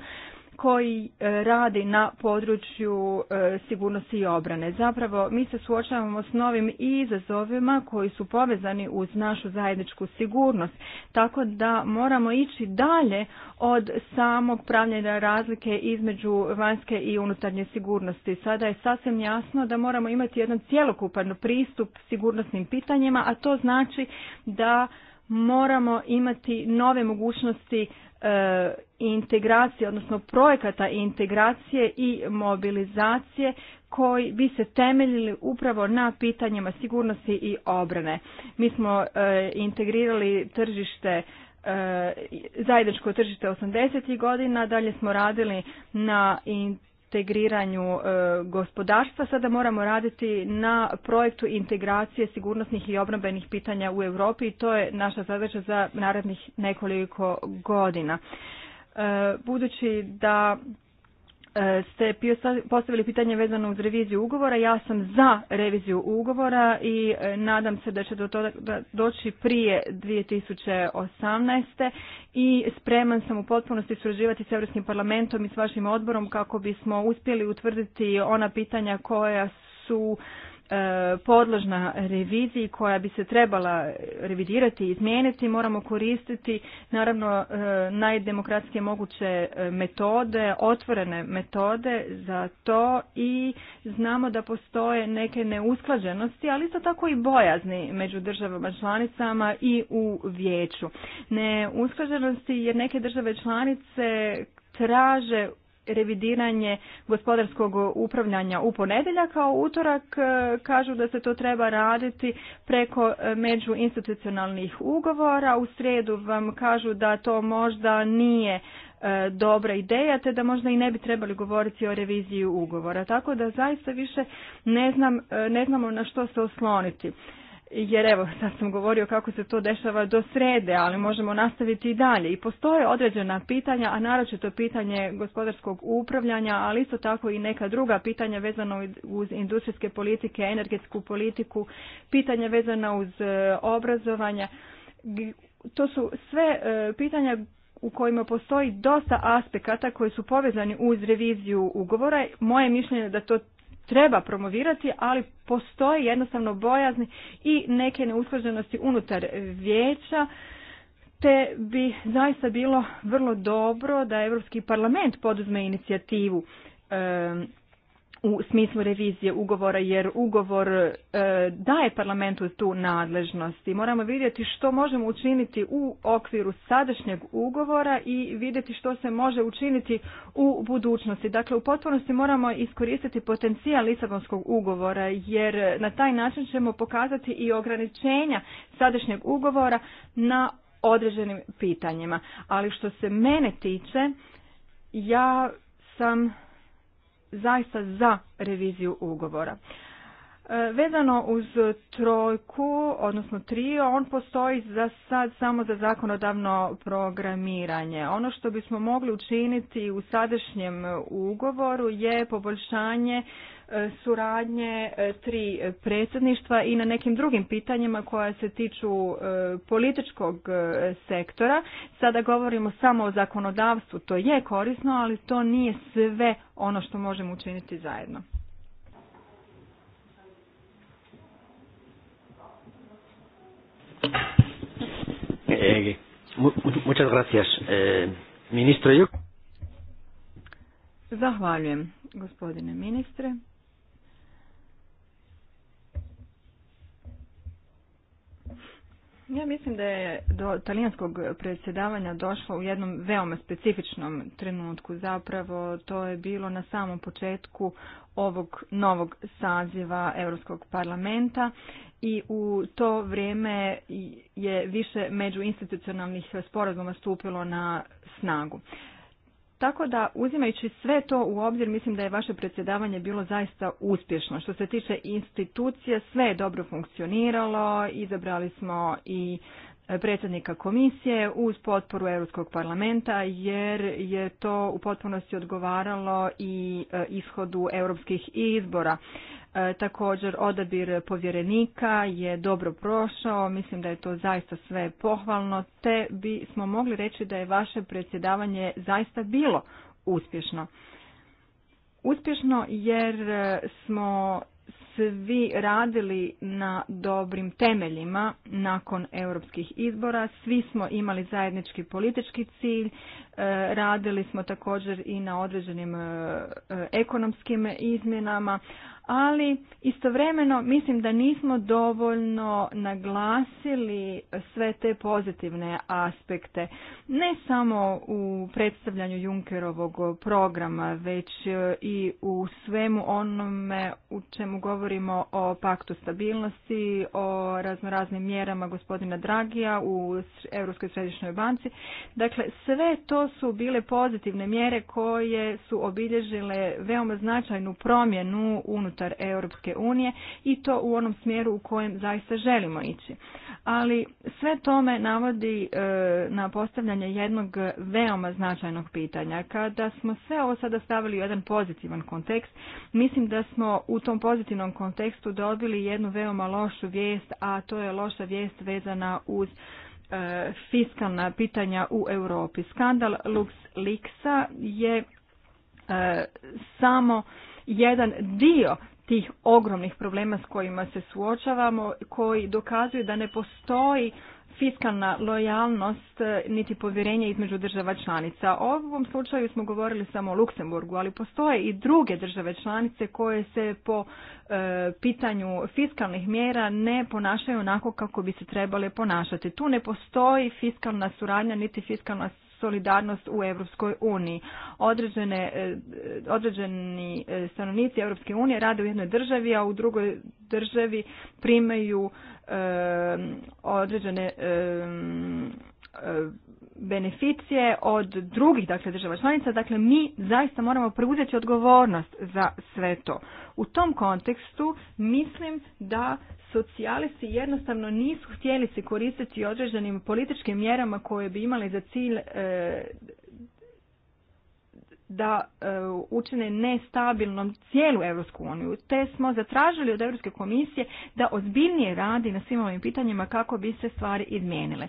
A: koji e, radi na području e, sigurnosti i obrane. Zapravo mi se suočavamo s novim izazovima koji su povezani uz našu zajedničku sigurnost, tako da moramo ići dalje od samog pravljenja razlike između vanjske i unutarnje sigurnosti. Sada je sasvim jasno da moramo imati jedan cjelokupan pristup sigurnosnim pitanjima, a to znači da moramo imati nove mogućnosti E, integracije, odnosno projekata integracije i mobilizacije koji bi se temeljili upravo na pitanjima sigurnosti i obrane. Mi smo e, integrirali tržište e, zajedničko tržište 80. godina, dalje smo radili na integriranju e, gospodarstva. Sada moramo raditi na projektu integracije sigurnosnih i obrambenih pitanja u Europi i to je naša zadaća za narednih nekoliko godina. E, budući da E, ste postavili pitanje vezano uz reviziju ugovora. Ja sam za reviziju ugovora i e, nadam se da će do toga doći prije 2018. i spreman sam u potpunosti surađivati s Europskim parlamentom i s vašim odborom kako bismo uspjeli utvrditi ona pitanja koja su E, podložna reviziji koja bi se trebala revidirati i izmijeniti moramo koristiti naravno e, najdemokratske moguće e, metode, otvorene metode za to i znamo da postoje neke neusklađenosti, ali isto tako i bojazni među državama članicama i u vijeću. Neusklađenosti jer neke države članice traže revidiranje gospodarskog upravljanja u ponedjeljak, a u utorak e, kažu da se to treba raditi preko e, međuinstitucionalnih ugovora. U sredu vam kažu da to možda nije e, dobra ideja, te da možda i ne bi trebali govoriti o reviziji ugovora. Tako da zaista više ne, znam, ne znamo na što se osloniti jer evo sad sam govorio kako se to dešava do srede, ali možemo nastaviti i dalje. I postoje određena pitanja, a naročito pitanje gospodarskog upravljanja, ali isto tako i neka druga pitanja vezana uz industrijske politike, energetsku politiku, pitanja vezana uz e, obrazovanje. To su sve e, pitanja u kojima postoji dosta aspekata koji su povezani uz reviziju ugovora. Moje mišljenje je da to treba promovirati, ali postoji jednostavno bojazni i neke neusklađenosti unutar vijeća te bi zaista bilo vrlo dobro da Europski parlament poduzme inicijativu u smislu revizije ugovora jer ugovor e, daje parlamentu tu nadležnost i moramo vidjeti što možemo učiniti u okviru sadašnjeg ugovora i vidjeti što se može učiniti u budućnosti. Dakle, u potpunosti moramo iskoristiti potencijal Lisabonskog ugovora jer na taj način ćemo pokazati i ograničenja sadašnjeg ugovora na određenim pitanjima. Ali što se mene tiče, ja sam zaista za reviziju ugovora. E, vezano uz trojku, odnosno trio, on postoji za sad samo za zakonodavno programiranje. Ono što bismo mogli učiniti u sadašnjem ugovoru je poboljšanje E, suradnje e, tri predsjedništva i na nekim drugim pitanjima koja se tiču e, političkog sektora. Sada govorimo samo o zakonodavstvu. To je korisno, ali to nije sve ono što možemo učiniti zajedno.
B: Eh, eh,
A: Zahvaljujem, gospodine ministre. Ja mislim da je do talijanskog predsjedavanja došlo u jednom veoma specifičnom trenutku. Zapravo to je bilo na samom početku ovog novog saziva Europskog parlamenta i u to vrijeme je više međuinstitucionalnih sporazuma stupilo na snagu. Tako da uzimajući sve to u obzir mislim da je vaše predsjedavanje bilo zaista uspješno. Što se tiče institucije sve je dobro funkcioniralo, izabrali smo i predsjednika komisije uz potporu Europskog parlamenta jer je to u potpunosti odgovaralo i e, ishodu europskih izbora. E, također odabir povjerenika je dobro prošao, mislim da je to zaista sve pohvalno, te bismo mogli reći da je vaše predsjedavanje zaista bilo uspješno. Uspješno jer e, smo svi radili na dobrim temeljima nakon europskih izbora, svi smo imali zajednički politički cilj, e, radili smo također i na određenim e, e, ekonomskim izmjenama, ali istovremeno mislim da nismo dovoljno naglasili sve te pozitivne aspekte. Ne samo u predstavljanju Junkerovog programa, već i u svemu onome u čemu govorimo o paktu stabilnosti, o raznoraznim mjerama gospodina Dragija u Europskoj središnjoj banci. Dakle, sve to su bile pozitivne mjere koje su obilježile veoma značajnu promjenu unutar unutar Europske unije i to u onom smjeru u kojem zaista želimo ići. Ali sve tome navodi e, na postavljanje jednog veoma značajnog pitanja. Kada smo sve ovo sada stavili u jedan pozitivan kontekst, mislim da smo u tom pozitivnom kontekstu dobili jednu veoma lošu vijest, a to je loša vijest vezana uz e, fiskalna pitanja u Europi. Skandal Lixa je e, samo jedan dio tih ogromnih problema s kojima se suočavamo, koji dokazuju da ne postoji fiskalna lojalnost e, niti povjerenje između država članica. U ovom slučaju smo govorili samo o Luksemburgu, ali postoje i druge države članice koje se po e, pitanju fiskalnih mjera ne ponašaju onako kako bi se trebale ponašati. Tu ne postoji fiskalna suradnja niti fiskalna solidarnost u Europskoj uniji. E, određeni e, stanovnici Europske unije rade u jednoj državi, a u drugoj državi primaju e, određene beneficije od drugih dakle, država članica, dakle mi zaista moramo preuzeti odgovornost za sve to. U tom kontekstu mislim da socijalisti jednostavno nisu htjeli se koristiti određenim političkim mjerama koje bi imali za cilj e, da e, učine nestabilnom cijelu Europsku uniju. Te smo zatražili od Europske komisije da ozbiljnije radi na svim ovim pitanjima kako bi se stvari izmijenile.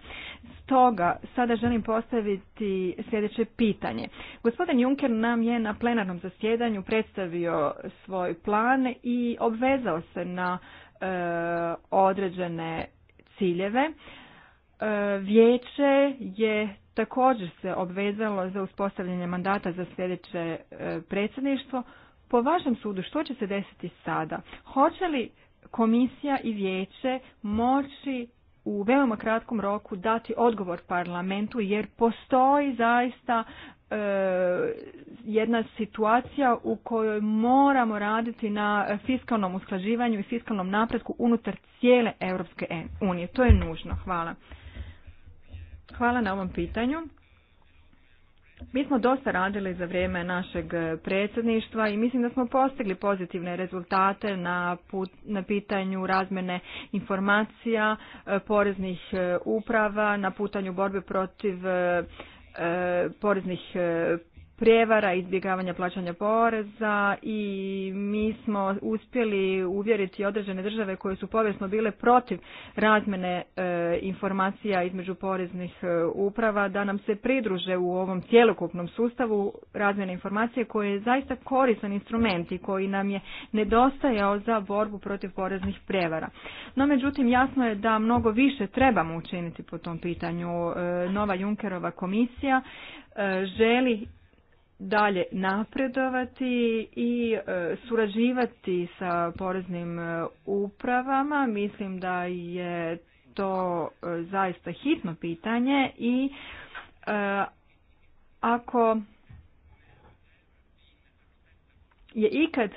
A: Stoga sada želim postaviti sljedeće pitanje. Gospodin Juncker nam je na plenarnom zasjedanju predstavio svoj plan i obvezao se na e, određene ciljeve. E, vijeće je također se obvezalo za uspostavljanje mandata za sljedeće e, predsjedništvo. Po vašem sudu, što će se desiti sada? Hoće li komisija i vijeće moći u veoma kratkom roku dati odgovor parlamentu jer postoji zaista e, jedna situacija u kojoj moramo raditi na fiskalnom usklađivanju i fiskalnom napretku unutar cijele Europske unije. To je nužno. Hvala. Hvala na ovom pitanju. Mi smo dosta radili za vrijeme našeg predsjedništva i mislim da smo postigli pozitivne rezultate na, na pitanju razmjene informacija, e, poreznih e, uprava, na putanju borbe protiv e, poreznih prijevara, izbjegavanja plaćanja poreza i mi smo uspjeli uvjeriti određene države koje su povijesno bile protiv razmene e, informacija između poreznih e, uprava da nam se pridruže u ovom cjelokupnom sustavu razmjene informacije koji je zaista koristan instrument i koji nam je nedostajao za borbu protiv poreznih prevara. No međutim jasno je da mnogo više trebamo učiniti po tom pitanju. E, nova Junkerova komisija želi dalje napredovati i e, surađivati sa poreznim e, upravama. Mislim da je to e, zaista hitno pitanje i ako je ikad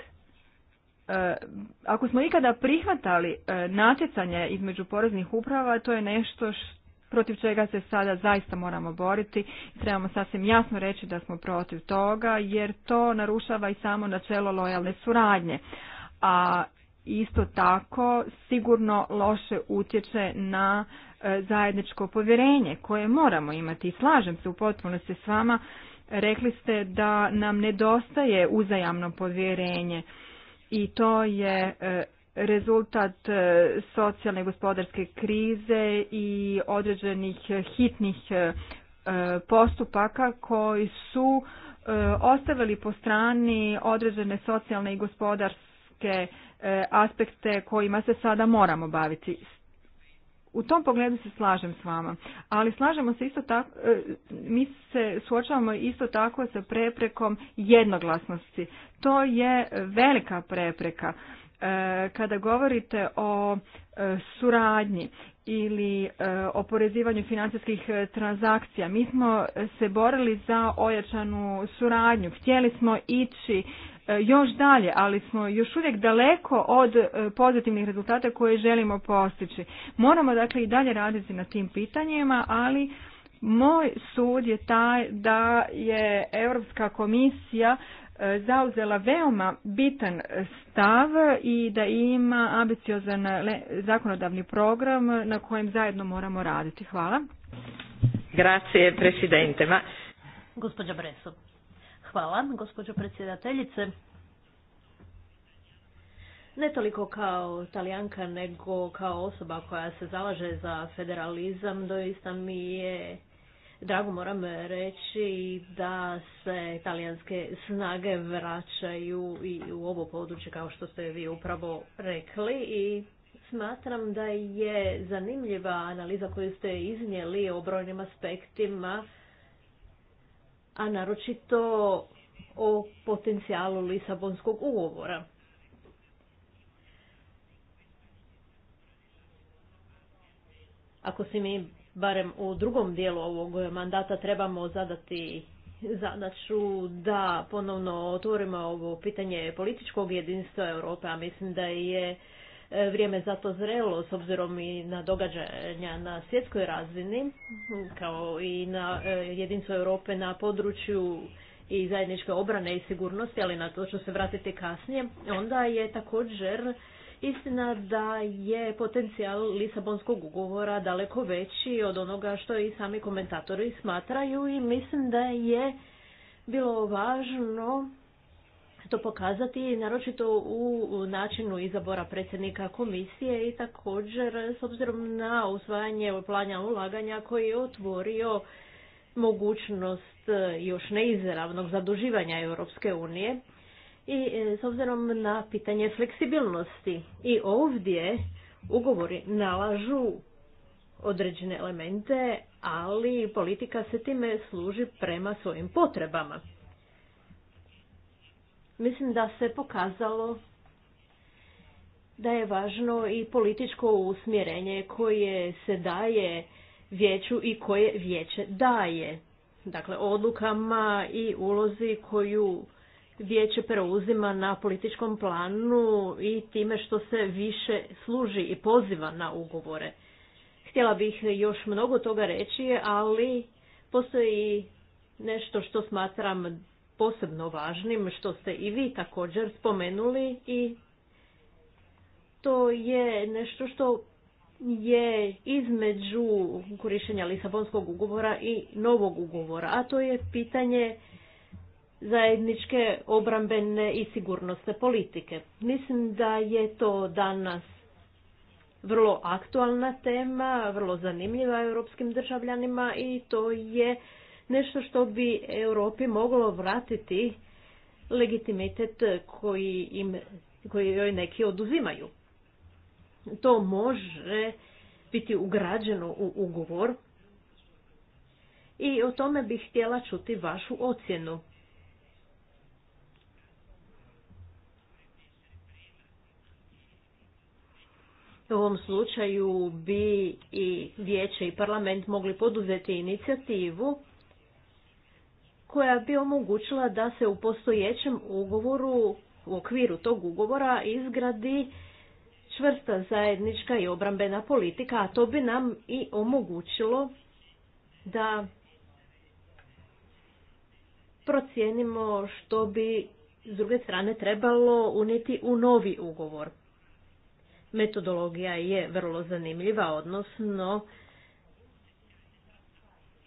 A: ako smo ikada prihvatali natjecanje između poreznih uprava, to je nešto protiv čega se sada zaista moramo boriti trebamo sasvim jasno reći da smo protiv toga jer to narušava i samo načelo lojalne suradnje. A isto tako sigurno loše utječe na e, zajedničko povjerenje koje moramo imati i slažem se u potpunosti s vama rekli ste da nam nedostaje uzajamno povjerenje i to je e, rezultat e, socijalne i gospodarske krize i određenih hitnih e, e, postupaka koji su ostavili po strani određene socijalne i gospodarske aspekte kojima se sada moramo baviti. U tom pogledu se slažem s vama, ali slažemo se isto tako, mi se suočavamo isto tako sa preprekom jednoglasnosti. To je velika prepreka E, kada govorite o e, suradnji ili e, oporezivanju financijskih transakcija, mi smo se borili za ojačanu suradnju. Htjeli smo ići još dalje, ali smo još uvijek daleko od pozitivnih rezultata koje želimo postići. Moramo dakle i dalje raditi na tim pitanjima, ali moj sud je taj da je Europska komisija zauzela veoma bitan stav i da ima ambiciozan zakonodavni program na kojem zajedno moramo raditi. Hvala. Grazie, presidente. Ma...
C: Gospođa Hvala, gospođo predsjedateljice. Ne toliko kao talijanka, nego kao osoba koja se zalaže za federalizam, doista mi je drago moram reći da se talijanske snage vraćaju i u ovo područje kao što ste vi upravo rekli i smatram da je zanimljiva analiza koju ste iznijeli o brojnim aspektima, a naročito o potencijalu Lisabonskog ugovora. Ako si mi barem u drugom dijelu ovog mandata trebamo zadati zadaću da ponovno otvorimo ovo pitanje političkog jedinstva Europe, a mislim da je e, vrijeme za to zrelo s obzirom i na događanja na svjetskoj razini kao i na e, jedinstvo Europe na području i zajedničke obrane i sigurnosti, ali na to ću se vratiti kasnije, onda je također Istina da je potencijal Lisabonskog ugovora daleko veći od onoga što i sami komentatori smatraju i mislim da je bilo važno to pokazati, naročito u načinu izabora predsjednika komisije i također s obzirom na usvajanje planja ulaganja koji je otvorio mogućnost još neizravnog zaduživanja Europske unije i e, s obzirom na pitanje fleksibilnosti. I ovdje ugovori nalažu određene elemente, ali politika se time služi prema svojim potrebama. Mislim da se pokazalo da je važno i političko usmjerenje koje se daje vijeću i koje vijeće daje. Dakle, odlukama i ulozi koju vijeće preuzima na političkom planu i time što se više služi i poziva na ugovore. Htjela bih još mnogo toga reći, ali postoji nešto što smatram posebno važnim, što ste i vi također spomenuli i to je nešto što je između korištenja Lisabonskog ugovora i novog ugovora, a to je pitanje zajedničke obrambene i sigurnosne politike. Mislim da je to danas vrlo aktualna tema, vrlo zanimljiva europskim državljanima i to je nešto što bi Europi moglo vratiti legitimitet koji, im, koji joj neki oduzimaju. To može biti ugrađeno u ugovor i o tome bih htjela čuti vašu ocjenu. U ovom slučaju bi i vijeće i parlament mogli poduzeti inicijativu koja bi omogućila da se u postojećem ugovoru, u okviru tog ugovora, izgradi čvrsta zajednička i obrambena politika, a to bi nam i omogućilo da procijenimo što bi s druge strane trebalo uniti u novi ugovor metodologija je vrlo zanimljiva, odnosno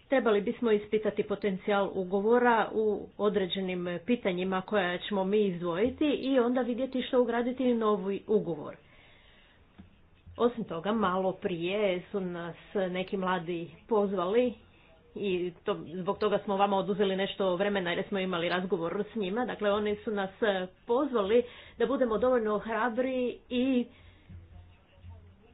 C: trebali bismo ispitati potencijal ugovora u određenim pitanjima koja ćemo mi izdvojiti i onda vidjeti što ugraditi u novi ugovor. Osim toga, malo prije su nas neki mladi pozvali i to, zbog toga smo vama oduzeli nešto vremena jer smo imali razgovor s njima. Dakle, oni su nas pozvali da budemo dovoljno hrabri i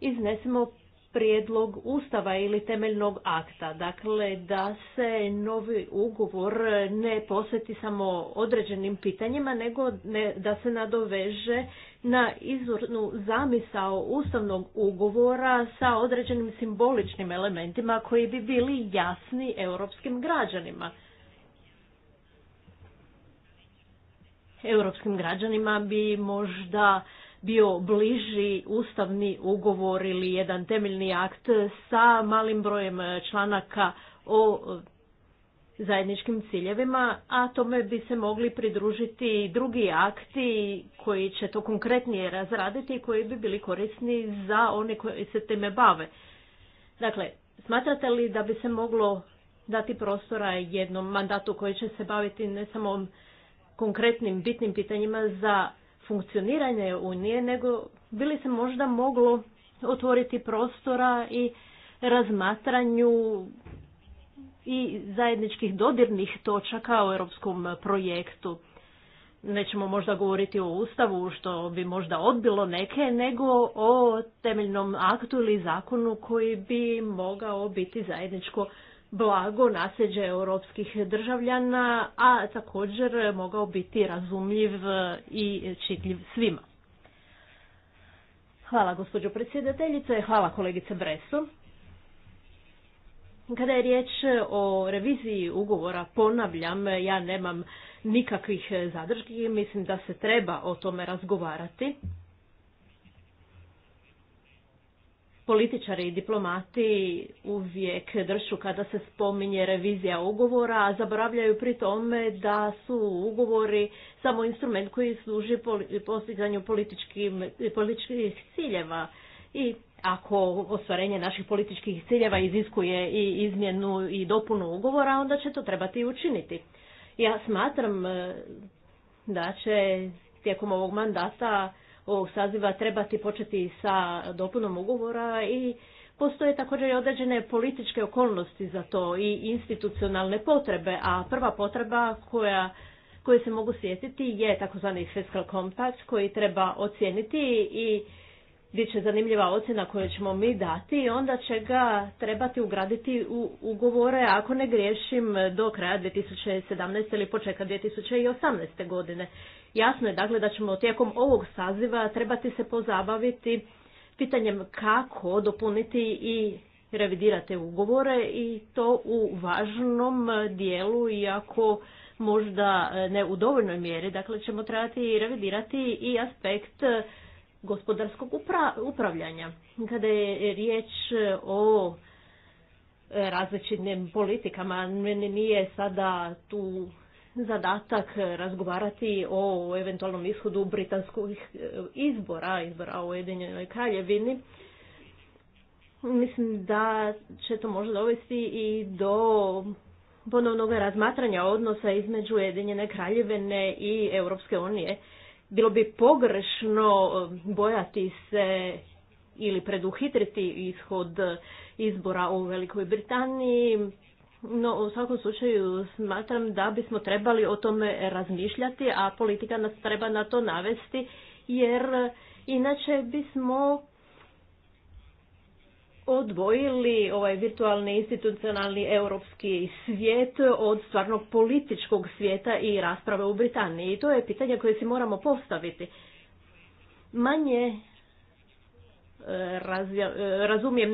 C: iznesemo prijedlog ustava ili temeljnog akta. Dakle, da se novi ugovor ne posveti samo određenim pitanjima, nego ne, da se nadoveže na izvornu zamisao ustavnog ugovora sa određenim simboličnim elementima koji bi bili jasni europskim građanima. Europskim građanima bi možda bio bliži ustavni ugovor ili jedan temeljni akt sa malim brojem članaka o zajedničkim ciljevima, a tome bi se mogli pridružiti i drugi akti koji će to konkretnije razraditi i koji bi bili korisni za one koji se time bave. Dakle, smatrate li da bi se moglo dati prostora jednom mandatu koji će se baviti ne samo konkretnim bitnim pitanjima za funkcioniranje Unije, nego bi li se možda moglo otvoriti prostora i razmatranju i zajedničkih dodirnih točaka u europskom projektu. Nećemo možda govoriti o Ustavu, što bi možda odbilo neke, nego o temeljnom aktu ili zakonu koji bi mogao biti zajedničko blago nasljeđe europskih državljana, a također mogao biti razumljiv i čitljiv svima. Hvala gospođo predsjedateljice, hvala kolegice Breso. Kada je riječ o reviziji ugovora, ponavljam, ja nemam nikakvih zadržki. mislim da se treba o tome razgovarati. političari i diplomati uvijek dršu kada se spominje revizija ugovora, a zaboravljaju pri tome da su ugovori samo instrument koji služi postizanju političkih ciljeva. I ako ostvarenje naših političkih ciljeva iziskuje i izmjenu i dopunu ugovora, onda će to trebati i učiniti. Ja smatram eh, da će tijekom ovog mandata ovog saziva trebati početi sa dopunom ugovora i postoje također i određene političke okolnosti za to i institucionalne potrebe, a prva potreba koja koje se mogu sjetiti je takozvani fiscal compact koji treba ocijeniti i bit će zanimljiva ocjena koju ćemo mi dati i onda će ga trebati ugraditi u ugovore ako ne griješim do kraja 2017. ili počeka 2018. godine. Jasno je dakle da ćemo tijekom ovog saziva trebati se pozabaviti pitanjem kako dopuniti i revidirati ugovore i to u važnom dijelu iako možda ne u dovoljnoj mjeri, dakle ćemo trebati revidirati i aspekt gospodarskog upra upravljanja. Kada je riječ o e, različitim politikama, meni nije sada tu zadatak razgovarati o eventualnom ishodu britanskih e, izbora, izbora u Ujedinjenoj kraljevini. Mislim da će to možda dovesti i do ponovnog razmatranja odnosa između Ujedinjene kraljevine i Europske unije bilo bi pogrešno eh, bojati se ili preduhitriti ishod eh, izbora u Velikoj Britaniji. No, u svakom slučaju smatram da bismo trebali o tome razmišljati, a politika nas treba na to navesti, jer eh, inače bismo odvojili ovaj virtualni institucionalni europski svijet od stvarnog političkog svijeta i rasprave u Britaniji. I to je pitanje koje si moramo postaviti. Manje e, e, razumijem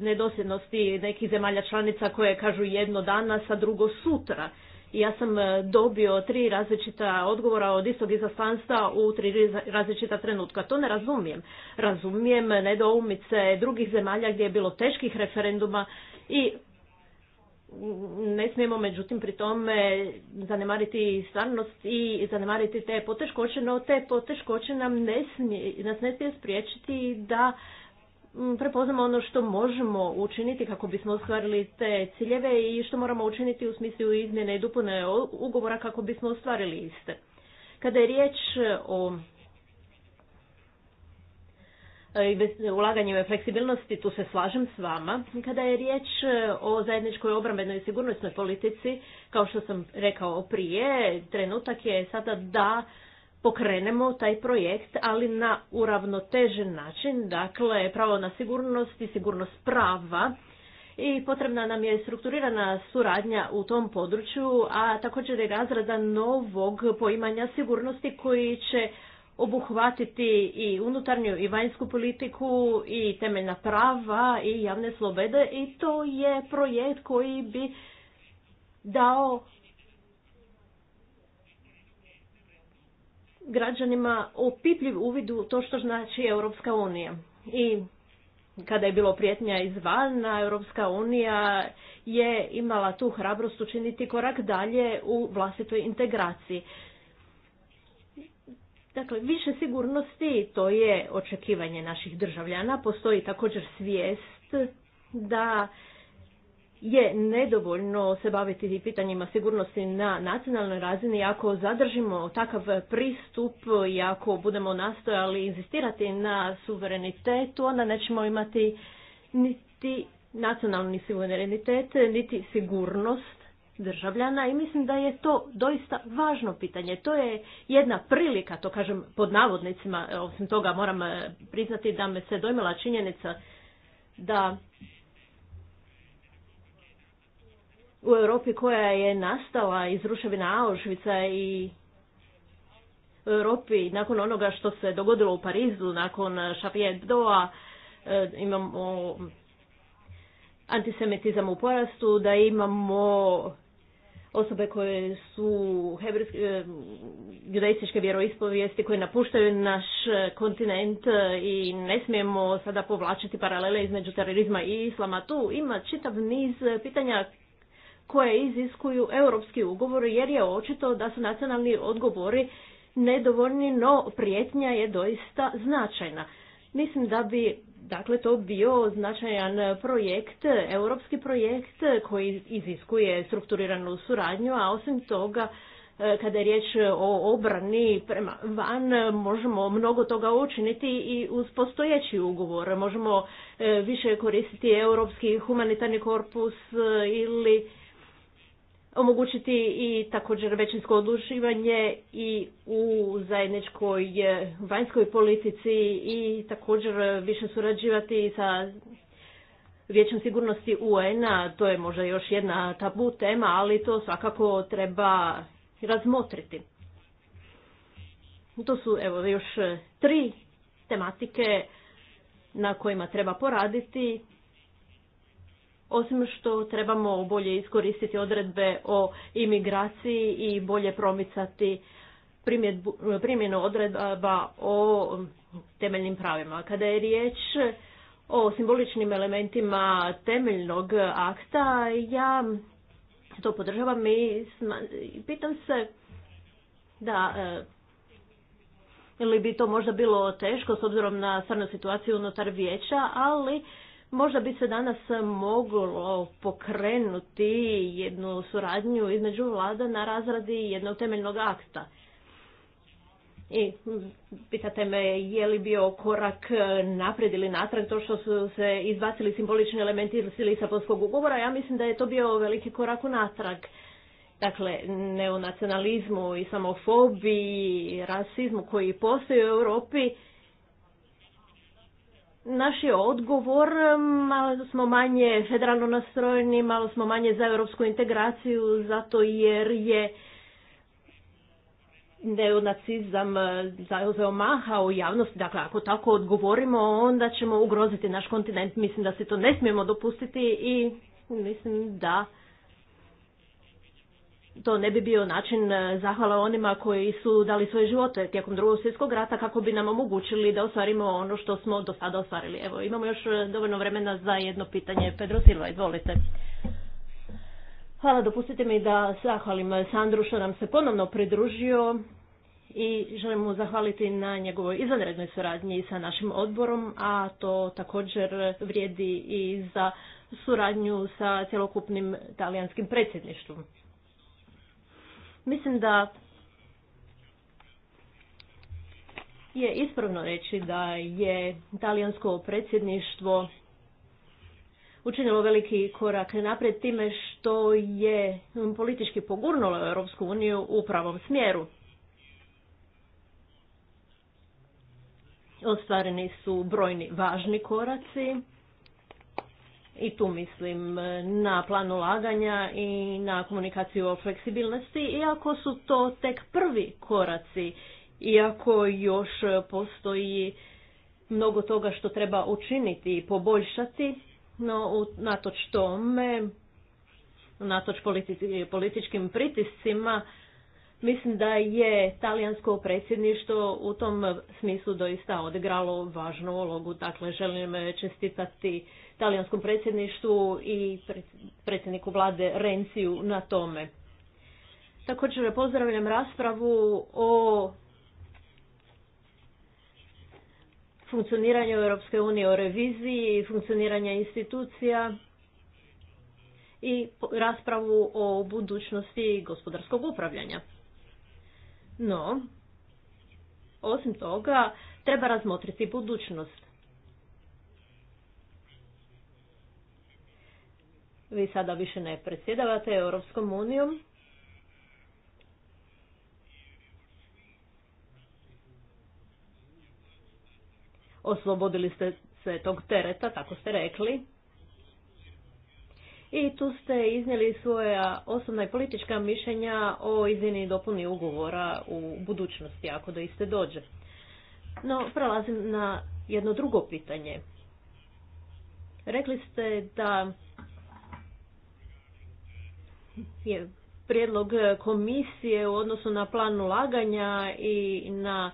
C: nedosljednosti nekih zemalja članica koje kažu jedno danas, a drugo sutra. Ja sam e, dobio tri različita odgovora od istog izaslanstva u tri različita trenutka. To ne razumijem. Razumijem nedoumice drugih zemalja gdje je bilo teških referenduma i ne smijemo međutim pri tome zanemariti stvarnost i zanemariti te poteškoće, no te poteškoće nam ne smije, nas ne smije spriječiti da prepoznamo ono što možemo učiniti kako bismo ostvarili te ciljeve i što moramo učiniti u smislu izmjene i dopune ugovora kako bismo ostvarili iste. Kada je riječ o e, ulaganjima fleksibilnosti, tu se slažem s vama. Kada je riječ e, o zajedničkoj obrambenoj i sigurnosnoj politici, kao što sam rekao prije, trenutak je sada da pokrenemo taj projekt, ali na uravnotežen način, dakle pravo na sigurnost i sigurnost prava i potrebna nam je strukturirana suradnja u tom području, a također je razrada novog poimanja sigurnosti koji će obuhvatiti i unutarnju i vanjsku politiku i temeljna prava i javne slobede i to je projekt koji bi dao građanima opipljiv uvid u to što znači Europska unija. I kada je bilo prijetnja izvana, Europska unija je imala tu hrabrost učiniti korak dalje u vlastitoj integraciji. Dakle, više sigurnosti, to je očekivanje naših državljana, postoji također svijest da je nedovoljno se baviti pitanjima sigurnosti na nacionalnoj razini ako zadržimo takav pristup i ako budemo nastojali inzistirati na suverenitetu, onda nećemo imati niti nacionalni suverenitet, niti sigurnost državljana i mislim da je to doista važno pitanje. To je jedna prilika, to kažem pod navodnicima, osim toga moram priznati da me se dojmila činjenica da u Europi koja je nastala iz ruševina Auschwitza i u Europi nakon onoga što se dogodilo u Parizu, nakon Charlie e, imamo antisemitizam u porastu, da imamo osobe koje su e, judaističke vjeroispovijesti koje napuštaju naš kontinent i ne smijemo sada povlačiti paralele između terorizma i islama. Tu ima čitav niz pitanja koje iziskuju europski ugovor jer je očito da su nacionalni odgovori nedovoljni, no prijetnja je doista značajna. Mislim da bi dakle to bio značajan projekt, europski projekt koji iziskuje strukturiranu suradnju, a osim toga e, kada je riječ o obrani prema van, možemo mnogo toga učiniti i uz postojeći ugovor. Možemo e, više koristiti europski humanitarni korpus e, ili omogućiti i također većinsko odlučivanje i u zajedničkoj e, vanjskoj politici i također više surađivati sa Vijećem sigurnosti UN-a, to je možda još jedna tabu tema, ali to svakako treba razmotriti. To su evo još tri tematike na kojima treba poraditi osim što trebamo bolje iskoristiti odredbe o imigraciji i bolje promicati primjenu odredba o temeljnim pravima. Kada je riječ o simboličnim elementima temeljnog akta, ja to podržavam i pitam se da e, li bi to možda bilo teško s obzirom na stvarnu situaciju unutar vijeća, ali Možda bi se danas moglo pokrenuti jednu suradnju između vlada na razradi jednog temeljnog akta. I pitate me je li bio korak naprijed ili natrag to što su se izbacili simbolični elementi iz Lisabonskog ugovora, ja mislim da je to bio veliki korak unatrag. Dakle, neonacionalizmu, i samofobiji, rasizmu koji postoji u Europi, naš je odgovor, malo smo manje federalno nastrojeni, malo smo manje za europsku integraciju, zato jer je neonacizam e, zauzeo maha u javnosti. Dakle, ako tako odgovorimo, onda ćemo ugroziti naš kontinent. Mislim da se to ne smijemo dopustiti i mislim da to ne bi bio način e, zahvala onima koji su dali svoje živote tijekom drugog svjetskog rata kako bi nam omogućili da ostvarimo ono što smo do sada ostvarili. Evo, imamo još e, dovoljno vremena za jedno pitanje. Pedro Silva, izvolite. Hvala, dopustite mi da zahvalim Sandru što nam se ponovno pridružio i želim mu zahvaliti na njegovoj izvanrednoj suradnji sa našim odborom, a to također vrijedi i za suradnju sa cjelokupnim talijanskim predsjedništvom. Mislim da je ispravno reći da je talijansko predsjedništvo učinilo veliki korak naprijed time što je politički pogurnulo Europsku uniju u pravom smjeru. Ostvareni su brojni važni koraci i tu mislim na plan ulaganja i na komunikaciju o fleksibilnosti, iako su to tek prvi koraci, iako još postoji mnogo toga što treba učiniti i poboljšati, no natoč tome, natoč političkim pritiscima, mislim da je talijansko predsjedništvo u tom smislu doista odigralo važnu ulogu. Dakle, želim čestitati talijanskom predsjedništvu i predsjedniku vlade Renciju na tome. Također pozdravljam raspravu o funkcioniranju Europske unije o reviziji, funkcioniranja institucija i raspravu o budućnosti gospodarskog upravljanja. No, osim toga, treba razmotriti budućnost. Vi sada više ne predsjedavate Europskom unijom. Oslobodili ste se tog tereta, tako ste rekli. I tu ste iznijeli svoja osobna i politička mišljenja o izmjeni i dopuni ugovora u budućnosti, ako do iste dođe. No, prelazim na jedno drugo pitanje. Rekli ste da je prijedlog e, komisije u odnosu na plan ulaganja i na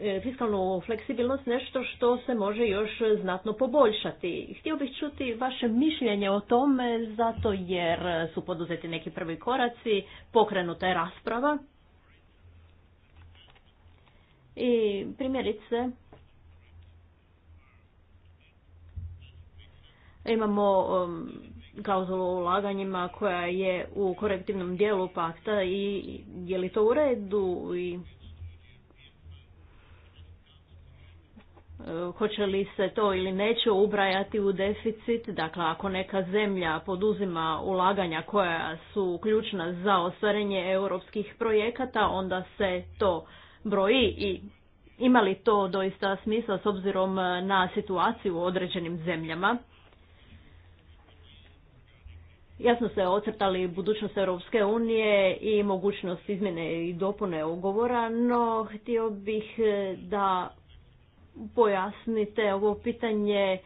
C: e, fiskalnu fleksibilnost nešto što se može još znatno poboljšati. Htio bih čuti vaše mišljenje o tome zato jer su poduzeti neki prvi koraci, pokrenuta je rasprava. I primjerice imamo um, klauzulu o ulaganjima koja je u korektivnom dijelu pakta i je li to u redu i e, hoće li se to ili neće ubrajati u deficit, dakle ako neka zemlja poduzima ulaganja koja su ključna za ostvarenje europskih projekata, onda se to broji i ima li to doista smisla s obzirom na situaciju u određenim zemljama? jasno se ocrtali budućnost Europske unije i mogućnost izmjene i dopune ugovora, no htio bih e, da pojasnite ovo pitanje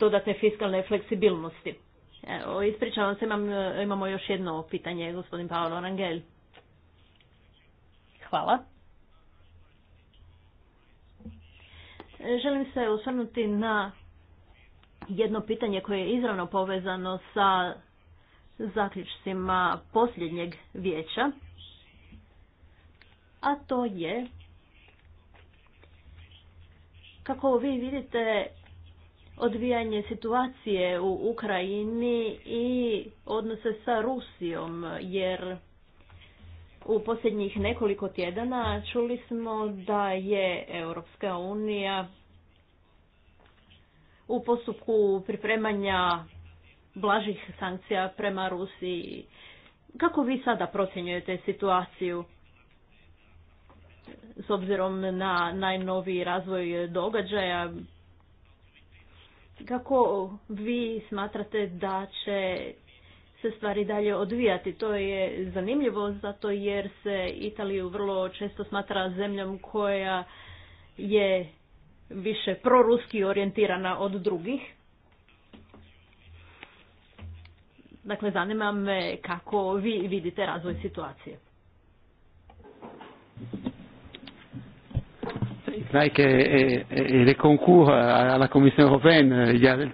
C: dodatne fiskalne fleksibilnosti. Evo, ispričavam se, imam, imamo još jedno pitanje, gospodin Paolo Rangel. Hvala. Želim se osvrnuti na jedno pitanje koje je izravno povezano sa zaključcima posljednjeg vijeća, a to je kako vi vidite odvijanje situacije u Ukrajini i odnose sa Rusijom, jer u posljednjih nekoliko tjedana čuli smo da je Europska unija u postupku pripremanja blažih sankcija prema Rusiji. Kako vi sada procjenjujete situaciju s obzirom na najnoviji razvoj događaja? Kako vi smatrate da će se stvari dalje odvijati? To je zanimljivo zato jer se Italiju vrlo često smatra zemljom koja je više proruski orijentirana od drugih. Dakle, zanima me kako vi vidite razvoj situacije.
B: Sai che eh, eh, le concours alla Commissione eh,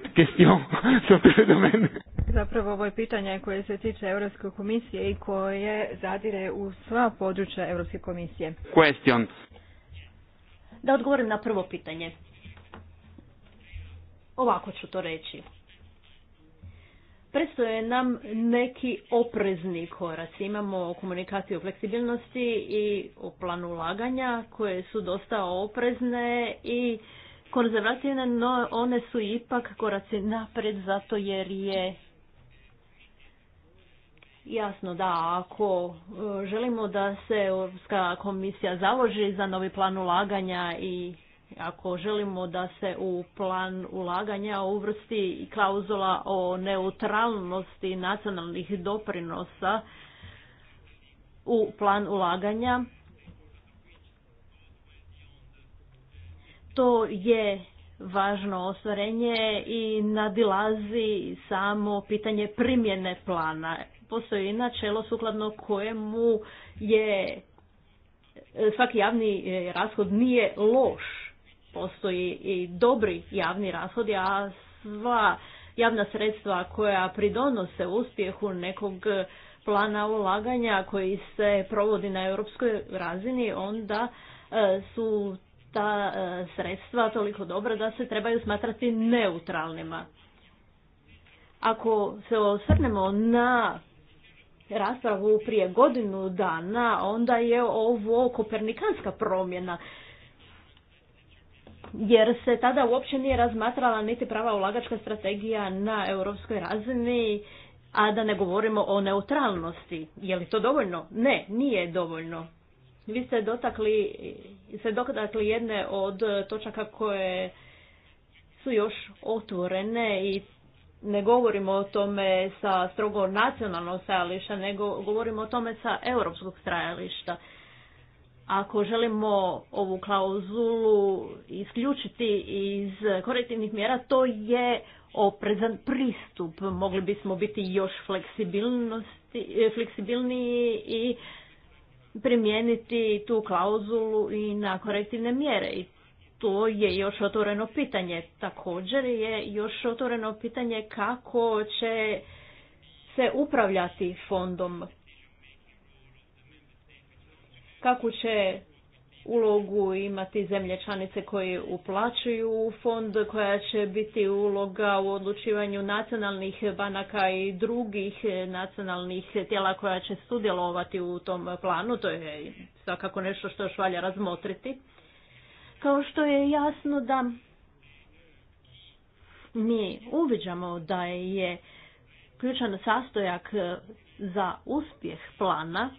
A: Zapravo ovo je pitanje koje se tiče Europske komisije i koje zadire u sva područja Europske komisije. Question. Da odgovorim na prvo
C: pitanje. Ovako ću to reći. Predstoje nam neki oprezni korac. Imamo komunikaciju o fleksibilnosti i o planu ulaganja koje su dosta oprezne i konzervativne, no one su ipak koraci napred zato jer je Jasno da, ako e, želimo da se Europska komisija založi za novi plan ulaganja i ako želimo da se u plan ulaganja uvrsti i klauzula o neutralnosti nacionalnih doprinosa u plan ulaganja, to je važno ostvarenje i nadilazi samo pitanje primjene plana postoji načelo sukladno kojemu je e, svaki javni e, rashod nije loš. Postoji i dobri javni rashodi, a sva javna sredstva koja pridonose uspjehu nekog plana ulaganja koji se provodi na europskoj razini, onda e, su ta sredstva toliko dobra da se trebaju smatrati neutralnima. Ako se osvrnemo na raspravu prije godinu dana, onda je ovo kopernikanska promjena. Jer se tada uopće nije razmatrala niti prava ulagačka strategija na europskoj razini, a da ne govorimo o neutralnosti. Je li to dovoljno? Ne, nije dovoljno. Vi ste dotakli, se dotakli jedne od točaka koje su još otvorene i ne govorimo o tome sa strogo nacionalnog stajališta, nego govorimo o tome sa europskog stajališta. Ako želimo ovu klauzulu isključiti iz korektivnih mjera, to je oprezan pristup. Mogli bismo biti još fleksibilniji i primijeniti tu klauzulu i na korektivne mjere. I to je još otvoreno pitanje. Također je još otvoreno pitanje kako će se upravljati fondom. Kako će ulogu imati zemlje članice koje uplaćuju fond, koja će biti uloga u odlučivanju nacionalnih banaka i drugih nacionalnih tijela koja će sudjelovati u tom planu. To je svakako nešto što još valja razmotriti. Kao što je jasno da mi uviđamo da je ključan sastojak e, za uspjeh plana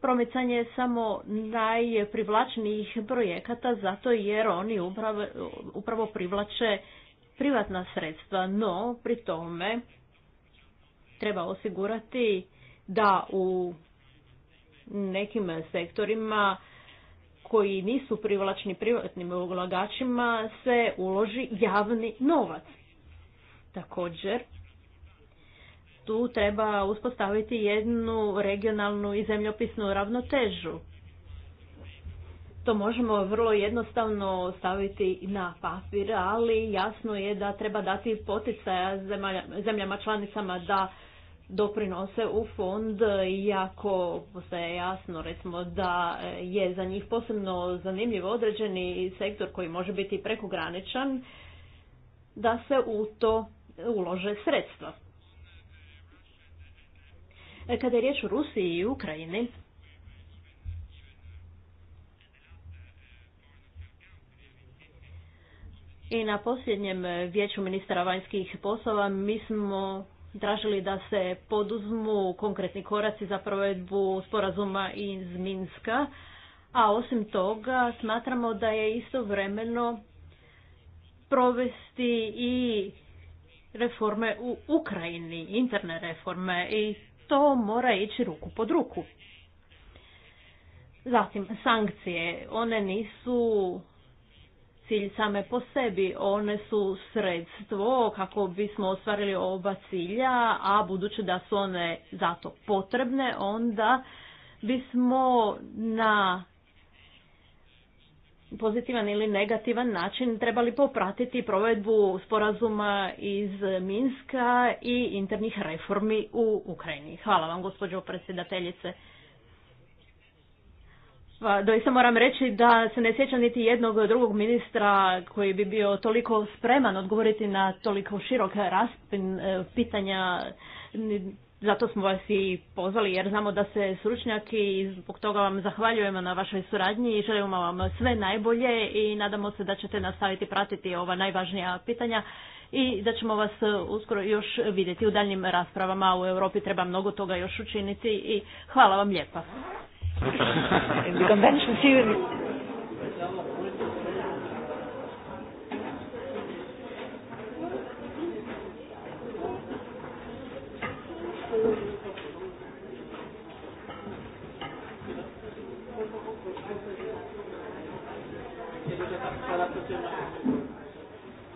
C: promicanje samo najprivlačnijih projekata zato jer oni upravo, upravo privlače privatna sredstva, no pri tome treba osigurati da u nekim sektorima koji nisu privlačni privatnim ulagačima se uloži javni novac. Također, tu treba uspostaviti jednu regionalnu i zemljopisnu ravnotežu. To možemo vrlo jednostavno staviti na papir, ali jasno je da treba dati poticaja zemljama članicama da doprinose u fond, iako postaje jasno recimo da je za njih posebno zanimljiv određeni sektor koji može biti prekograničan, da se u to ulože sredstva. Kada je riječ o Rusiji i Ukrajini, I na posljednjem vijeću ministra vanjskih poslova mi smo tražili da se poduzmu konkretni koraci za provedbu sporazuma iz Minska, a osim toga smatramo da je istovremeno provesti i reforme u Ukrajini, interne reforme i to mora ići ruku pod ruku. Zatim, sankcije. One nisu cilj same po sebi. One su sredstvo kako bismo ostvarili oba cilja, a budući da su one zato potrebne, onda bismo na pozitivan ili negativan način trebali popratiti provedbu sporazuma iz Minska i internih reformi u Ukrajini. Hvala vam gospođo predsjedateljice. Pa, doista moram reći da se ne sjećam niti jednog drugog ministra koji bi bio toliko spreman odgovoriti na toliko širok raspin e, pitanja. Zato smo vas i pozvali jer znamo da se stručnjaki i zbog toga vam zahvaljujemo na vašoj suradnji i želimo vam sve najbolje i nadamo se da ćete nastaviti pratiti ova najvažnija pitanja i da ćemo vas uskoro još vidjeti u daljnjim raspravama. U Europi treba mnogo toga još učiniti i hvala vam lijepa. In the convention,